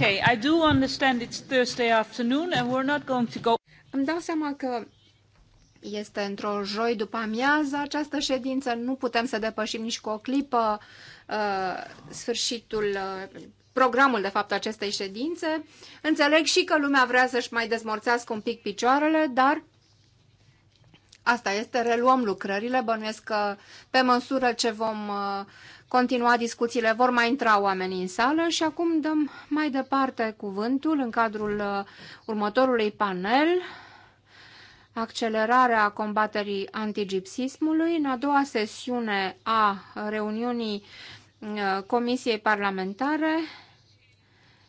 Speaker 5: Okay, I do understand it's Thursday afternoon and we're not going to go... Îmi dau seama
Speaker 1: că este într-o joi după amiază această ședință, nu putem să depășim nici cu o clipă uh, sfârșitul, uh, programul de fapt acestei ședințe. Înțeleg și că lumea vrea să-și mai dezmorțească un pic picioarele, dar asta este, reluăm lucrările, bănuiesc că pe măsură ce vom uh, continua discuțiile, vor mai intra oamenii în sală și acum dăm mai departe cuvântul în cadrul uh, următorului panel, accelerarea combaterii antigipsismului. În a doua sesiune a reuniunii uh, Comisiei Parlamentare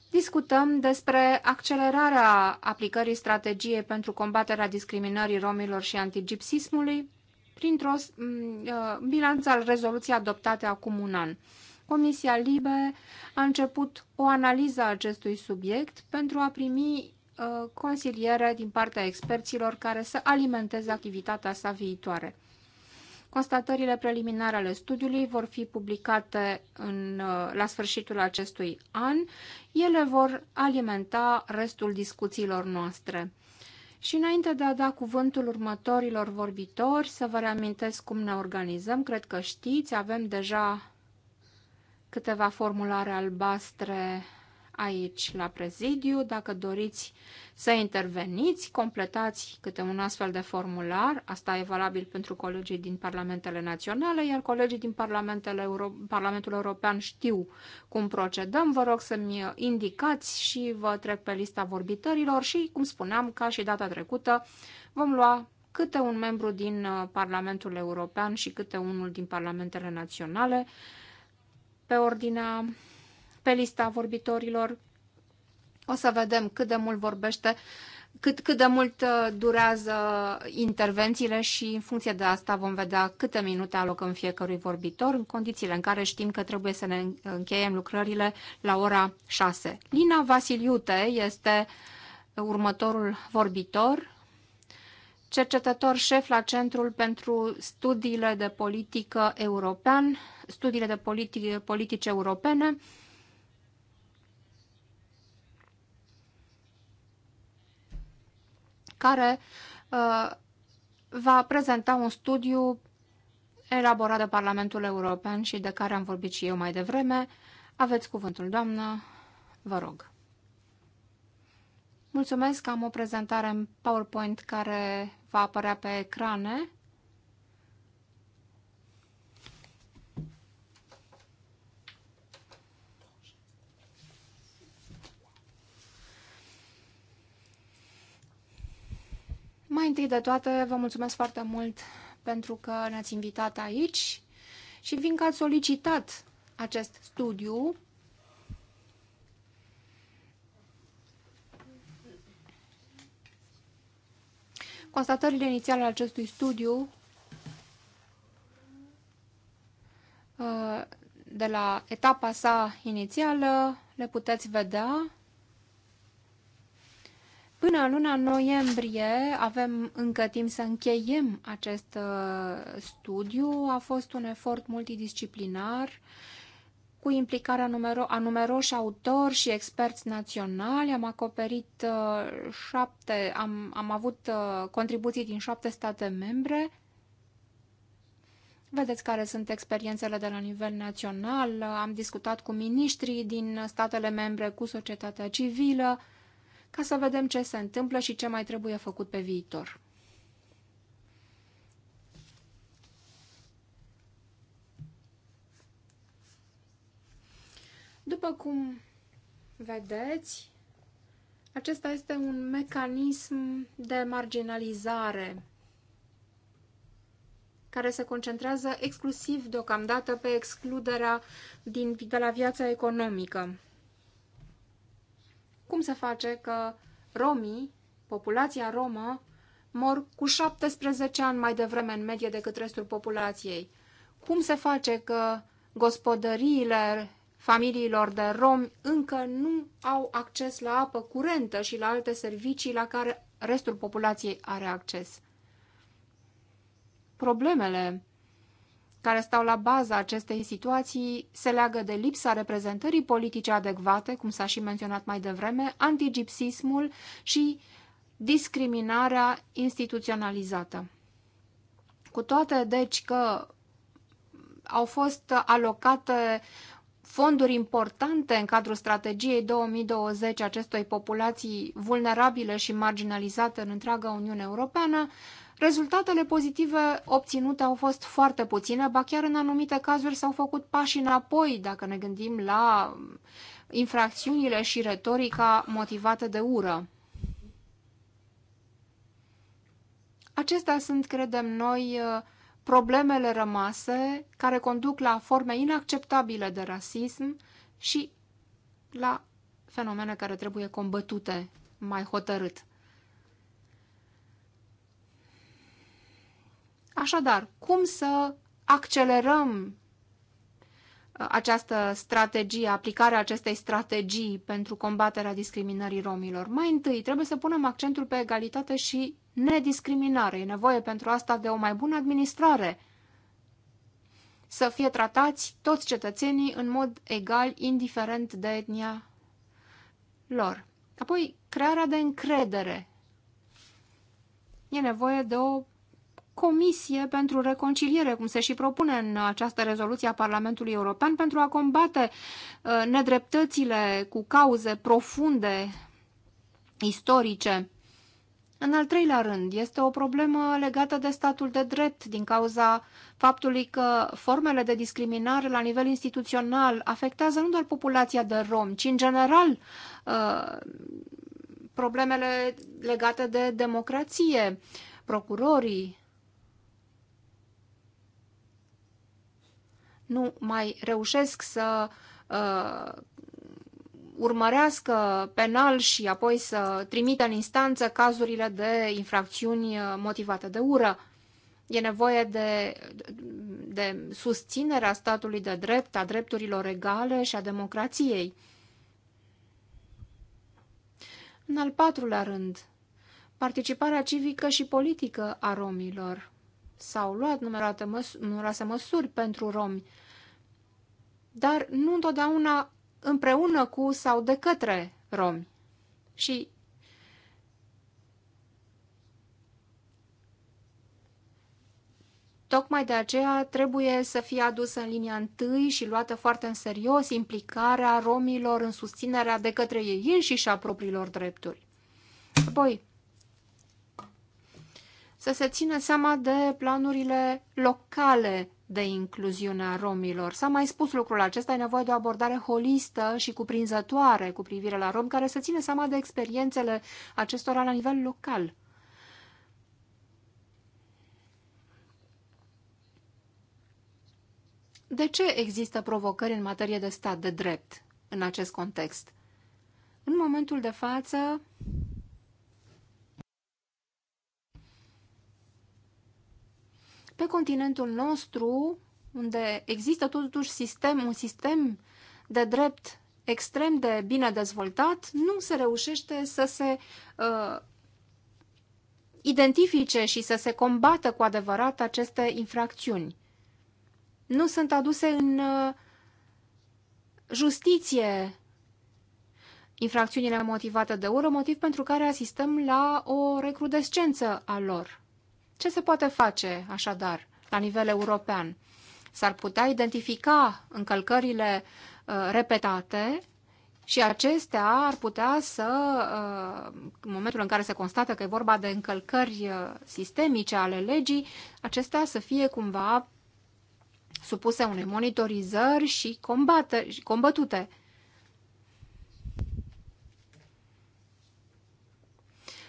Speaker 1: discutăm despre accelerarea aplicării strategiei pentru combaterea discriminării romilor și antigipsismului, printr-o mm, uh, bilanț al rezoluției adoptate acum un an. Comisia Libe a început o analiză a acestui subiect pentru a primi uh, consiliere din partea experților care să alimenteze activitatea sa viitoare. Constatările preliminare ale studiului vor fi publicate în, uh, la sfârșitul acestui an. Ele vor alimenta restul discuțiilor noastre. Și înainte de a da cuvântul următorilor vorbitori, să vă reamintesc cum ne organizăm. Cred că știți, avem deja câteva formulare albastre aici la prezidiu. Dacă doriți să interveniți, completați câte un astfel de formular. Asta e valabil pentru colegii din parlamentele naționale, iar colegii din parlamentele Euro- Parlamentul European știu cum procedăm. Vă rog să-mi indicați și vă trec pe lista vorbitorilor și, cum spuneam, ca și data trecută, vom lua câte un membru din uh, Parlamentul European și câte unul din Parlamentele Naționale pe ordinea pe lista vorbitorilor. O să vedem cât de mult vorbește, cât, cât de mult uh, durează intervențiile și în funcție de asta vom vedea câte minute alocăm fiecărui vorbitor, în condițiile în care știm că trebuie să ne încheiem lucrările la ora 6. Lina Vasiliute este următorul vorbitor, cercetător șef la Centrul pentru Studiile de Politică European, Studiile de politi- Politici Europene, care uh, va prezenta un studiu elaborat de Parlamentul European și de care am vorbit și eu mai devreme. Aveți cuvântul, doamnă, vă rog. Mulțumesc, am o prezentare în PowerPoint care va apărea pe ecrane. Mai întâi de toate, vă mulțumesc foarte mult pentru că ne-ați invitat aici și fiindcă ați solicitat acest studiu Constatările inițiale ale acestui studiu uh, de la etapa sa inițială le puteți vedea Până luna noiembrie avem încă timp să încheiem acest uh, studiu. A fost un efort multidisciplinar cu implicarea numero a numeroși autori și experți naționali. Am acoperit uh, șapte, am, am avut uh, contribuții din șapte state membre. Vedeți care sunt experiențele de la nivel național. Am discutat cu miniștrii din statele membre, cu societatea civilă, ca să vedem ce se întâmplă și ce mai trebuie făcut pe viitor. După cum vedeți, acesta este un mecanism de marginalizare care se concentrează exclusiv deocamdată pe excluderea din, de la viața economică cum se face că romii, populația romă, mor cu 17 ani mai devreme în medie decât restul populației? Cum se face că gospodăriile familiilor de romi încă nu au acces la apă curentă și la alte servicii la care restul populației are acces? Problemele care stau la baza acestei situații se leagă de lipsa reprezentării politice adecvate, cum s-a și menționat mai devreme, antigipsismul și discriminarea instituționalizată. Cu toate, deci, că au fost alocate fonduri importante în cadrul strategiei 2020 acestei populații vulnerabile și marginalizate în întreaga Uniune Europeană, Rezultatele pozitive obținute au fost foarte puține, ba chiar în anumite cazuri s-au făcut pași înapoi, dacă ne gândim la infracțiunile și retorica motivată de ură. Acestea sunt, credem noi, problemele rămase care conduc la forme inacceptabile de rasism și la fenomene care trebuie combătute mai hotărât. Așadar, cum să accelerăm uh, această strategie, aplicarea acestei strategii pentru combaterea discriminării romilor. Mai întâi, trebuie să punem accentul pe egalitate și nediscriminare. E nevoie pentru asta de o mai bună administrare. Să fie tratați toți cetățenii în mod egal, indiferent de etnia lor. Apoi, crearea de încredere. E nevoie de o comisie pentru reconciliere, cum se și propune în această rezoluție a Parlamentului European, pentru a combate uh, nedreptățile cu cauze profunde istorice. În al treilea rând, este o problemă legată de statul de drept din cauza faptului că formele de discriminare la nivel instituțional afectează nu doar populația de rom, ci în general uh, problemele legate de democrație, procurorii, nu mai reușesc să uh, urmărească penal și apoi să trimită în instanță cazurile de infracțiuni uh, motivate de ură. E nevoie de, de susținerea statului de drept, a drepturilor egale și a democrației. În al patrulea rând, participarea civică și politică a romilor. S-au luat numeroase, măs numeroase măsuri pentru romi, dar nu întotdeauna împreună cu sau de către romi. Și Tocmai de aceea trebuie să fie adusă în linia întâi și luată foarte în serios implicarea romilor în susținerea de către ei înșiși a propriilor drepturi. Apoi, să se țină seama de planurile locale de incluziune a romilor. S-a mai spus lucrul acesta, e nevoie de o abordare holistă și cuprinzătoare cu privire la rom, care să țină seama de experiențele acestora la nivel local. De ce există provocări în materie de stat de drept în acest context? În momentul de față, Pe continentul nostru, unde există totuși sistem, un sistem de drept extrem de bine dezvoltat, nu se reușește să se uh, identifice și să se combată cu adevărat aceste infracțiuni. Nu sunt aduse în uh, justiție infracțiunile motivate de ură, motiv pentru care asistăm la o recrudescență a lor. Ce se poate face, așadar, la nivel european? S-ar putea identifica încălcările uh, repetate și acestea ar putea să, uh, în momentul în care se constată că e vorba de încălcări uh, sistemice ale legii, acestea să fie cumva supuse unei monitorizări și, combate, și combătute.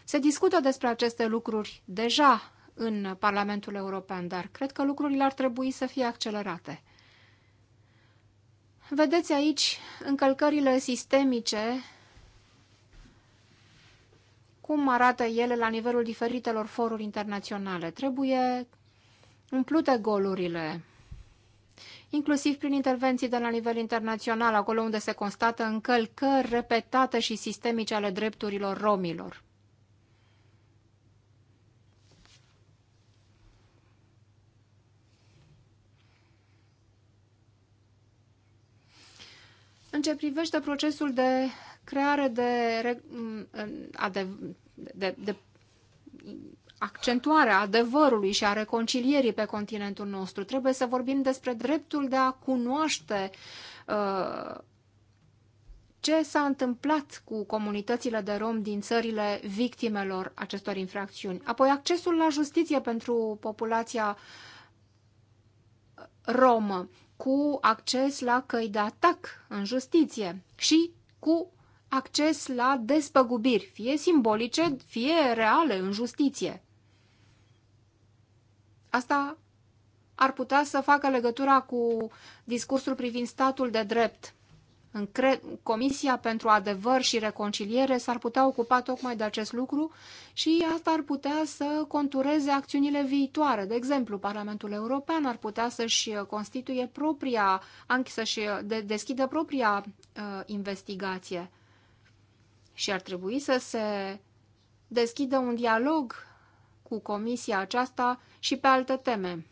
Speaker 1: Se discută despre aceste lucruri deja în Parlamentul European, dar cred că lucrurile ar trebui să fie accelerate. Vedeți aici încălcările sistemice, cum arată ele la nivelul diferitelor foruri internaționale. Trebuie umplute golurile, inclusiv prin intervenții de la nivel internațional, acolo unde se constată încălcări repetate și sistemice ale drepturilor romilor. În ce privește procesul de creare de, de, de, de accentuarea adevărului și a reconcilierii pe continentul nostru, trebuie să vorbim despre dreptul de a cunoaște uh, ce s-a întâmplat cu comunitățile de rom din țările victimelor acestor infracțiuni. Apoi accesul la justiție pentru populația uh, romă cu acces la căi de atac în justiție și cu acces la despăgubiri, fie simbolice, fie reale în justiție. Asta ar putea să facă legătura cu discursul privind statul de drept Comisia pentru Adevăr și Reconciliere s-ar putea ocupa tocmai de acest lucru și asta ar putea să contureze acțiunile viitoare. De exemplu, Parlamentul European ar putea să-și constituie propria, să-și deschidă propria uh, investigație și ar trebui să se deschidă un dialog cu Comisia aceasta și pe alte teme,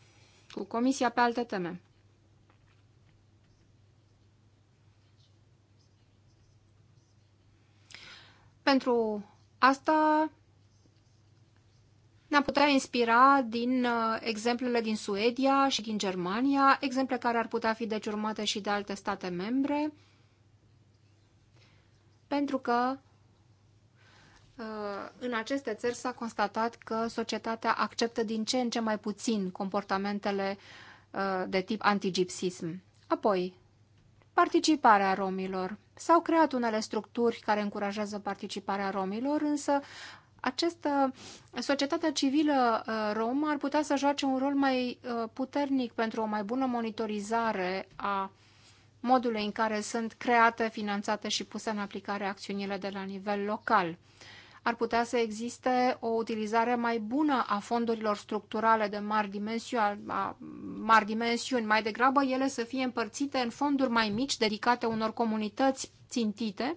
Speaker 1: cu Comisia pe alte teme. Pentru asta ne-am putea inspira din uh, exemplele din Suedia și din Germania, exemple care ar putea fi deci urmate și de alte state membre, pentru că uh, în aceste țări s-a constatat că societatea acceptă din ce în ce mai puțin comportamentele uh, de tip antigipsism. Apoi, participarea romilor. S-au creat unele structuri care încurajează participarea romilor, însă această societate civilă uh, rom ar putea să joace un rol mai uh, puternic pentru o mai bună monitorizare a modului în care sunt create, finanțate și puse în aplicare acțiunile de la nivel local ar putea să existe o utilizare mai bună a fondurilor structurale de mari dimensiuni, a mari dimensiuni, mai degrabă ele să fie împărțite în fonduri mai mici dedicate unor comunități țintite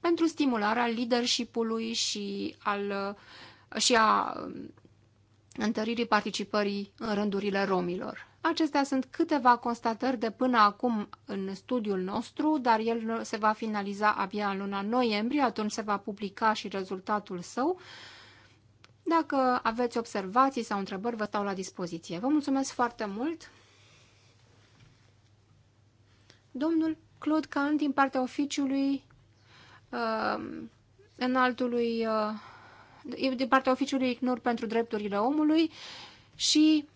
Speaker 1: pentru stimularea leadership-ului și, al, și a um, întăririi participării în rândurile romilor. Acestea sunt câteva constatări de până acum în studiul nostru, dar el se va finaliza abia în luna noiembrie, atunci se va publica și rezultatul său. Dacă aveți observații sau întrebări, vă stau la dispoziție. Vă mulțumesc foarte mult! Domnul Claude Kahn, din partea oficiului uh, înaltului, uh, din partea oficiului ICNUR pentru drepturile omului și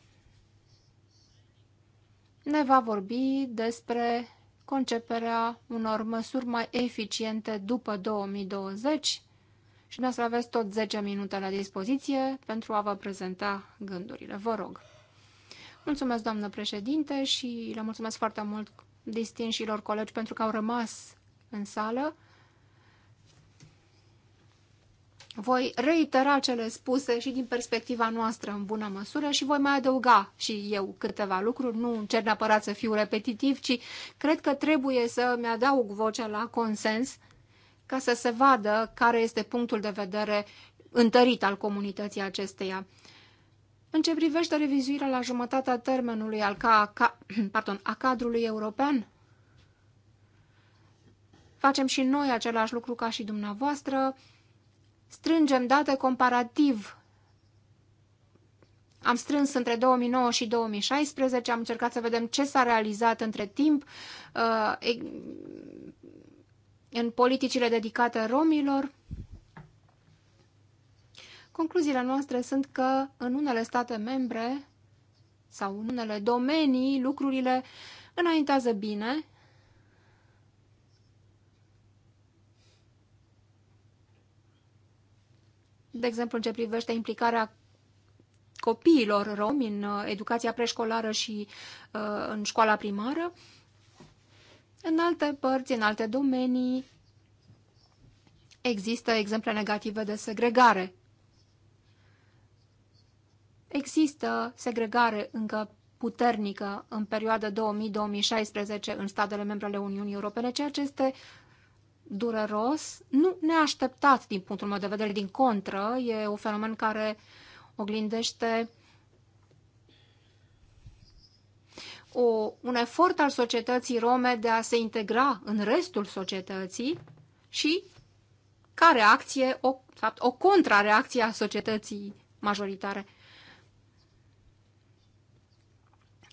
Speaker 1: ne va vorbi despre conceperea unor măsuri mai eficiente după 2020 și ne să aveți tot 10 minute la dispoziție pentru a vă prezenta gândurile. Vă rog! Mulțumesc, doamnă președinte, și le mulțumesc foarte mult distinșilor colegi pentru că au rămas în sală. Voi reitera cele spuse și din perspectiva noastră în bună măsură și voi mai adăuga și eu câteva lucruri. Nu încerc neapărat să fiu repetitiv, ci cred că trebuie să-mi adaug vocea la consens ca să se vadă care este punctul de vedere întărit al comunității acesteia. În ce privește revizuirea la jumătatea termenului al ca, ca, <clears throat> pardon, a cadrului european, facem și noi același lucru ca și dumneavoastră, strângem date comparativ. Am strâns între 2009 și 2016, am încercat să vedem ce s-a realizat între timp uh, în politicile dedicate romilor. Concluziile noastre sunt că în unele state membre sau în unele domenii lucrurile înaintează bine, de exemplu în ce privește implicarea copiilor romi în uh, educația preșcolară și uh, în școala primară, în alte părți, în alte domenii, există exemple negative de segregare. Există segregare încă puternică în perioada 2000-2016 în statele membre ale Uniunii Europene, ceea ce este dureros, nu neașteptat din punctul meu de vedere, din contră, e un fenomen care oglindește o, un efort al societății rome de a se integra în restul societății și ca reacție, o, fapt, o contrareacție a societății majoritare.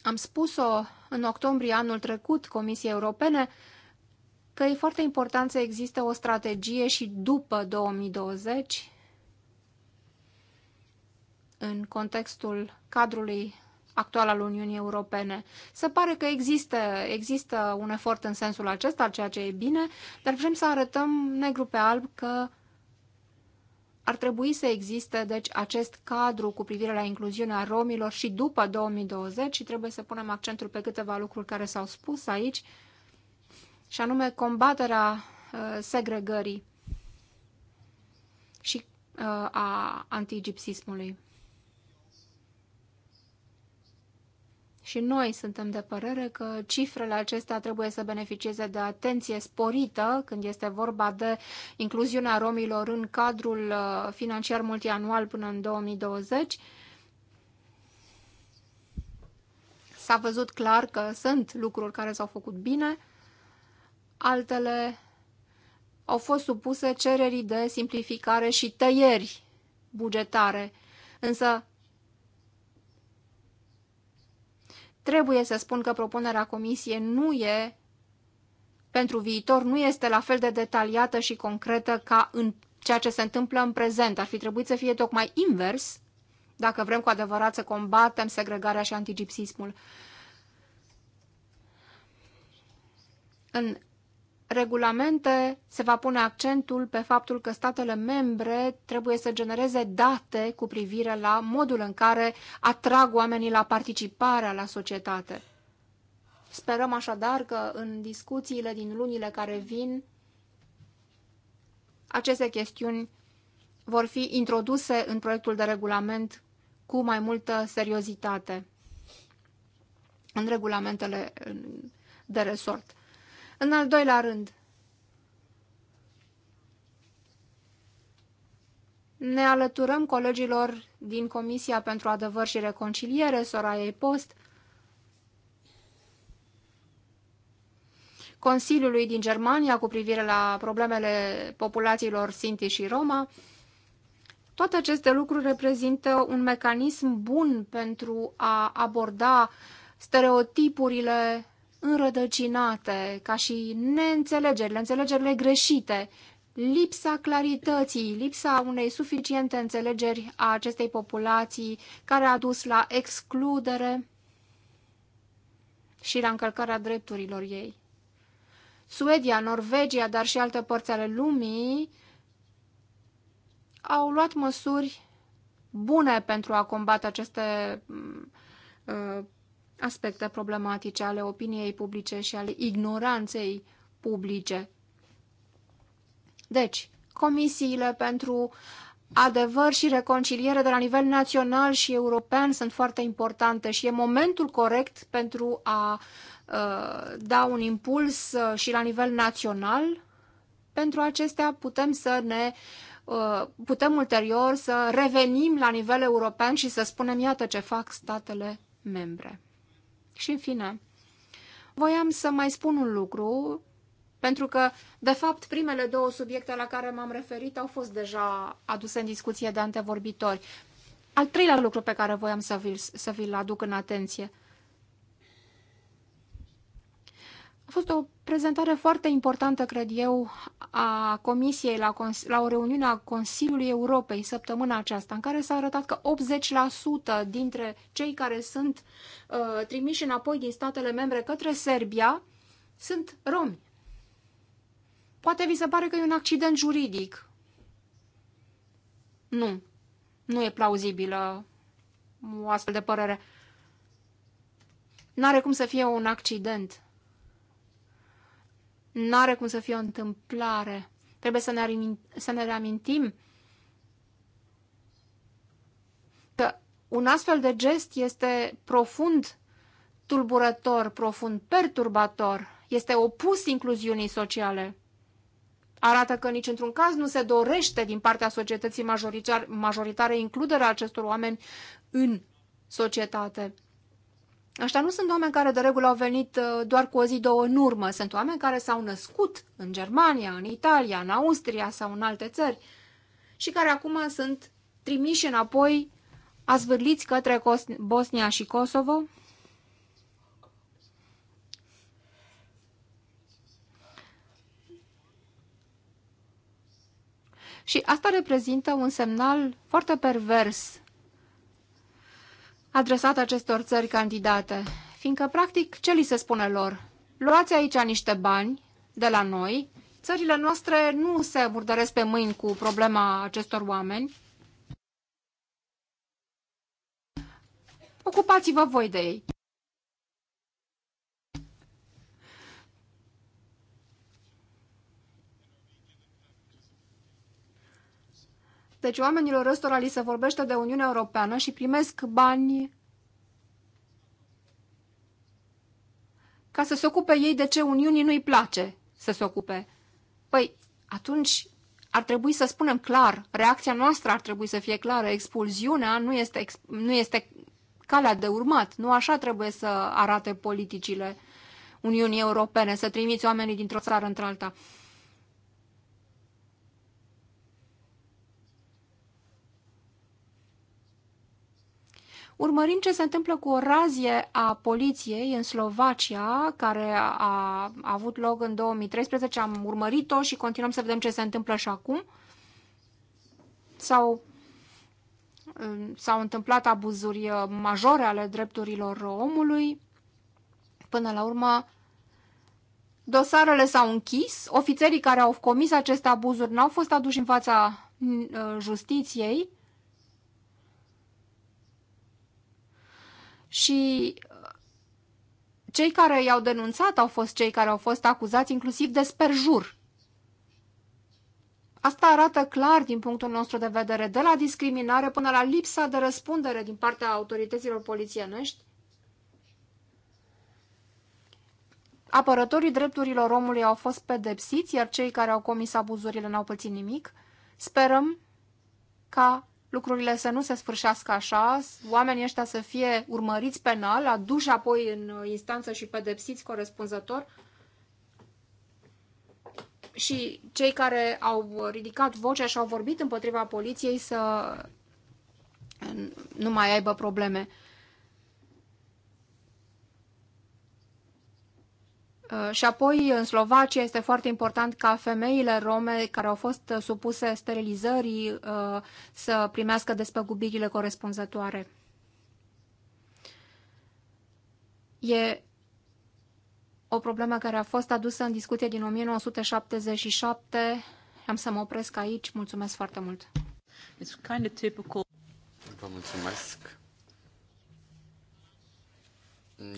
Speaker 1: Am spus-o în octombrie anul trecut Comisiei Europene, că e foarte important să existe o strategie și după 2020 în contextul cadrului actual al Uniunii Europene. Se pare că există, există un efort în sensul acesta, ceea ce e bine, dar vrem să arătăm negru pe alb că ar trebui să existe, deci, acest cadru cu privire la incluziunea romilor și după 2020 și trebuie să punem accentul pe câteva lucruri care s-au spus aici, și anume combaterea uh, segregării și uh, a antigipsismului. Și noi suntem de părere că cifrele acestea trebuie să beneficieze de atenție sporită când este vorba de incluziunea romilor în cadrul uh, financiar multianual până în 2020. S-a văzut clar că sunt lucruri care s-au făcut bine, altele au fost supuse cererii de simplificare și tăieri bugetare. Însă trebuie să spun că propunerea comisiei nu e pentru viitor nu este la fel de detaliată și concretă ca în ceea ce se întâmplă în prezent. Ar fi trebuit să fie tocmai invers, dacă vrem cu adevărat să combatem segregarea și antigipsismul. În regulamente se va pune accentul pe faptul că statele membre trebuie să genereze date cu privire la modul în care atrag oamenii la participarea la societate. Sperăm așadar că în discuțiile din lunile care vin, aceste chestiuni vor fi introduse în proiectul de regulament cu mai multă seriozitate în regulamentele de resort. În al doilea rând, ne alăturăm colegilor din Comisia pentru Adevăr și Reconciliere, Soraiei Post, Consiliului din Germania cu privire la problemele populațiilor Sinti și Roma. Toate aceste lucruri reprezintă un mecanism bun pentru a aborda stereotipurile înrădăcinate, ca și neînțelegerile, înțelegerile greșite, lipsa clarității, lipsa unei suficiente înțelegeri a acestei populații, care a dus la excludere și la încălcarea drepturilor ei. Suedia, Norvegia, dar și alte părți ale lumii au luat măsuri bune pentru a combate aceste mm, uh, aspecte problematice ale opiniei publice și ale ignoranței publice. Deci, comisiile pentru adevăr și reconciliere de la nivel național și european sunt foarte importante și e momentul corect pentru a uh, da un impuls uh, și la nivel național. Pentru acestea putem să ne uh, putem ulterior să revenim la nivel european și să spunem iată ce fac statele membre. Și în fine, voiam să mai spun un lucru, pentru că, de fapt, primele două subiecte la care m-am referit au fost deja aduse în discuție de antevorbitori. Al treilea lucru pe care voiam să vi-l să vi aduc în atenție – A fost o prezentare foarte importantă, cred eu, a Comisiei la, la o reuniune a Consiliului Europei săptămâna aceasta, în care s-a arătat că 80% dintre cei care sunt uh, trimiși înapoi din statele membre către Serbia sunt romi. Poate vi se pare că e un accident juridic. Nu, nu e plauzibilă o astfel de părere. N-are cum să fie un accident nu are cum să fie o întâmplare. Trebuie să ne, să ne reamintim că un astfel de gest este profund tulburător, profund perturbator, este opus incluziunii sociale. Arată că nici într-un caz nu se dorește din partea societății majoritar, majoritare includerea acestor oameni în societate. Aștia nu sunt oameni care de regulă au venit uh, doar cu o zi, două în urmă. Sunt oameni care s-au născut în Germania, în Italia, în Austria sau în alte țări și care acum sunt trimiși înapoi, azvârliți către Bosnia și Kosovo. Și asta reprezintă un semnal foarte pervers adresat acestor țări candidate, fiindcă, practic, ce li se spune lor? Luați aici niște bani de la noi, țările noastre nu se murdăresc pe mâini cu problema acestor oameni, ocupați-vă voi de ei. Deci oamenilor răstora li se vorbește de Uniunea Europeană și primesc bani ca să se ocupe ei de ce Uniunii nu-i place să se ocupe. Păi, atunci ar trebui să spunem clar, reacția noastră ar trebui să fie clară, expulziunea nu este, nu este calea de urmat, nu așa trebuie să arate politicile Uniunii Europene, să trimiți oamenii dintr-o țară într-alta. urmărim ce se întâmplă cu o razie a poliției în Slovacia, care a, a avut loc în 2013. Am urmărit-o și continuăm să vedem ce se întâmplă și acum. Sau uh, s-au întâmplat abuzuri uh, majore ale drepturilor omului. Până la urmă, dosarele s-au închis, ofițerii care au comis aceste abuzuri n-au fost aduși în fața uh, justiției, și uh, cei care i-au denunțat au fost cei care au fost acuzați inclusiv de sperjur. Asta arată clar, din punctul nostru de vedere, de la discriminare până la lipsa de răspundere din partea autorităților polițienești. Apărătorii drepturilor omului au fost pedepsiți, iar cei care au comis abuzurile n-au pățit nimic. Sperăm ca lucrurile să nu se sfârșească așa, oamenii ăștia să fie urmăriți penal, aduși apoi în instanță și pedepsiți corespunzător și cei care au ridicat vocea și au vorbit împotriva poliției să nu mai aibă probleme. Uh, și apoi, în Slovacia, este foarte important ca femeile rome care au fost supuse sterilizării uh, să primească despăgubirile corespunzătoare. E o problemă care a fost adusă în discuție din 1977. Am să mă opresc aici. Mulțumesc foarte mult! It's kind of typical.
Speaker 3: Vă mulțumesc!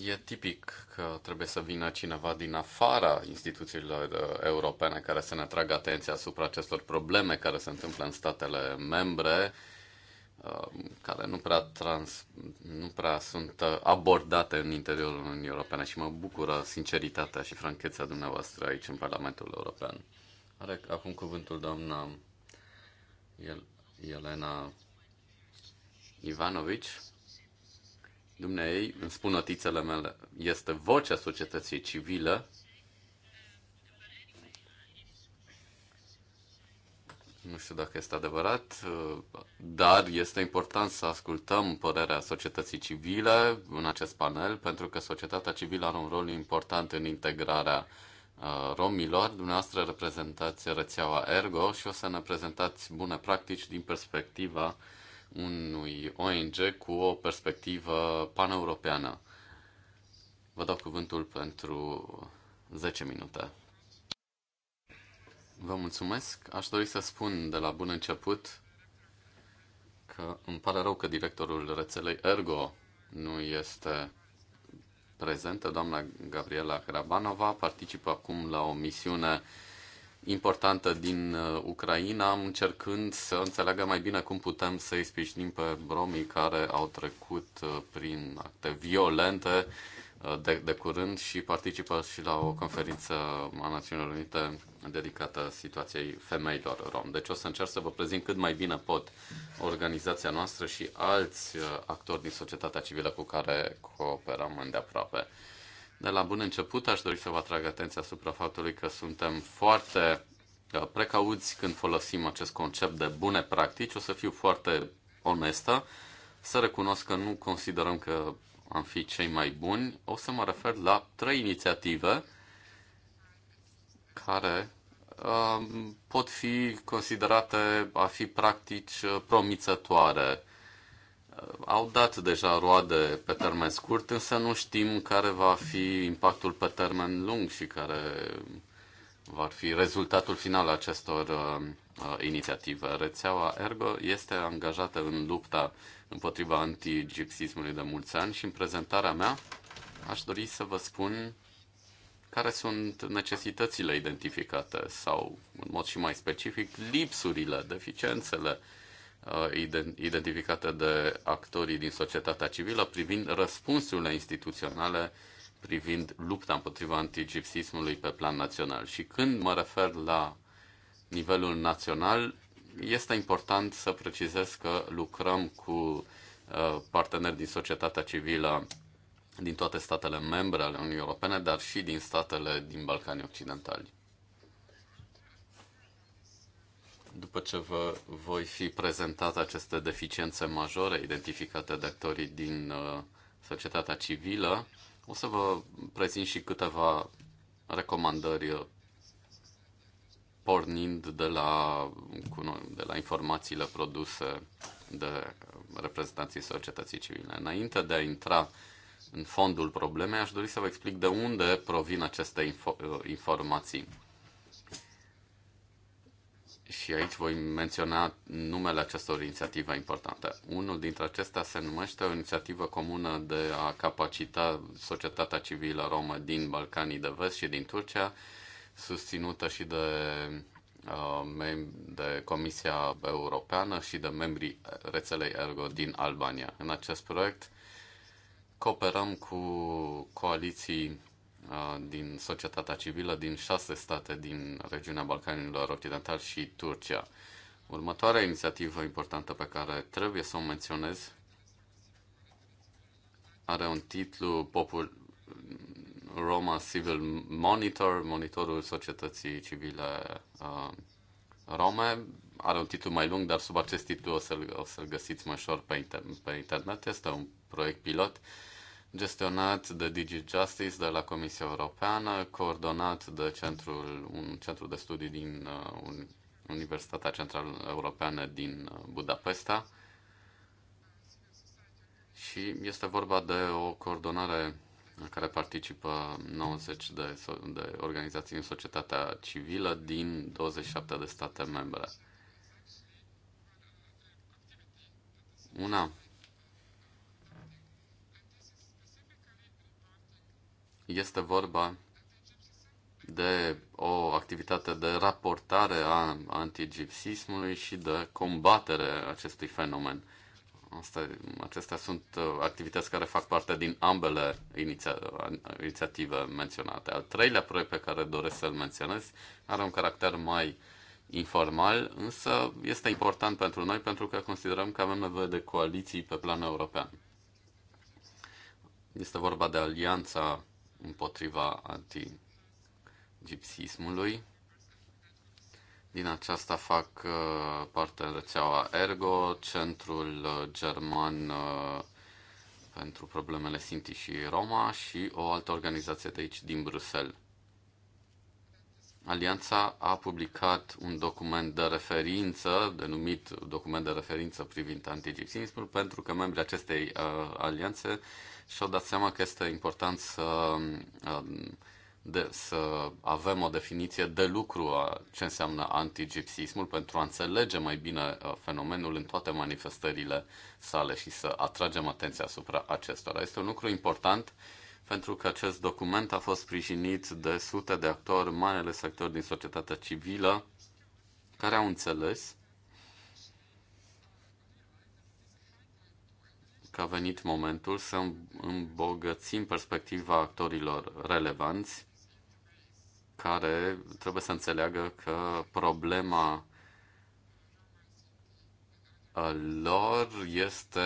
Speaker 3: E tipic că trebuie să vină cineva din afara instituțiilor uh, europene care să ne atragă atenția asupra acestor probleme care se întâmplă în statele membre, uh, care nu prea, trans, nu prea sunt uh, abordate în interiorul Uniunii Europene și mă bucură sinceritatea și franchețea dumneavoastră aici în Parlamentul European. Are acum cuvântul doamna Elena Ivanovici Dumnezeu, îmi spun notițele mele, este vocea societății civile Nu știu dacă este adevărat, dar este important să ascultăm părerea societății civile în acest panel, pentru că societatea civilă are un rol important în integrarea uh, romilor. Dumneavoastră reprezentați rețeaua Ergo și o să ne prezentați bune practici din perspectiva unui ONG cu o perspectivă paneuropeană. Vă dau cuvântul pentru 10 minute. Vă mulțumesc. Aș dori să spun de la bun început că îmi pare rău că directorul rețelei Ergo nu este prezentă. Doamna Gabriela Grabanova participă acum la o misiune importantă din uh, Ucraina, încercând să înțeleagă mai bine cum putem să îi sprijinim pe romii care au trecut uh, prin acte violente uh, de, de curând și participă și la o conferință a Națiunilor Unite dedicată situației femeilor rom. Deci o să încerc să vă prezint cât mai bine pot organizația noastră și alți actori din societatea civilă cu care cooperăm îndeaproape. aproape. De la bun început aș dori să vă atrag atenția asupra faptului că suntem foarte uh, precauți când folosim acest concept de bune practici. O să fiu foarte onestă, să recunosc că nu considerăm că am fi cei mai buni. O să mă refer la trei inițiative care uh, pot fi considerate a fi practici uh, promițătoare au dat deja roade pe termen scurt, însă nu știm care va fi impactul pe termen lung și care va fi rezultatul final acestor uh, uh, inițiative. Rețeaua Ergo este angajată în lupta împotriva antigipsismului de mulți ani și în prezentarea mea aș dori să vă spun care sunt necesitățile identificate sau, în mod și mai specific, lipsurile, deficiențele uh, Uh, identificate de actorii din societatea civilă privind răspunsurile instituționale privind lupta împotriva antigipsismului pe plan național. Și când mă refer la nivelul național, este important să precizez că lucrăm cu uh, parteneri din societatea civilă din toate statele membre ale Uniunii Europene, dar și din statele din Balcanii Occidentali. După ce vă voi fi prezentat aceste deficiențe majore identificate de actorii din uh, societatea civilă, o să vă prezint și câteva recomandări uh, pornind de la, de la informațiile produse de reprezentanții societății civile. Înainte de a intra în fondul problemei, aș dori să vă explic de unde provin aceste info- uh, informații și aici voi menționa numele acestor inițiative importante. Unul dintre acestea se numește o inițiativă comună de a capacita societatea civilă romă din Balcanii de Vest și din Turcia, susținută și de, uh, de Comisia Europeană și de membrii rețelei Ergo din Albania. În acest proiect cooperăm cu coaliții din societatea civilă din șase state din regiunea Balcanilor Occidental și Turcia. Următoarea inițiativă importantă pe care trebuie să o menționez are un titlu popul Roma Civil Monitor, monitorul societății civile uh, rome. Are un titlu mai lung, dar sub acest titlu o să-l, o să-l găsiți mai ușor pe, inter- pe internet. Este un proiect pilot uh, gestionat de Digi Justice de la Comisia Europeană, coordonat de centrul, un centru de studii din uh, Universitatea Centrală Europeană din uh, Budapesta. Și este vorba de o coordonare în care participă 90 de, de organizații în societatea civilă din 27 de state membre. Una Este vorba de o activitate de raportare a antigipsismului și de combatere acestui fenomen. Asta, acestea sunt uh, activități care fac parte din ambele iniția, inițiative menționate. Al treilea proiect pe care doresc să-l menționez are un caracter mai informal, însă este important pentru noi pentru că considerăm că avem nevoie de coaliții pe plan european. Este vorba de Alianța împotriva antigipsismului. Din aceasta fac uh, parte rețeaua Ergo, centrul uh, german uh, pentru problemele Sinti și Roma și o altă organizație de aici, din Bruxelles. Alianța a publicat un document de referință, denumit document de referință privind antigipsismul, pentru că membrii acestei uh, alianțe și-au dat seama că este important să, um, de, să avem o definiție de lucru a ce înseamnă antigipsismul pentru a înțelege mai bine uh, fenomenul în toate manifestările sale și să atragem atenția asupra acestora. Este un lucru important pentru că acest document a fost sprijinit de sute de actori, mai ales actori din societatea civilă, care au înțeles că a venit momentul să îmbogățim perspectiva actorilor relevanți care trebuie să înțeleagă că problema lor este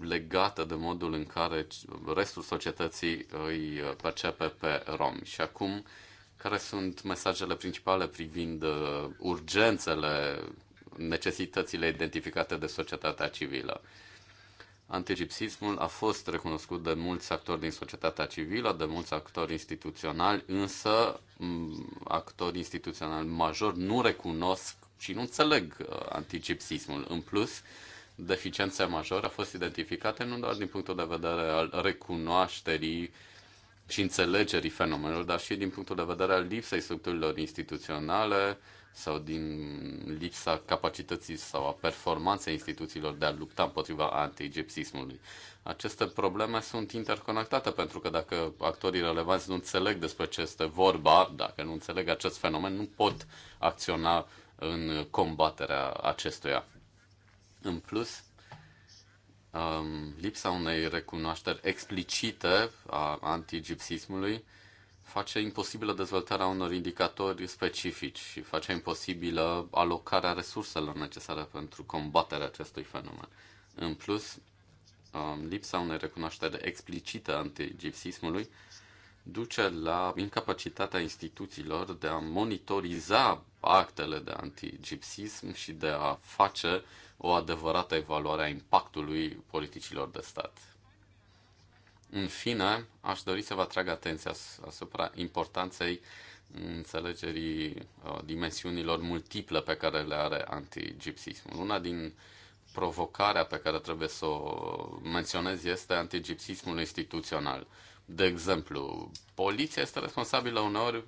Speaker 3: legată de modul în care restul societății îi percepe pe romi. Și acum, care sunt mesajele principale privind urgențele, necesitățile identificate de societatea civilă? Antigipsismul a fost recunoscut de mulți actori din societatea civilă, de mulți actori instituționali, însă actori instituționali majori nu recunosc și nu înțeleg uh, antigipsismul. În plus, deficiența majoră a fost identificată nu doar din punctul de vedere al recunoașterii și înțelegerii fenomenului, dar și din punctul de vedere al lipsei structurilor instituționale sau din lipsa capacității sau a performanței instituțiilor de a lupta împotriva antigepsismului. Aceste probleme sunt interconectate pentru că dacă actorii relevanți nu înțeleg despre ce este vorba, dacă nu înțeleg acest fenomen, nu pot acționa în combaterea acestuia. În plus, Um, lipsa unei recunoașteri explicite a antigipsismului face imposibilă dezvoltarea unor indicatori specifici și face imposibilă alocarea resurselor necesare pentru combaterea acestui fenomen. În plus, um, lipsa unei recunoașteri explicite a antigipsismului duce la incapacitatea instituțiilor de a monitoriza actele de antigipsism și de a face o adevărată evaluare a impactului politicilor de stat. În fine, aș dori să vă atrag atenția asupra importanței înțelegerii uh, dimensiunilor multiple pe care le are antigipsismul. Una din provocarea pe care trebuie să o menționez este antigipsismul instituțional. De exemplu, poliția este responsabilă uneori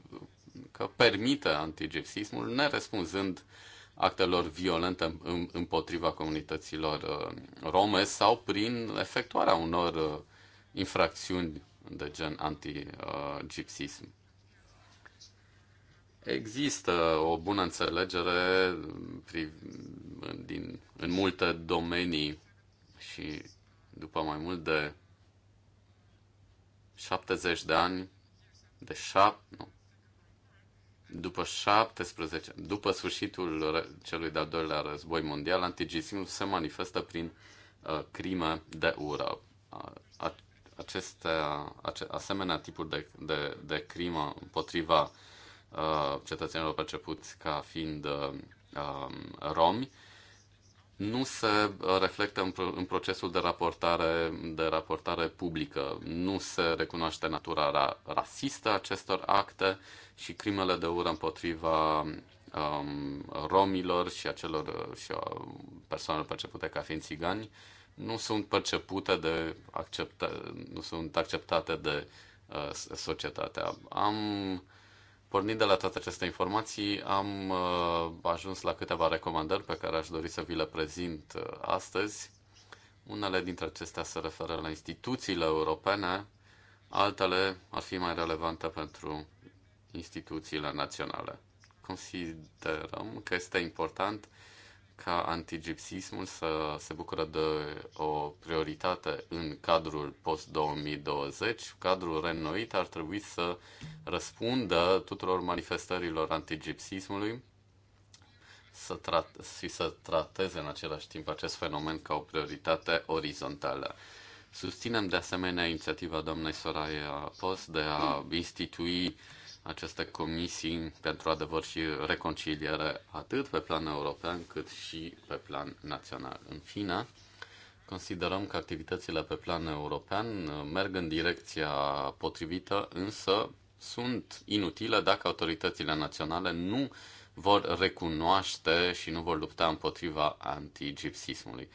Speaker 3: că permite antigipsismul, nerespunzând uh, actelor violente împotriva comunităților uh, rome sau prin efectuarea unor uh, infracțiuni de gen anti-gipsism. Există o bună înțelegere din, în multe domenii și după mai mult de 70 de ani, de șap. nu, după 17, după sfârșitul celui de-al doilea război mondial, antigismul se manifestă prin uh, crime de ură. Uh, aceste, ace, asemenea tipuri de, de, de crimă împotriva uh, cetățenilor percepuți ca fiind uh, um, romi nu se uh, reflectă în, procesul de raportare, de raportare publică, nu se recunoaște natura ra, rasistă acestor acte și crimele de ură împotriva um, romilor și a celor uh, și a persoanelor percepute ca fiind țigani nu sunt percepute de accepta, nu sunt acceptate de uh, societatea. Am Pornind de la toate aceste informații, am uh, ajuns la câteva recomandări pe care aș dori să vi le prezint uh, astăzi. Unele dintre acestea se referă la instituțiile europene, altele ar fi mai relevante pentru instituțiile naționale. Considerăm că este important ca antigipsismul să se bucură de o prioritate în cadrul post-2020. Cadrul renoit ar trebui să răspundă tuturor manifestărilor antigipsismului să trat- și să trateze în același timp acest fenomen ca o prioritate orizontală. Susținem de asemenea inițiativa doamnei Soraya Post de a institui uh, aceste comisii pentru adevăr și reconciliere atât pe plan european cât și pe plan național. În fine, considerăm că activitățile pe plan european uh, merg în direcția potrivită, însă sunt inutile dacă autoritățile naționale nu vor recunoaște și nu vor lupta împotriva antigipsismului.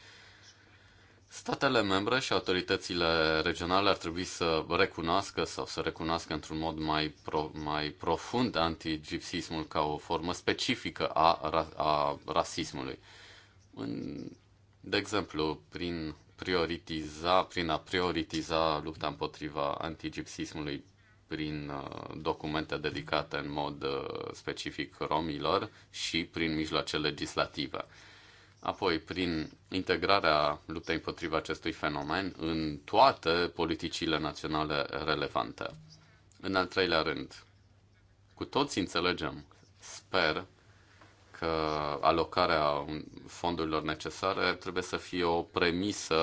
Speaker 3: Statele membre și autoritățile regionale ar trebui să recunoască sau să recunoască într-un mod mai, pro, mai profund antigipsismul ca o formă specifică a, a rasismului. În, de exemplu, prin prioritiza, prin a prioritiza lupta împotriva antigipsismului prin uh, documente dedicate în mod uh, specific romilor și prin mijloace legislative. Apoi, prin integrarea luptei împotriva acestui fenomen în toate politicile naționale relevante. În al treilea rând, cu toți înțelegem, sper, că alocarea fondurilor necesare trebuie să fie o premisă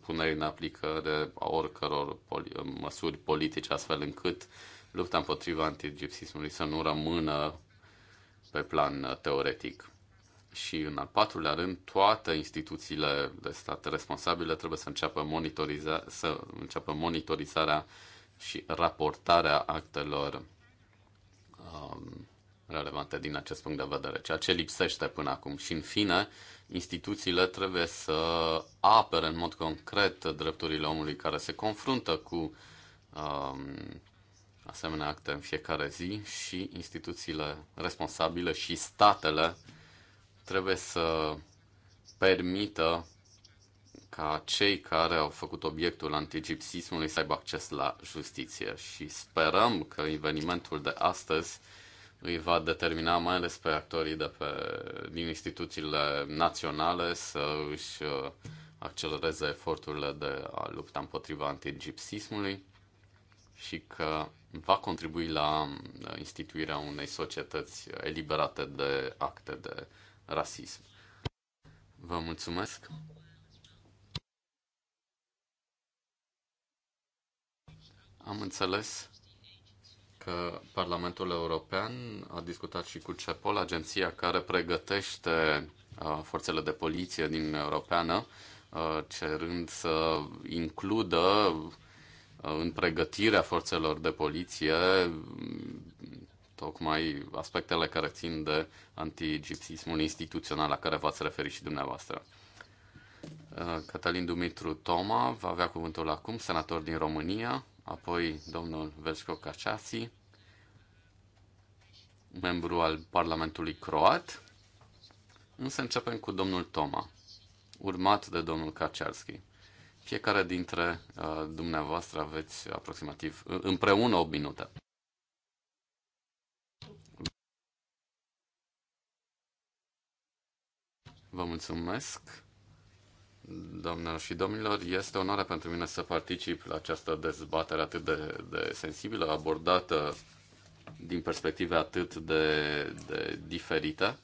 Speaker 3: punerii în aplicare a oricăror poli- măsuri politice, astfel încât lupta împotriva antigipsismului să nu rămână pe plan teoretic. Și în al patrulea rând, toate instituțiile de stat responsabile trebuie să înceapă, monitoriza- să înceapă monitorizarea și raportarea actelor um, relevante din acest punct de vedere, ceea ce lipsește până acum. Și în fine, instituțiile trebuie să apere în mod concret drepturile omului care se confruntă cu um, asemenea acte în fiecare zi și instituțiile responsabile și statele trebuie să permită ca cei care au făcut obiectul antigipsismului să aibă acces la justiție și sperăm că evenimentul de astăzi îi va determina mai ales pe actorii de pe, din instituțiile naționale să își uh, accelereze eforturile de a lupta împotriva antigipsismului și că va contribui la uh, instituirea unei societăți eliberate de acte de rasism. Vă mulțumesc! Am înțeles că Parlamentul European a discutat și cu CEPOL, agenția care pregătește uh, forțele de poliție din Europeană, uh, cerând să includă uh, în pregătirea forțelor de poliție tocmai aspectele care țin de antigipsismul instituțional la care v-ați referit și dumneavoastră. Uh, Cătălin Dumitru Toma va avea cuvântul acum, senator din România, apoi domnul Vesco Caciasi, membru al Parlamentului Croat, însă începem cu domnul Toma, urmat de domnul Kaczarski. Fiecare dintre uh, dumneavoastră aveți aproximativ împreună 8 minute. Vă mulțumesc, doamnelor și domnilor. Este onoare pentru mine să particip la această dezbatere atât de, de sensibilă, abordată din perspective atât de, de diferite.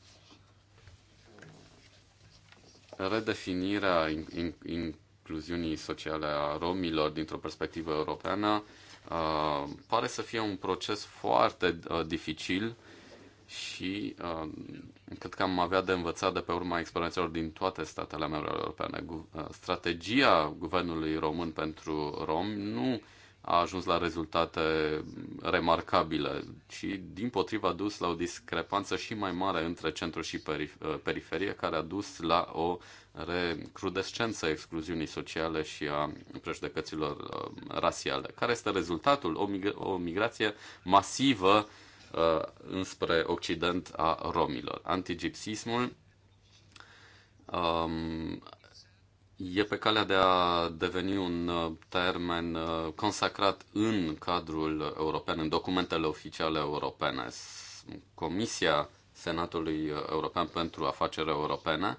Speaker 3: Redefinirea in, in, incluziunii sociale a romilor dintr-o perspectivă europeană uh, pare să fie un proces foarte uh, dificil și uh, cred că am avea de învățat de pe urma experiențelor din toate statele membre europene. Gu- uh, strategia guvernului român pentru romi nu a ajuns la rezultate remarcabile, ci din potriva a dus la o discrepanță și mai mare între centru și perif- uh, periferie, care a dus la o recrudescență a excluziunii sociale și a prejudecăților uh, rasiale, care este rezultatul o, mig- o migrație masivă uh, înspre Occident a romilor. Antigipsismul um, e pe calea de a deveni un uh, termen uh, consacrat în cadrul european, în documentele oficiale europene. Comisia Senatului European pentru Afaceri Europene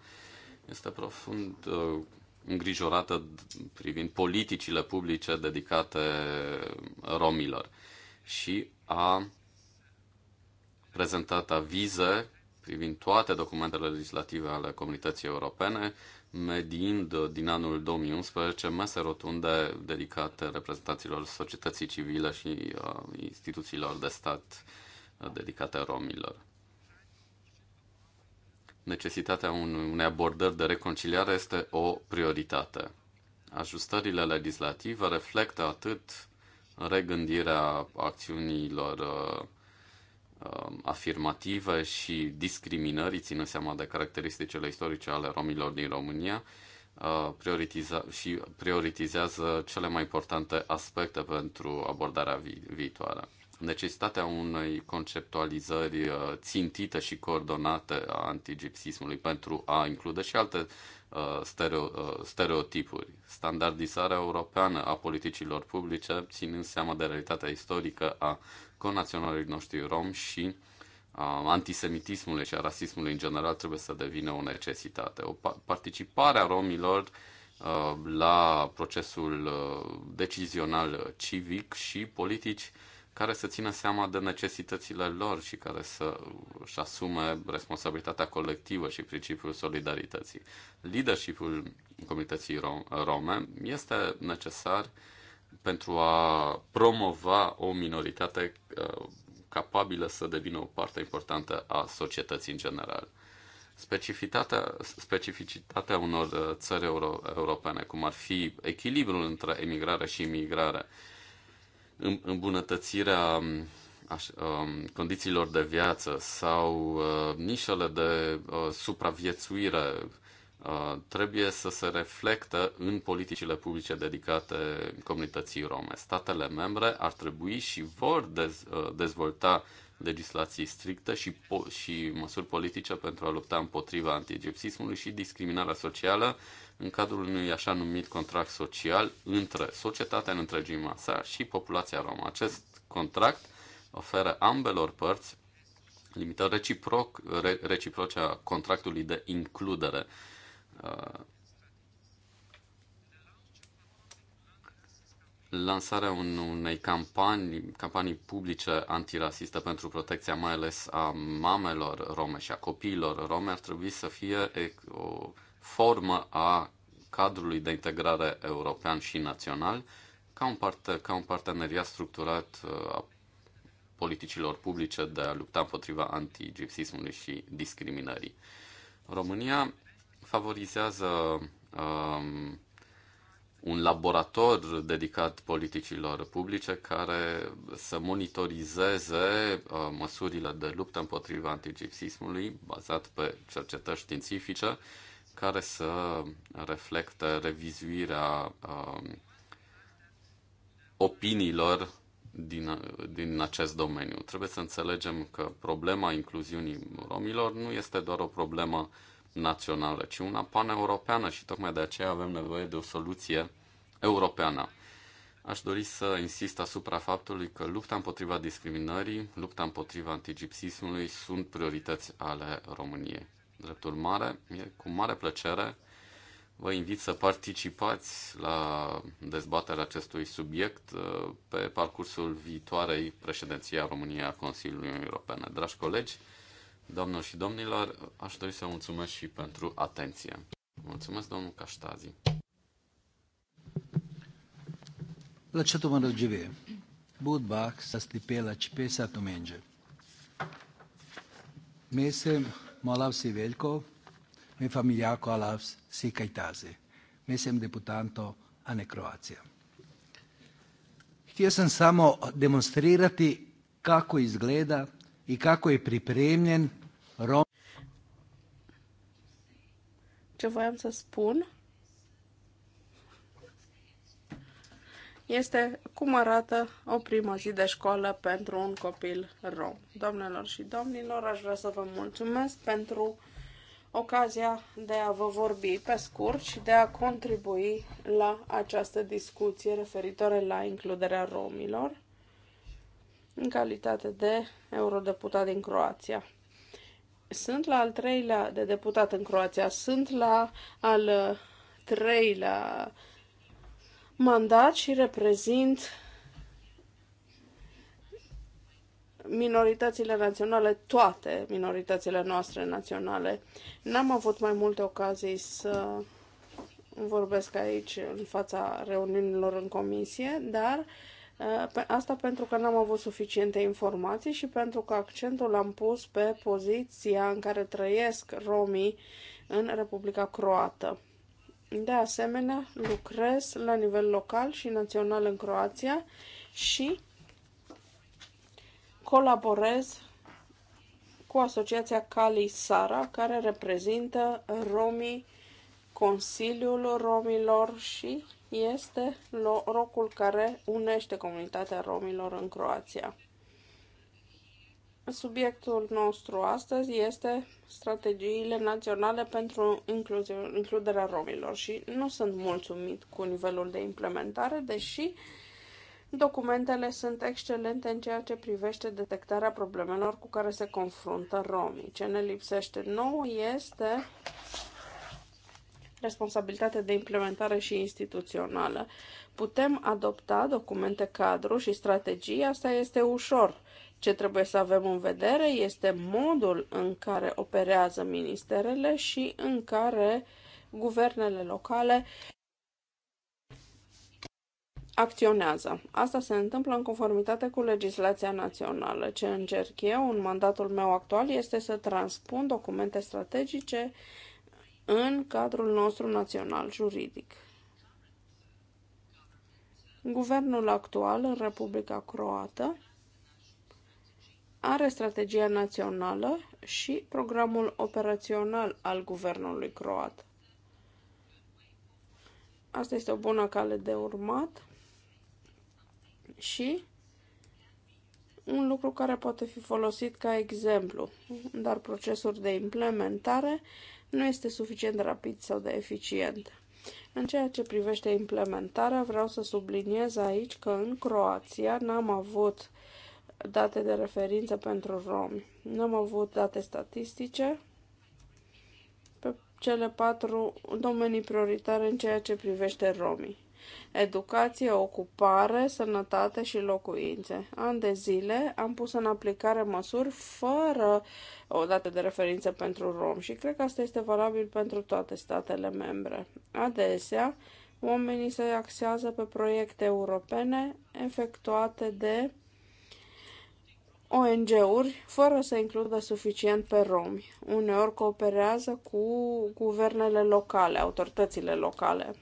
Speaker 3: este profund uh, îngrijorată privind politicile publice dedicate romilor și a prezentat avize privind toate documentele legislative ale comunității europene, medind din anul 2011 mese rotunde dedicate reprezentanților societății civile și uh, instituțiilor de stat uh, dedicate romilor. Necesitatea unui, unei abordări de reconciliare este o prioritate. Ajustările legislative reflectă atât regândirea acțiunilor uh, Um, afirmative și discriminării, ținând seama de caracteristicile istorice ale romilor din România, uh, prioritiza- și prioritizează cele mai importante aspecte pentru abordarea vi- viitoare. Necesitatea unei conceptualizări uh, țintite și coordonate a antigipsismului pentru a include și alte uh, stereo, stereotipuri. Standardizarea europeană a politicilor publice, ținând seama de realitatea istorică a conaționalii noștri rom și antisemitismului și a rasismului în general trebuie să devină o necesitate. O participare a romilor la procesul decizional civic și politici care să țină seama de necesitățile lor și care să își asume responsabilitatea colectivă și principiul solidarității. Leadershipul comunității rome este necesar uh, pentru a promova o minoritate uh, capabilă să devină o parte importantă a societății în general. Specificitatea, specificitatea unor uh, țări euro, europene, cum ar fi echilibrul între emigrare și imigrare, îmbunătățirea um, aș, um, condițiilor de viață sau uh, nișele de uh, supraviețuire, Uh, trebuie să se reflectă în politicile publice dedicate comunității rome. Statele membre ar trebui și vor dez- uh, dezvolta legislații stricte și, po- și măsuri politice pentru a lupta împotriva antiegipsismului și discriminarea socială în cadrul unui așa numit contract social între societatea în întregimea sa și populația romă. Acest contract oferă ambelor părți limitări reciproc, re, reciproce a contractului de includere Uh, lansarea unei campanii, campanii publice antirasiste pentru protecția mai ales a mamelor rome și a copiilor rome ar trebui să fie o formă a cadrului de integrare european și național ca un, parte, ca un parteneriat structurat uh, a politicilor publice de a lupta împotriva antigipsismului și discriminării. România favorizează um, un laborator dedicat politicilor publice care să monitorizeze uh, măsurile de luptă împotriva antigipsismului bazat pe cercetări științifice care să reflecte revizuirea uh, opiniilor din, din acest domeniu. Trebuie să înțelegem că problema incluziunii romilor nu este doar o problemă uh, națională, ci una paneuropeană și tocmai de aceea avem nevoie de o soluție europeană. Aș dori să insist asupra faptului că lupta împotriva discriminării, lupta împotriva antigipsismului sunt priorități ale României. Drept urmare, cu mare plăcere vă invit să participați la dezbaterea acestui subiect uh, pe parcursul viitoarei președinției a României a Consiliului European. Dragi colegi, Doamnelor și domnilor, aș dori să mulțumesc și pentru atenție. Mulțumesc, domnul Caștazi.
Speaker 6: La ce tu mă răgivie? Budbach să stipe la cipe să tu menge. Mesem malav si veljko, me familjako alav si kajtazi. Mesem deputanto, a ne Croația. Htio sam samo demonstrirati kako izgleda i kako je pripremljen Rom...
Speaker 2: Ce voiam să spun este cum arată o primă zi de școală pentru un copil rom. Domnilor și domnilor, aș vrea să vă mulțumesc pentru ocazia de a vă vorbi pe scurt și de a contribui la această discuție referitoare la includerea romilor în calitate de eurodeputat din Croația. Sunt la al treilea de deputat în Croația, sunt la al uh, treilea mandat și reprezint minoritățile naționale, toate minoritățile noastre naționale. N-am avut mai multe ocazii să vorbesc aici în fața reuniunilor în comisie, dar uh, Eh, asta pentru că n-am avut suficiente informații și pentru că accentul l-am pus pe poziția în care trăiesc romii în Republica Croată. De asemenea, lucrez la nivel local și național în Croația și colaborez cu asociația Cali Sara, care reprezintă romii Consiliul Romilor și este rocul care unește comunitatea romilor în Croația. Subiectul nostru astăzi este strategiile naționale pentru includerea romilor și nu sunt mulțumit cu nivelul de implementare, deși documentele sunt excelente în ceea ce privește detectarea problemelor cu care se confruntă romii. Ce ne lipsește nou este responsabilitate de implementare și instituțională. Putem adopta documente cadru și strategii, asta este ușor. Ce trebuie să avem în vedere este modul în care operează ministerele și în care guvernele locale acționează. Asta se întâmplă în conformitate cu legislația națională. Ce încerc eu în mandatul meu actual este să transpun documente strategice în cadrul nostru național juridic. Guvernul actual în Republica Croată are strategia națională și programul operațional al guvernului croat. Asta este o bună cale de urmat și un lucru care poate fi folosit ca exemplu, dar procesul de implementare nu este suficient de rapid sau de eficient. În ceea ce privește implementarea, vreau să subliniez aici că în Croația n-am avut date de referință pentru romi, n-am avut date statistice pe cele patru domenii prioritare în ceea ce privește romii educație, ocupare, sănătate și locuințe. An de zile am pus în aplicare măsuri fără o dată de referință pentru rom și cred că asta este valabil pentru toate statele membre. Adesea, oamenii se axează pe proiecte europene efectuate de ONG-uri, fără să includă suficient pe romi. Uneori cooperează cu guvernele locale, autoritățile locale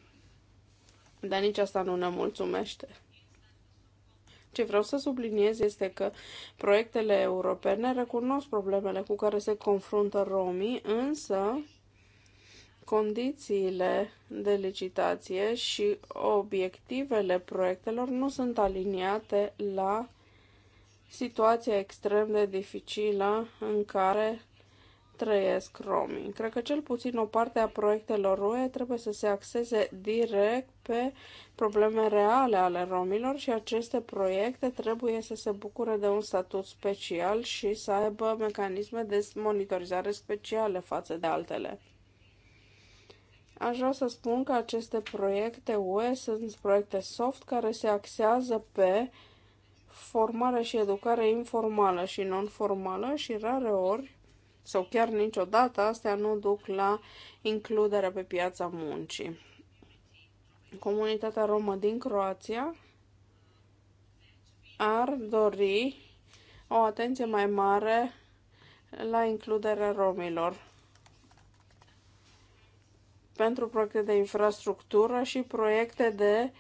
Speaker 2: dar nici asta nu ne mulțumește. Ce vreau să subliniez este că proiectele europene recunosc problemele cu care se confruntă romii, însă condițiile de licitație și obiectivele proiectelor nu sunt aliniate la situația extrem de dificilă în care trăiesc romii. Cred că cel puțin o parte a proiectelor UE trebuie să se axeze direct pe probleme reale ale romilor și aceste proiecte trebuie să se bucure de un statut special și să aibă mecanisme de monitorizare speciale față de altele. Aș vrea să spun că aceste proiecte UE sunt proiecte soft care se axează pe formare și educare informală și non-formală și rare ori sau chiar niciodată, astea nu duc la includerea pe piața muncii. Comunitatea romă din Croația ar dori o atenție mai mare la includerea romilor pentru proiecte de infrastructură și proiecte de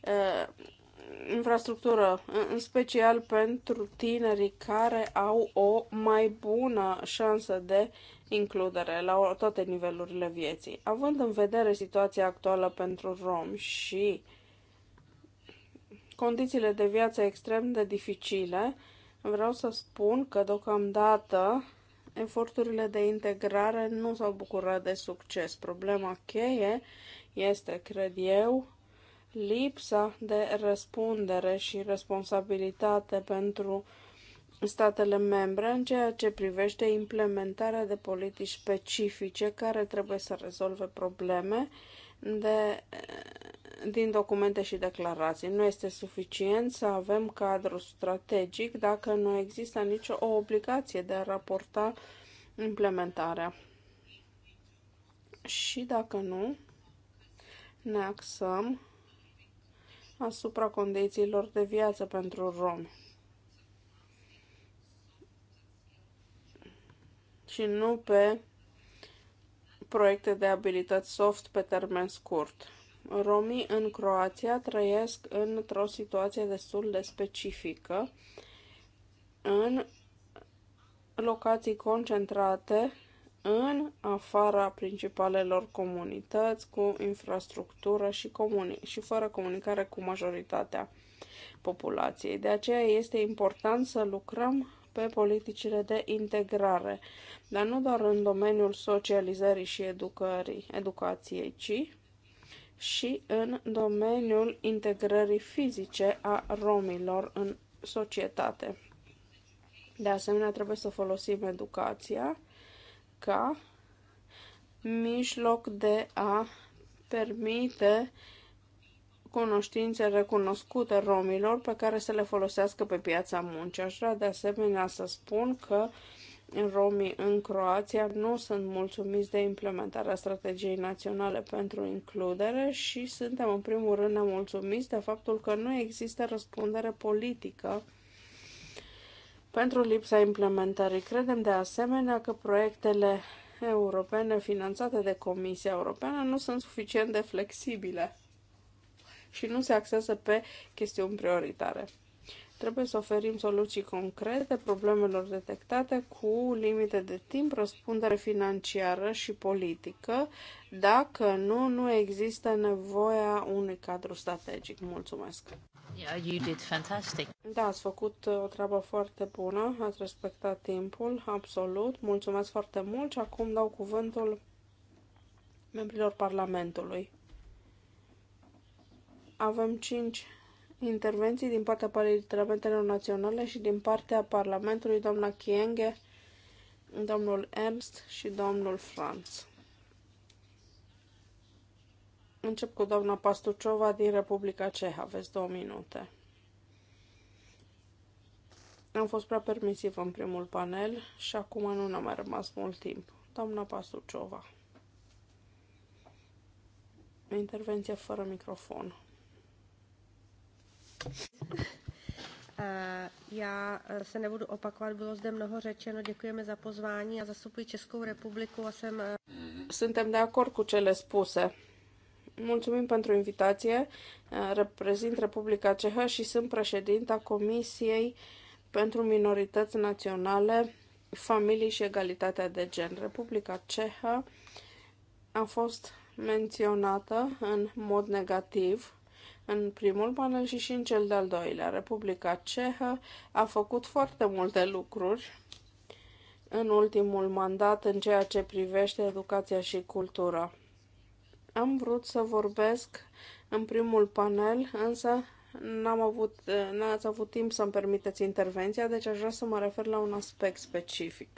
Speaker 2: uh, infrastructură, în special pentru tinerii care au o mai bună șansă de includere la toate nivelurile vieții. Având în vedere situația actuală pentru rom și condițiile de viață extrem de dificile, vreau să spun că deocamdată eforturile de integrare nu s-au bucurat de succes. Problema cheie este, cred eu, lipsa de răspundere și responsabilitate pentru statele membre în ceea ce privește implementarea de politici specifice care trebuie să rezolve probleme de, din documente și declarații. Nu este suficient să avem cadru strategic dacă nu există nicio o obligație de a raporta implementarea. Și dacă nu, ne axăm asupra condițiilor de viață pentru romi. Și nu pe proiecte de abilități soft pe termen scurt. Romii în Croația trăiesc într-o situație destul de specifică, în locații concentrate în afara principalelor comunități cu infrastructură și, comuni- și fără comunicare cu majoritatea populației. De aceea este important să lucrăm pe politicile de integrare, dar nu doar în domeniul socializării și educării, educației, ci și în domeniul integrării fizice a romilor în societate. De asemenea, trebuie să folosim educația ca mijloc de a permite cunoștințe recunoscute romilor pe care să le folosească pe piața muncii. Aș vrea de asemenea să spun că romii în Croația nu sunt mulțumiți de implementarea strategiei naționale pentru includere și suntem în primul rând nemulțumiți de faptul că nu există răspundere politică pentru lipsa implementării. Credem de asemenea că proiectele europene finanțate de Comisia Europeană nu sunt suficient de flexibile și nu se axează pe chestiuni prioritare. Trebuie să oferim soluții concrete problemelor detectate cu limite de timp, răspundere financiară și politică. Dacă nu, nu există nevoia unui cadru strategic. Mulțumesc!
Speaker 5: Yeah, you did fantastic.
Speaker 2: Da, ați făcut uh, o treabă foarte bună, ați respectat timpul, absolut. Mulțumesc foarte mult și acum dau cuvântul membrilor Parlamentului. Avem 5 intervenții din partea Parlamentelor Naționale și din partea Parlamentului doamna Chienghe, domnul Ernst și domnul Franz. Încep cu doamna Pastuciova din Republica Cehă. Aveți două minute. Am fost prea permisiv în primul panel și acum nu ne-a mai rămas mult timp. Doamna Pastuciova. Intervenție fără microfon. Eh, já eh, se nebudu opakovat, bylo zde mnoho řečeno. Děkujeme za pozvání a zastupuji Českou republiku a jsem... Eh, Suntem de acord cu cele spuse. Mulțumim pentru invitație. Reprezint Republica Cehă și sunt președinta Comisiei pentru Minorități Naționale, Familii și Egalitatea de Gen. Republica Cehă a fost menționată în mod negativ în primul panel și și în cel de-al doilea. Republica Cehă a făcut foarte multe lucruri în ultimul mandat în ceea ce privește educația și cultura. Am vrut să vorbesc în primul panel, însă n-am avut, n-ați avut timp să-mi permiteți intervenția, deci aș vrea să mă refer la un aspect specific.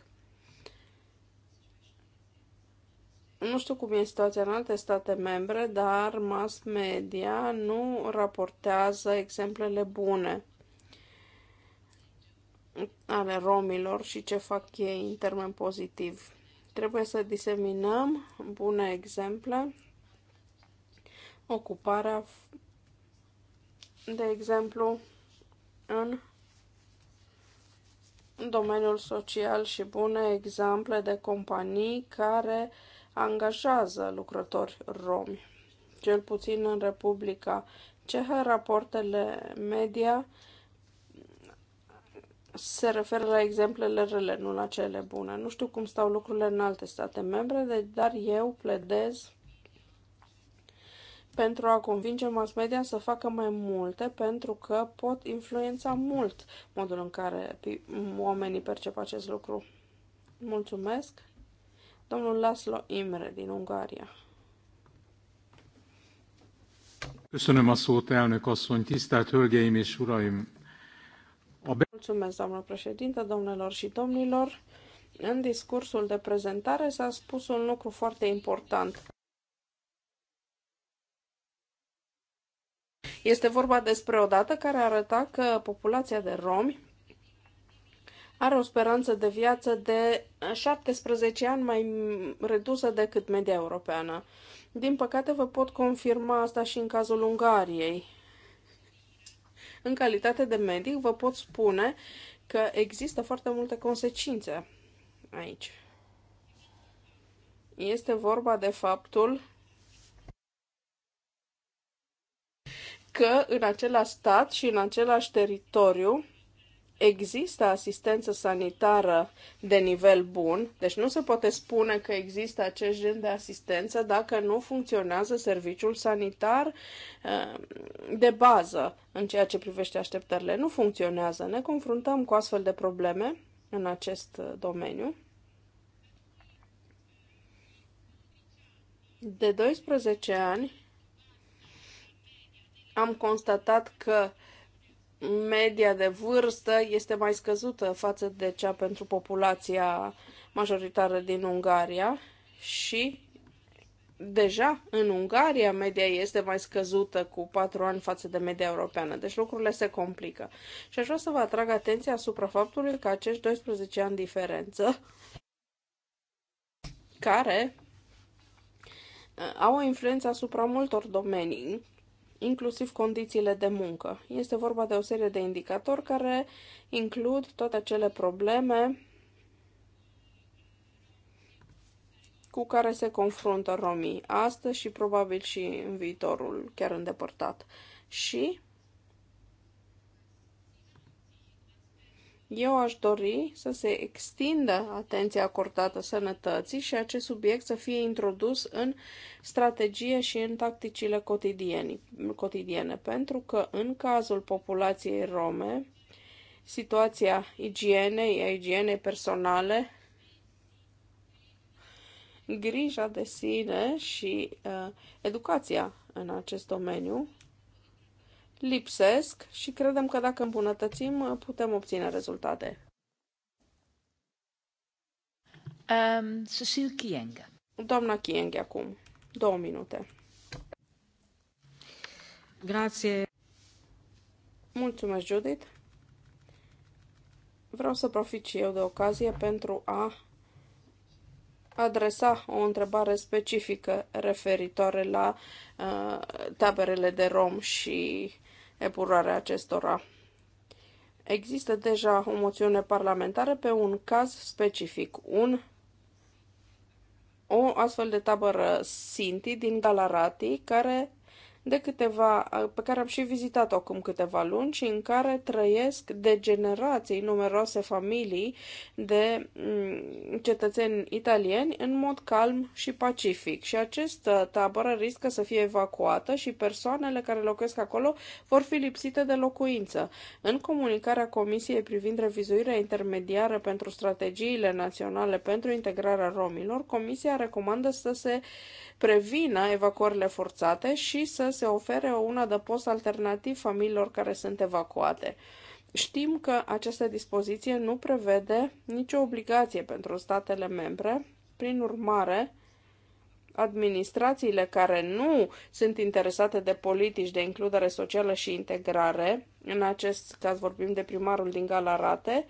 Speaker 2: Nu știu cum e situația în alte state membre, dar mass media nu raportează exemplele bune ale romilor și ce fac ei în termen pozitiv. Trebuie să diseminăm bune exemple, ocuparea, de exemplu, în domeniul social și bune exemple de companii care uh, angajează lucrători romi. Cel puțin în Republica Cehă, rapoartele media se referă la exemplele rele, nu la cele bune. Nu știu cum stau lucrurile în alte state membre, deci, dar eu pledez pentru a convinge mass media să facă mai multe, pentru că pot influența mult modul în care oamenii percep acest lucru. Mulțumesc! domnul Laszlo Imre din Ungaria.
Speaker 3: Köszönöm a szót, elnök asszony, tisztelt hölgyeim és uraim!
Speaker 2: A be... Mulțumesc, doamnă președintă, domnilor și domnilor! În discursul de prezentare s-a spus un lucru foarte important. Este vorba despre o dată care arăta că populația de romi are o speranță de viață de 17 ani mai redusă decât media europeană. Din păcate, vă pot confirma asta și în cazul Ungariei. În calitate de medic, vă pot spune că există foarte multe consecințe aici. Este vorba de faptul că în același stat și în același teritoriu există asistență sanitară de nivel bun, deci nu se poate spune că există acest gen de asistență dacă nu funcționează serviciul sanitar ehm, de bază în ceea ce privește așteptările. Nu funcționează. Ne confruntăm cu astfel de probleme în acest uh, domeniu. De 12 ani am constatat că media de vârstă este mai scăzută față de cea pentru populația majoritară din Ungaria și deja în Ungaria media este mai scăzută cu 4 ani față de media europeană, deci lucrurile se complică. Și aș vrea să vă atrag atenția asupra faptului că acești 12 ani diferență care uh, au o influență asupra multor domenii inclusiv condițiile de muncă. Este vorba de o serie de indicatori care includ toate acele probleme cu care se confruntă romii astăzi și probabil și în viitorul chiar îndepărtat. Și Eu aș dori să se extindă atenția acordată sănătății și acest subiect să fie introdus în strategie și în tacticile cotidiene, pentru că în cazul populației rome, situația igienei, a igienei personale, grija de sine și uh, educația în acest domeniu lipsesc și credem că dacă îmbunătățim, putem obține rezultate. Um, Cecil Chieng. Doamna Chieng, acum. Două minute. Grație. Mulțumesc, Judith. Vreau să profit și eu de ocazie pentru a adresa o întrebare specifică referitoare la uh, taberele de rom și epurarea acestora. Există deja o moțiune parlamentară pe un caz specific, un o astfel de tabără Sinti din Galarati, care de câteva, pe care am și vizitat-o acum câteva luni și în care trăiesc de generații numeroase familii de mm, cetățeni italieni în mod calm și pacific. Și această tabără riscă să fie evacuată și persoanele care locuiesc acolo vor fi lipsite de locuință. În comunicarea Comisiei privind revizuirea intermediară pentru strategiile naționale pentru integrarea romilor, Comisia recomandă să se prevină evacuările forțate și să se ofere un adăpost alternativ familiilor care sunt evacuate. Știm că această dispoziție nu prevede nicio obligație pentru statele membre, prin urmare, administrațiile care nu sunt interesate de politici de includere socială și integrare, în acest caz vorbim de primarul din Galarate,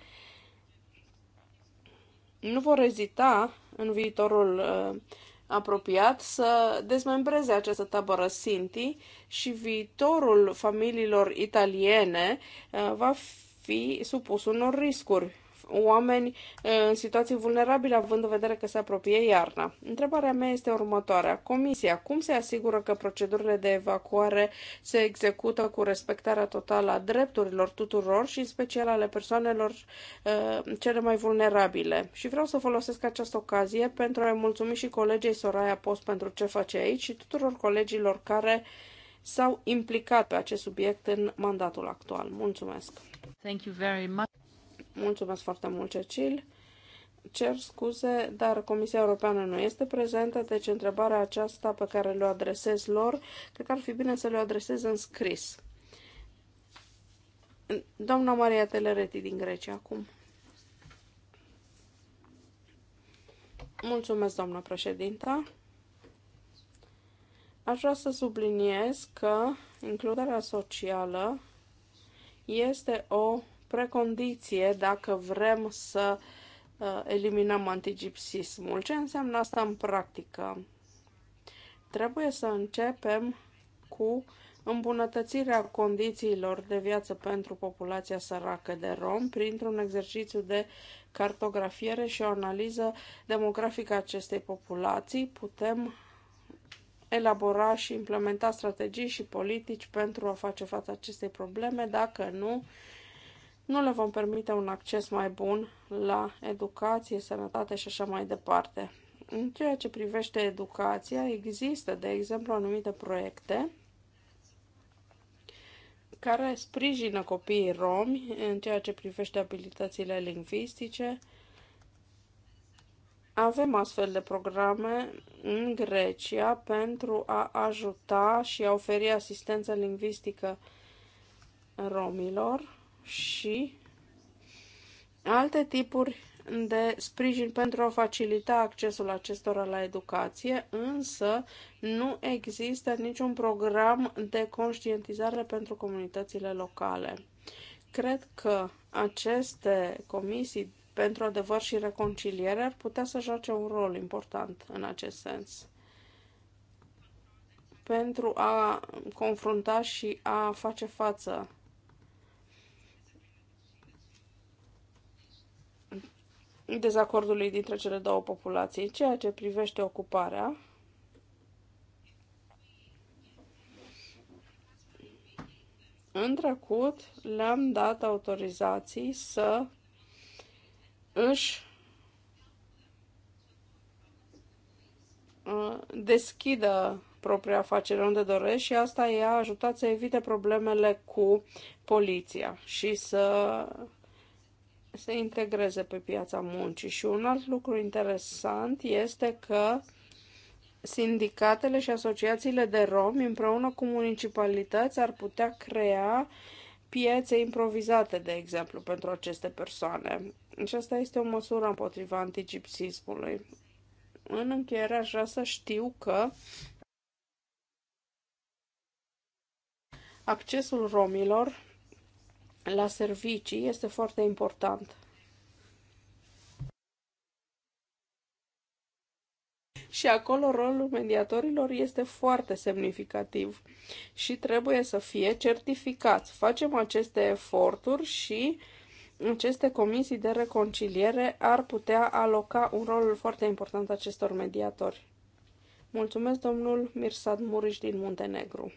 Speaker 2: nu vor ezita în viitorul uh, apropiat să dezmembreze această tabără Sinti și viitorul familiilor italiene uh, va fi supus unor riscuri oameni eh, în situații vulnerabile, având în vedere că se apropie iarna. Întrebarea mea este următoarea. Comisia, cum se asigură că procedurile de evacuare se execută cu respectarea totală a drepturilor tuturor și în special ale persoanelor eh, cele mai vulnerabile? Și vreau să folosesc această ocazie pentru a-i mulțumi și colegei Soraya Post pentru ce face aici și tuturor colegilor care s-au implicat pe acest subiect în mandatul actual. Mulțumesc! Thank you very much. Mulțumesc foarte mult, Cecil. Cer scuze, dar Comisia Europeană nu este prezentă, deci întrebarea aceasta pe care le adresez lor, cred că ar fi bine să le adresez în scris. Doamna Maria Telereti din Grecia acum. Mulțumesc, doamna președintă. Aș vrea să subliniez că includerea socială este o precondiție dacă vrem să uh, eliminăm antigipsismul. Ce înseamnă asta în practică? Trebuie să începem cu îmbunătățirea condițiilor de viață pentru populația săracă de rom printr-un exercițiu de cartografiere și o analiză demografică a acestei populații, putem elabora și implementa strategii și politici pentru a face față acestei probleme. Dacă nu, nu le vom permite un acces mai bun la educație, sănătate și așa mai departe. În ceea ce privește educația, există, de exemplu, anumite proiecte care sprijină copiii romi în ceea ce privește abilitățile lingvistice. Avem astfel de programe în Grecia pentru a ajuta și a oferi asistență lingvistică romilor și alte tipuri de sprijin pentru a facilita accesul acestora la educație, însă nu există niciun program de conștientizare pentru comunitățile locale. Cred că aceste comisii pentru adevăr și reconciliere ar putea să joace un rol important în acest sens pentru a confrunta și a face față dezacordului dintre cele două populații. Ceea ce privește ocuparea, în trecut le-am dat autorizații să își uh, deschidă propria afacere unde doresc și asta i-a ajutat să evite problemele cu poliția și să se integreze pe piața muncii. Și un alt lucru interesant este că sindicatele și asociațiile de romi împreună cu municipalități ar putea crea piețe improvizate, de exemplu, pentru aceste persoane. Și asta este o măsură împotriva antigipsismului. În încheiere aș vrea să știu că accesul romilor la servicii este foarte important. Și acolo rolul mediatorilor este foarte semnificativ și trebuie să fie certificați. Facem aceste eforturi și aceste comisii de reconciliere ar putea aloca un rol foarte important acestor mediatori. Mulțumesc, domnul Mirsad Muriș din Muntenegru.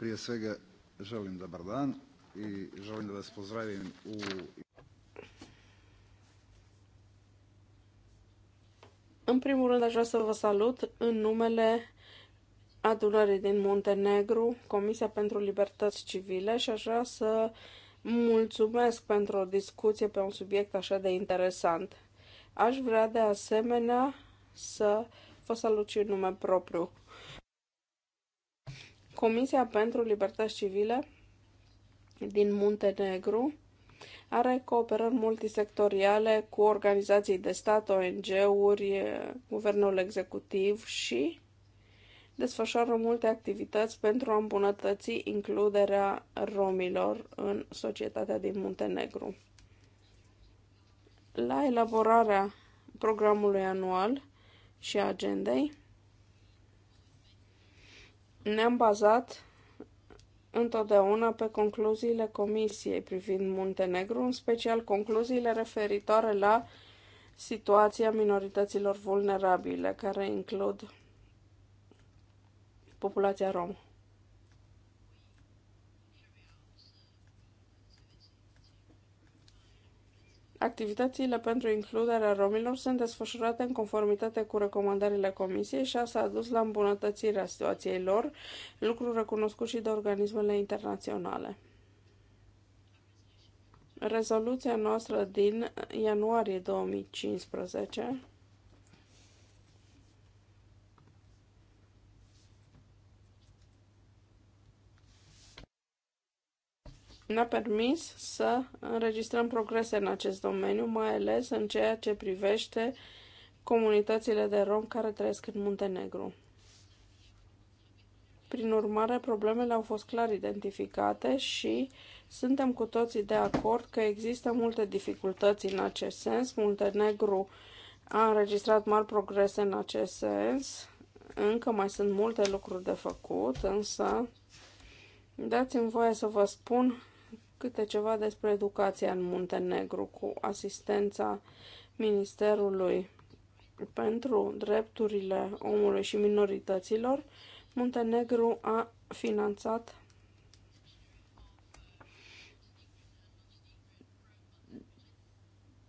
Speaker 6: Prije svega želim dobar dan i želim da vas pozdravim u...
Speaker 2: În primul rând aș vrea să vă salut în numele adunării din Montenegru Comisia pentru Libertăți Civile și aș vrea să mulțumesc pentru o discuție pe un subiect așa de interesant. Aș vrea de asemenea să vă salut și în nume propriu. Comisia pentru Libertăți Civile din Muntenegru are cooperări multisectoriale cu organizații de stat, ONG-uri, guvernul executiv și desfășoară multe activități pentru a îmbunătăți includerea romilor în societatea din Muntenegru. La elaborarea programului anual și agendei, ne-am bazat întotdeauna pe concluziile Comisiei privind Muntenegru, în special concluziile referitoare la situația minorităților vulnerabile, care includ populația romă. Activitățile pentru includerea romilor sunt desfășurate în conformitate cu recomandările Comisiei și asta a dus la îmbunătățirea situației lor, lucru recunoscut și de organismele internaționale. Rezoluția noastră din ianuarie 2015 ne-a permis să înregistrăm progrese în acest domeniu, mai ales în ceea ce privește comunitățile de rom care trăiesc în Muntenegru. Prin urmare, problemele au fost clar identificate și suntem cu toții de acord că există multe dificultăți în acest sens. Muntenegru a înregistrat mari progrese în acest sens. Încă mai sunt multe lucruri de făcut, însă dați-mi voie să vă spun câte ceva despre educația în Muntenegru cu asistența Ministerului pentru drepturile omului și minorităților. Muntenegru a finanțat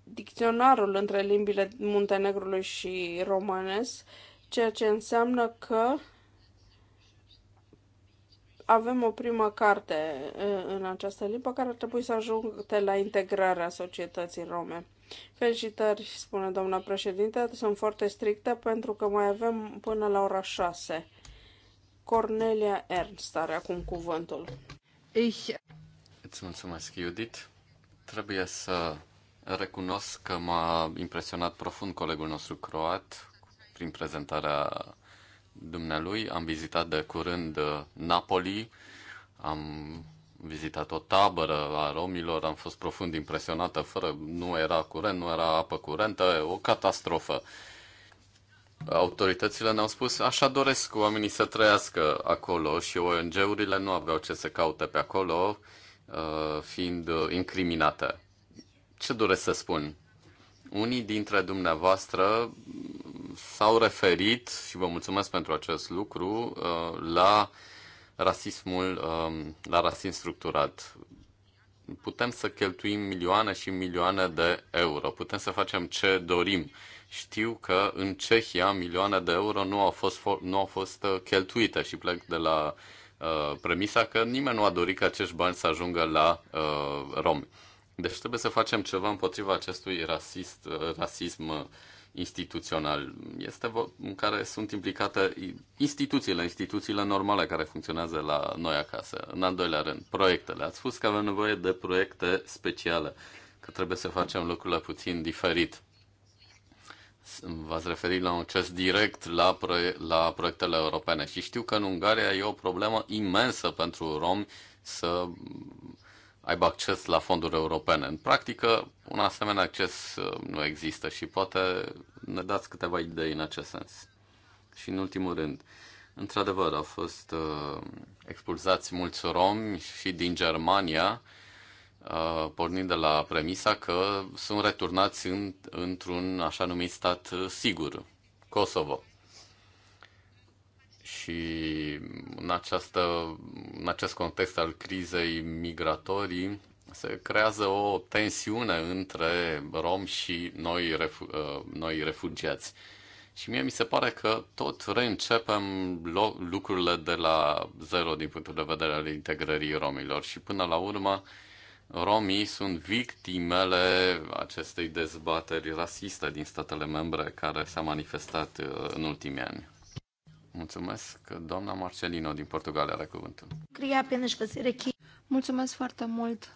Speaker 2: dicționarul între limbile Muntenegrului și romanes, ceea ce înseamnă că avem o primă carte în această limbă care ar trebui să ajungă la integrarea societății rome. Felicitări, spune doamna președinte, sunt foarte stricte pentru că mai avem până la ora 6. Cornelia Ernst are acum cuvântul. Ich...
Speaker 3: Îți mulțumesc, Judith. Trebuie să recunosc că m-a impresionat profund colegul nostru croat prin prezentarea dumnealui. Am vizitat de curând uh, Napoli, am vizitat o tabără a romilor, am fost profund impresionată, fără, nu era curent, nu era apă curentă, o catastrofă. Autoritățile ne-au spus, așa doresc oamenii să trăiască acolo și ONG-urile nu aveau ce să caute pe acolo, uh, fiind uh, incriminate. Ce doresc să spun? Unii dintre dumneavoastră s-au referit, și vă mulțumesc pentru acest lucru, uh, la rasismul, um, la rasism structurat. Putem să cheltuim milioane și milioane de euro, putem să facem ce dorim. Știu că în Cehia milioane de euro nu au fost, nu au fost uh, cheltuite și plec de la uh, premisa că nimeni nu a dorit ca acești bani să ajungă la uh, romi. Deci trebuie să facem ceva împotriva acestui rasist, uh, rasism instituțional, este în care sunt implicate instituțiile, instituțiile normale care funcționează la noi acasă. În al doilea rând, proiectele. Ați spus că avem nevoie de proiecte speciale, că trebuie să facem lucrurile puțin diferit. V-ați referit la un acces direct la, proie- la proiectele europene și știu că în Ungaria e o problemă imensă pentru romi să aibă acces la fonduri europene. În practică, un asemenea acces uh, nu există și poate ne dați câteva idei în acest sens. Și în ultimul rând, într-adevăr, au fost uh, expulzați mulți romi și din Germania, uh, pornind de la premisa că sunt returnați în, într-un așa numit stat uh, sigur, Kosovo și în, această, în acest context al crizei migratorii se creează o tensiune între rom și noi, refu, uh, noi refugiați. Și mie mi se pare că tot reîncepem lucrurile de la zero din punctul de vedere al integrării romilor și până la urmă romii sunt victimele acestei dezbateri rasiste din statele membre care s-a manifestat uh, în ultimii ani. Mulțumesc, doamna Marcelino din Portugalia are cuvântul.
Speaker 1: Mulțumesc foarte mult.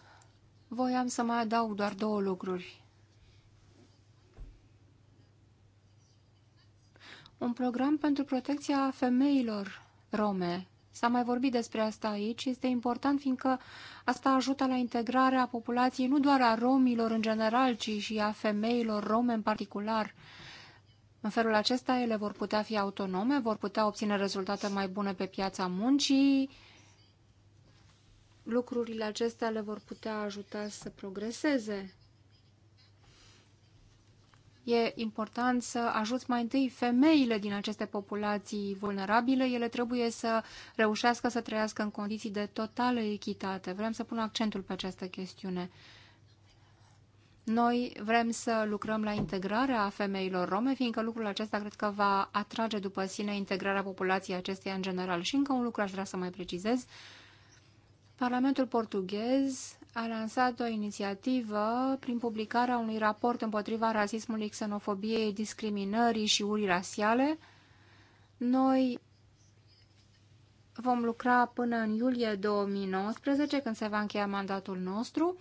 Speaker 1: Voiam să mai adaug doar două lucruri. Un program pentru protecția femeilor rome. S-a mai vorbit despre asta aici. Este important fiindcă asta ajută la integrarea populației nu doar a romilor în general, ci și a femeilor rome în particular. În felul acesta, ele vor putea fi autonome, vor putea obține rezultate mai bune pe piața muncii. Lucrurile acestea le vor putea ajuta să progreseze. E important să ajuți mai întâi femeile din aceste populații vulnerabile. Ele trebuie să reușească să trăiască în condiții de totală echitate. Vrem să pun accentul pe această chestiune. Noi vrem să lucrăm la integrarea femeilor rome, fiindcă lucrul acesta cred că va atrage după sine integrarea populației acesteia în general. Și încă un lucru aș vrea să mai precizez. Parlamentul portughez a lansat o inițiativă prin publicarea unui raport împotriva rasismului, xenofobiei, discriminării și urii rasiale. Noi vom lucra până în iulie 2019, când se va încheia mandatul nostru.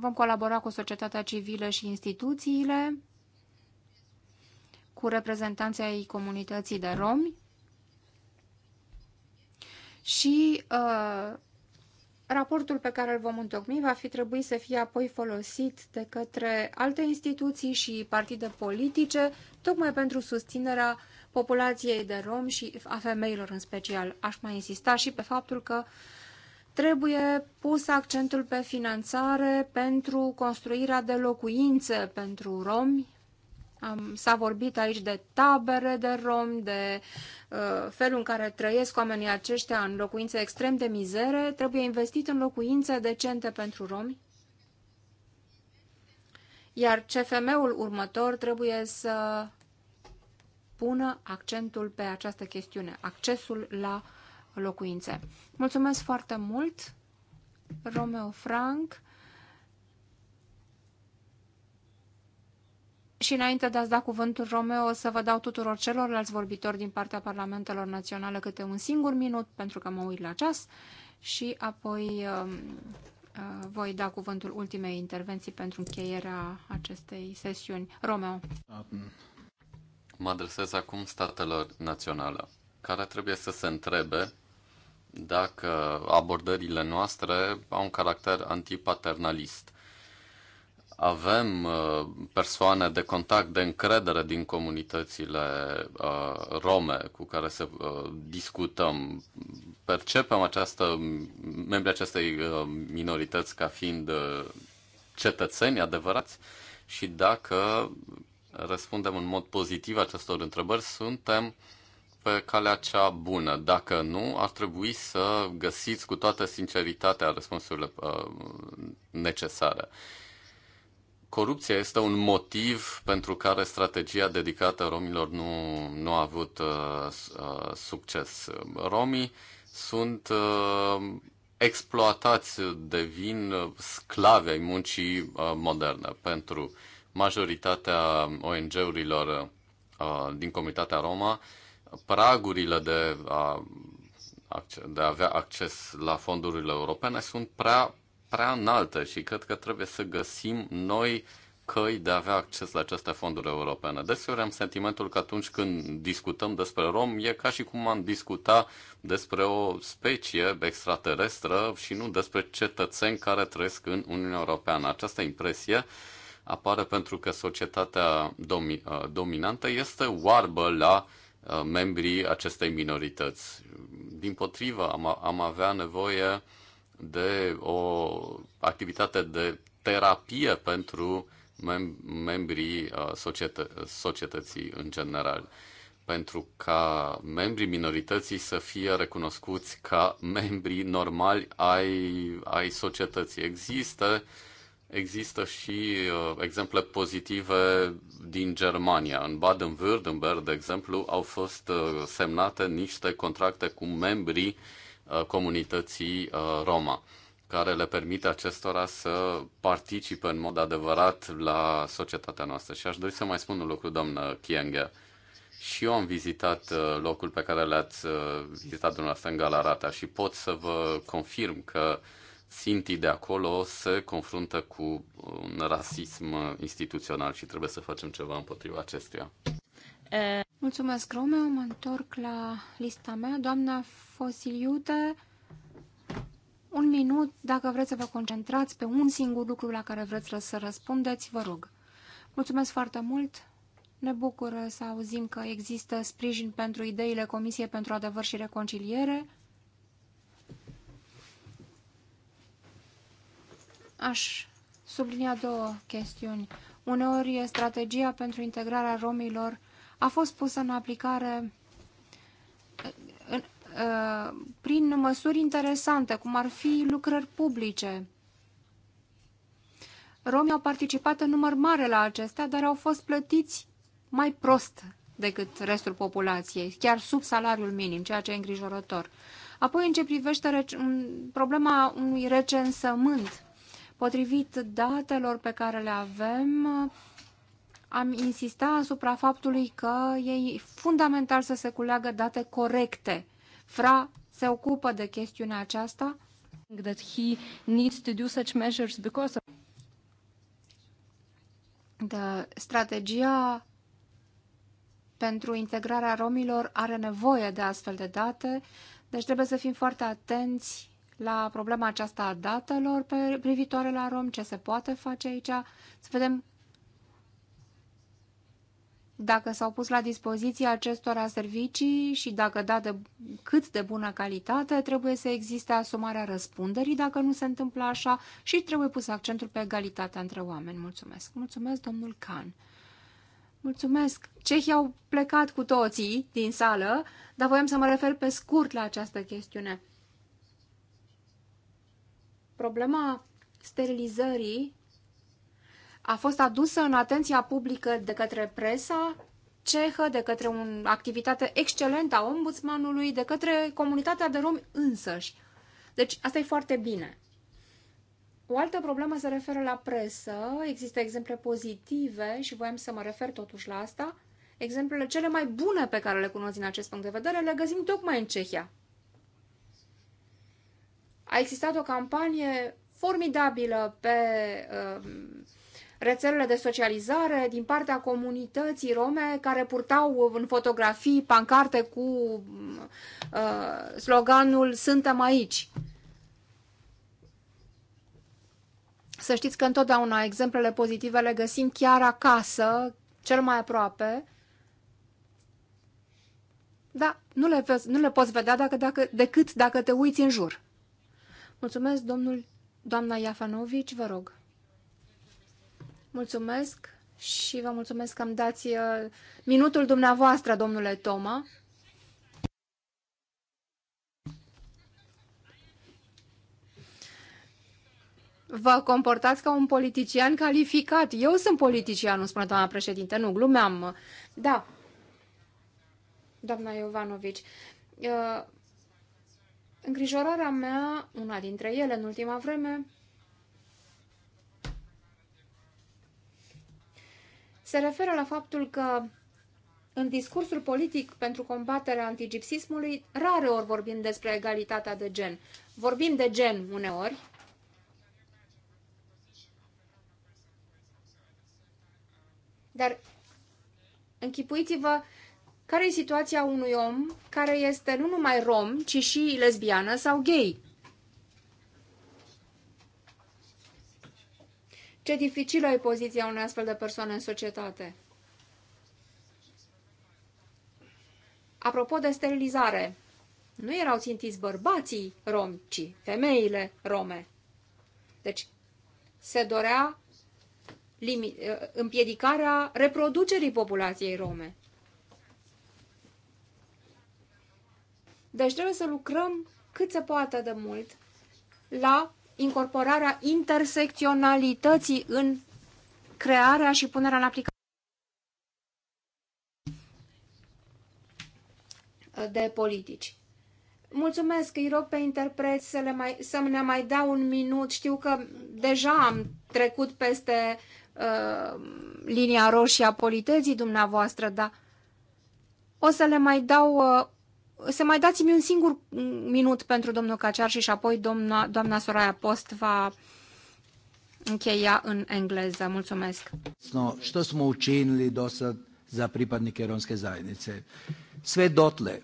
Speaker 1: Vom colabora cu societatea civilă și instituțiile, cu reprezentanții ai comunității de romi și uh, raportul pe care îl vom întocmi va fi trebuit să fie apoi folosit de către alte instituții și partide politice, tocmai pentru susținerea populației de romi și a femeilor în special. Aș mai insista și pe faptul că uh, Trebuie pus accentul pe finanțare pentru construirea de locuințe pentru romi. S-a vorbit aici de tabere de romi, de uh, felul în care trăiesc oamenii aceștia în locuințe extrem de mizere. Trebuie investit în locuințe decente pentru romi iar CFM-ul următor trebuie să pună accentul pe această chestiune, accesul la locuințe. Mulțumesc foarte mult, Romeo Frank. Și înainte de a-ți da cuvântul, Romeo, o să vă dau tuturor celorlalți vorbitori din partea Parlamentelor Naționale câte un singur minut, pentru că mă uit la ceas, și apoi uh, uh, voi da cuvântul ultimei intervenții pentru încheierea acestei sesiuni. Romeo.
Speaker 3: Mă adresez acum statelor naționale, care trebuie să se întrebe dacă abordările noastre au un caracter antipaternalist. Avem uh, persoane de contact, de încredere din comunitățile uh, rome cu care se uh, discutăm. Percepem această, membrii acestei minorități ca fiind cetățeni adevărați și dacă răspundem în mod pozitiv acestor întrebări, suntem uh, pe calea cea bună. Dacă nu, ar trebui să găsiți cu toată sinceritatea răspunsurile uh, necesare. Corupția este un motiv pentru care strategia dedicată romilor nu, nu a avut uh, uh succes. Romii sunt uh, exploatați, devin sclave ai muncii uh, moderne. Pentru majoritatea ONG-urilor uh, din comunitatea Roma, uh, pragurile de a, de a avea acces la fondurile europene sunt prea, prea înalte și cred că trebuie să găsim noi căi de a avea acces la aceste fonduri europene. Deseori am sentimentul că atunci când discutăm despre rom, e ca și cum am discuta despre o specie extraterestră și nu despre cetățeni care trăiesc în Uniunea Europeană. Această impresie apare pentru că societatea domi- uh, dominantă este oarbă la uh, Uh, membrii acestei minorități. Din potrivă, am, am avea nevoie de o activitate de terapie pentru mem- membrii uh, societă- societății în general, pentru ca membrii minorității să fie recunoscuți ca membrii normali ai, ai societății. Există uh, Există și uh, exemple pozitive din Germania. În Baden-Württemberg, de exemplu, au fost uh, semnate niște contracte cu membrii uh, comunității uh, Roma, care le permite acestora să participe în mod adevărat la societatea noastră. Și aș dori să mai spun un lucru, doamnă Kienge. Și eu am vizitat uh, locul pe care l-ați uh, vizitat dumneavoastră în Galarata și pot să vă confirm că uh, Sintii de acolo se confruntă cu un rasism instituțional și trebuie să facem ceva împotriva acestuia.
Speaker 1: Mulțumesc, Romeo. Mă întorc la lista mea. Doamna Fosiliute, un minut, dacă vreți să vă concentrați pe un singur lucru la care vreți să răspundeți, vă rog. Mulțumesc foarte mult. Ne bucură să auzim că există sprijin pentru ideile Comisiei pentru Adevăr și Reconciliere. Aș sublinia două chestiuni. Uneori, strategia pentru integrarea romilor a fost pusă în aplicare în, uh, prin măsuri interesante, cum ar fi lucrări publice. Romii au participat în număr mare la acestea, dar au fost plătiți mai prost decât restul populației, chiar sub salariul minim, ceea ce e îngrijorător. Apoi, în ce privește problema unui recensământ Potrivit datelor pe care le avem, am insistat asupra faptului că e fundamental să se culeagă date corecte. Fra se ocupă de chestiunea aceasta. That he needs to do such measures because of... de strategia pentru integrarea romilor are nevoie de astfel de date, deci trebuie să fim foarte atenți la problema aceasta a datelor privitoare la rom, ce se poate face aici, să vedem dacă s-au pus la dispoziție acestora servicii și dacă da de, cât de bună calitate, trebuie să existe asumarea răspunderii dacă nu se întâmplă așa și trebuie pus accentul pe egalitatea între oameni. Mulțumesc. Mulțumesc, domnul Can. Mulțumesc. Cehii au plecat cu toții din sală, dar voiam să mă refer pe scurt la această chestiune problema
Speaker 3: sterilizării
Speaker 1: a fost adusă în atenția publică de către presa cehă, de către o activitate excelentă a ombudsmanului, de către comunitatea de romi însăși. Deci asta e foarte bine. O altă problemă se referă la presă. Există exemple pozitive și voiam să mă refer totuși la asta. Exemplele cele mai bune pe care le cunosc din acest punct de vedere le găsim tocmai în Cehia. A existat o campanie formidabilă pe um, rețelele de socializare din partea comunității rome care purtau în fotografii pancarte cu uh, sloganul Suntem aici. Să știți că întotdeauna exemplele pozitive le găsim chiar acasă, cel mai aproape. Da, nu le, nu le poți vedea dacă, dacă, decât dacă te uiți în jur. Mulțumesc, domnul, doamna Iafanovici, vă rog. Mulțumesc și vă mulțumesc că am dați uh, minutul dumneavoastră, domnule Toma. Vă comportați ca un politician calificat. Eu sunt politician, nu spune doamna președinte. Nu, glumeam. Da. Doamna Iovanovici, uh, Îngrijorarea mea, una dintre ele în ultima vreme, se referă la faptul că în discursul politic pentru combaterea antigipsismului, rare ori vorbim despre egalitatea de gen. Vorbim de gen uneori, dar închipuiți-vă care e situația unui om care este nu numai rom, ci și lesbiană sau gay. Ce dificilă e poziția unei astfel de persoane în societate. Apropo de sterilizare, nu erau țintiți bărbații romi, ci femeile rome. Deci, se dorea împiedicarea reproducerii populației rome. Deci trebuie să lucrăm cât se poate de mult la incorporarea intersecționalității în crearea și punerea în aplicare de politici. Mulțumesc, îi rog pe interpreți să, le mai, să ne mai dea un minut. Știu că deja am trecut peste uh, linia roșie a politeții dumneavoastră, dar o să le mai dau uh, să mai dați-mi un singur minut pentru domnul Caciar și apoi doamna, doamna Soraya Post va încheia în engleză. Mulțumesc.
Speaker 6: No, što smo učinili do sad za pripadnike romske zajednice? Sve dotle,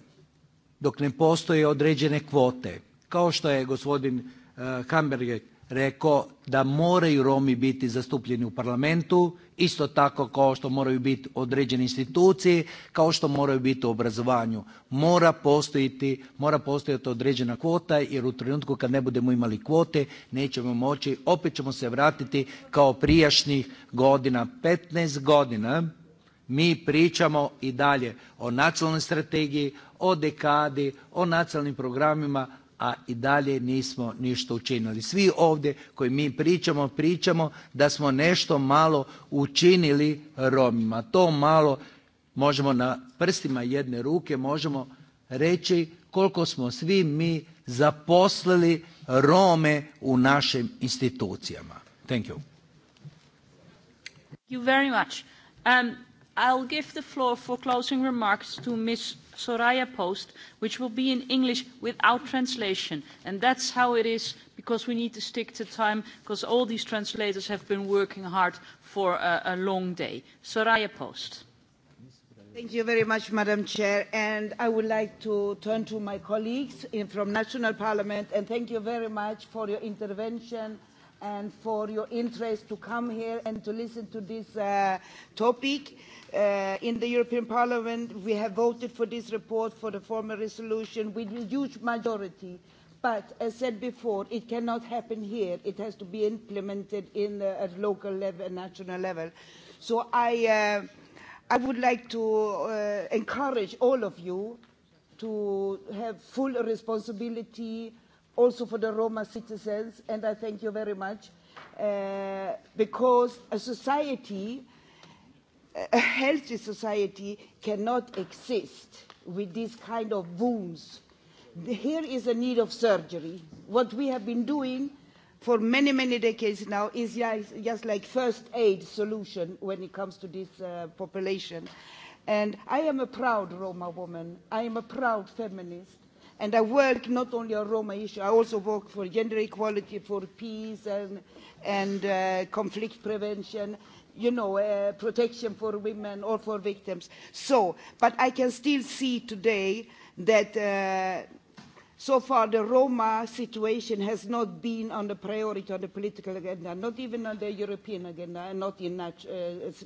Speaker 6: dok ne postoje određene kvote, kao što je gospodin uh, eh, Hamberger rekao da moraju Romi biti zastupljeni u parlamentu, isto tako kao što moraju biti određene institucije, kao što moraju biti u obrazovanju. Mora postojiti, mora postojati određena kvota jer u trenutku kad ne budemo imali kvote nećemo moći, opet ćemo se vratiti kao prijašnjih godina. 15 godina mi pričamo i dalje o nacionalnoj strategiji, o dekadi, o nacionalnim programima, a i dalje nismo ništa učinili. Svi ovdje koji mi pričamo, pričamo da smo nešto malo učinili Romima. To malo možemo na prstima jedne ruke možemo reći koliko smo svi mi zaposlili Rome u našim institucijama. Thank you.
Speaker 5: Thank you very much. Um, I'll give the floor for closing remarks to Ms. Soraya post, which will be in English without translation. And that's how it is, because we need to stick to time, because all these translators have been working hard for a, a long day. Soraya post.
Speaker 4: Thank you very much, Madam Chair. And I would like to turn to my colleagues in, from National Parliament and thank you very much for your intervention and for your interest to come here and to listen to this uh, topic. Uh, in the European Parliament, we have voted for this report, for the former resolution, with a huge majority. But as said before, it cannot happen here. It has to be implemented in the, at local level and national level. So I, uh, I would like to uh, encourage all of you to have full responsibility also for the Roma citizens, and I thank you very much, uh, because a society a healthy society cannot exist with these kind of wounds. Here is a need of surgery. What we have been doing for many, many decades now is just like first aid solution when it comes to this uh, population. And I am a proud Roma woman. I am a proud feminist. And I work not only on Roma issue, I also work for gender equality, for peace and, and uh, conflict prevention you know, uh, protection for women or for victims. So, but I can still see today that uh, so far the Roma situation has not been on the priority on the political agenda, not even on the European agenda, and not in uh,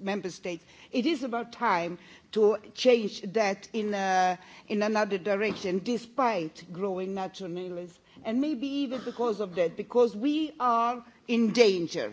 Speaker 4: member states. It is about time to change that in, uh, in another direction, despite growing nationalism, and maybe even because of that, because we are in danger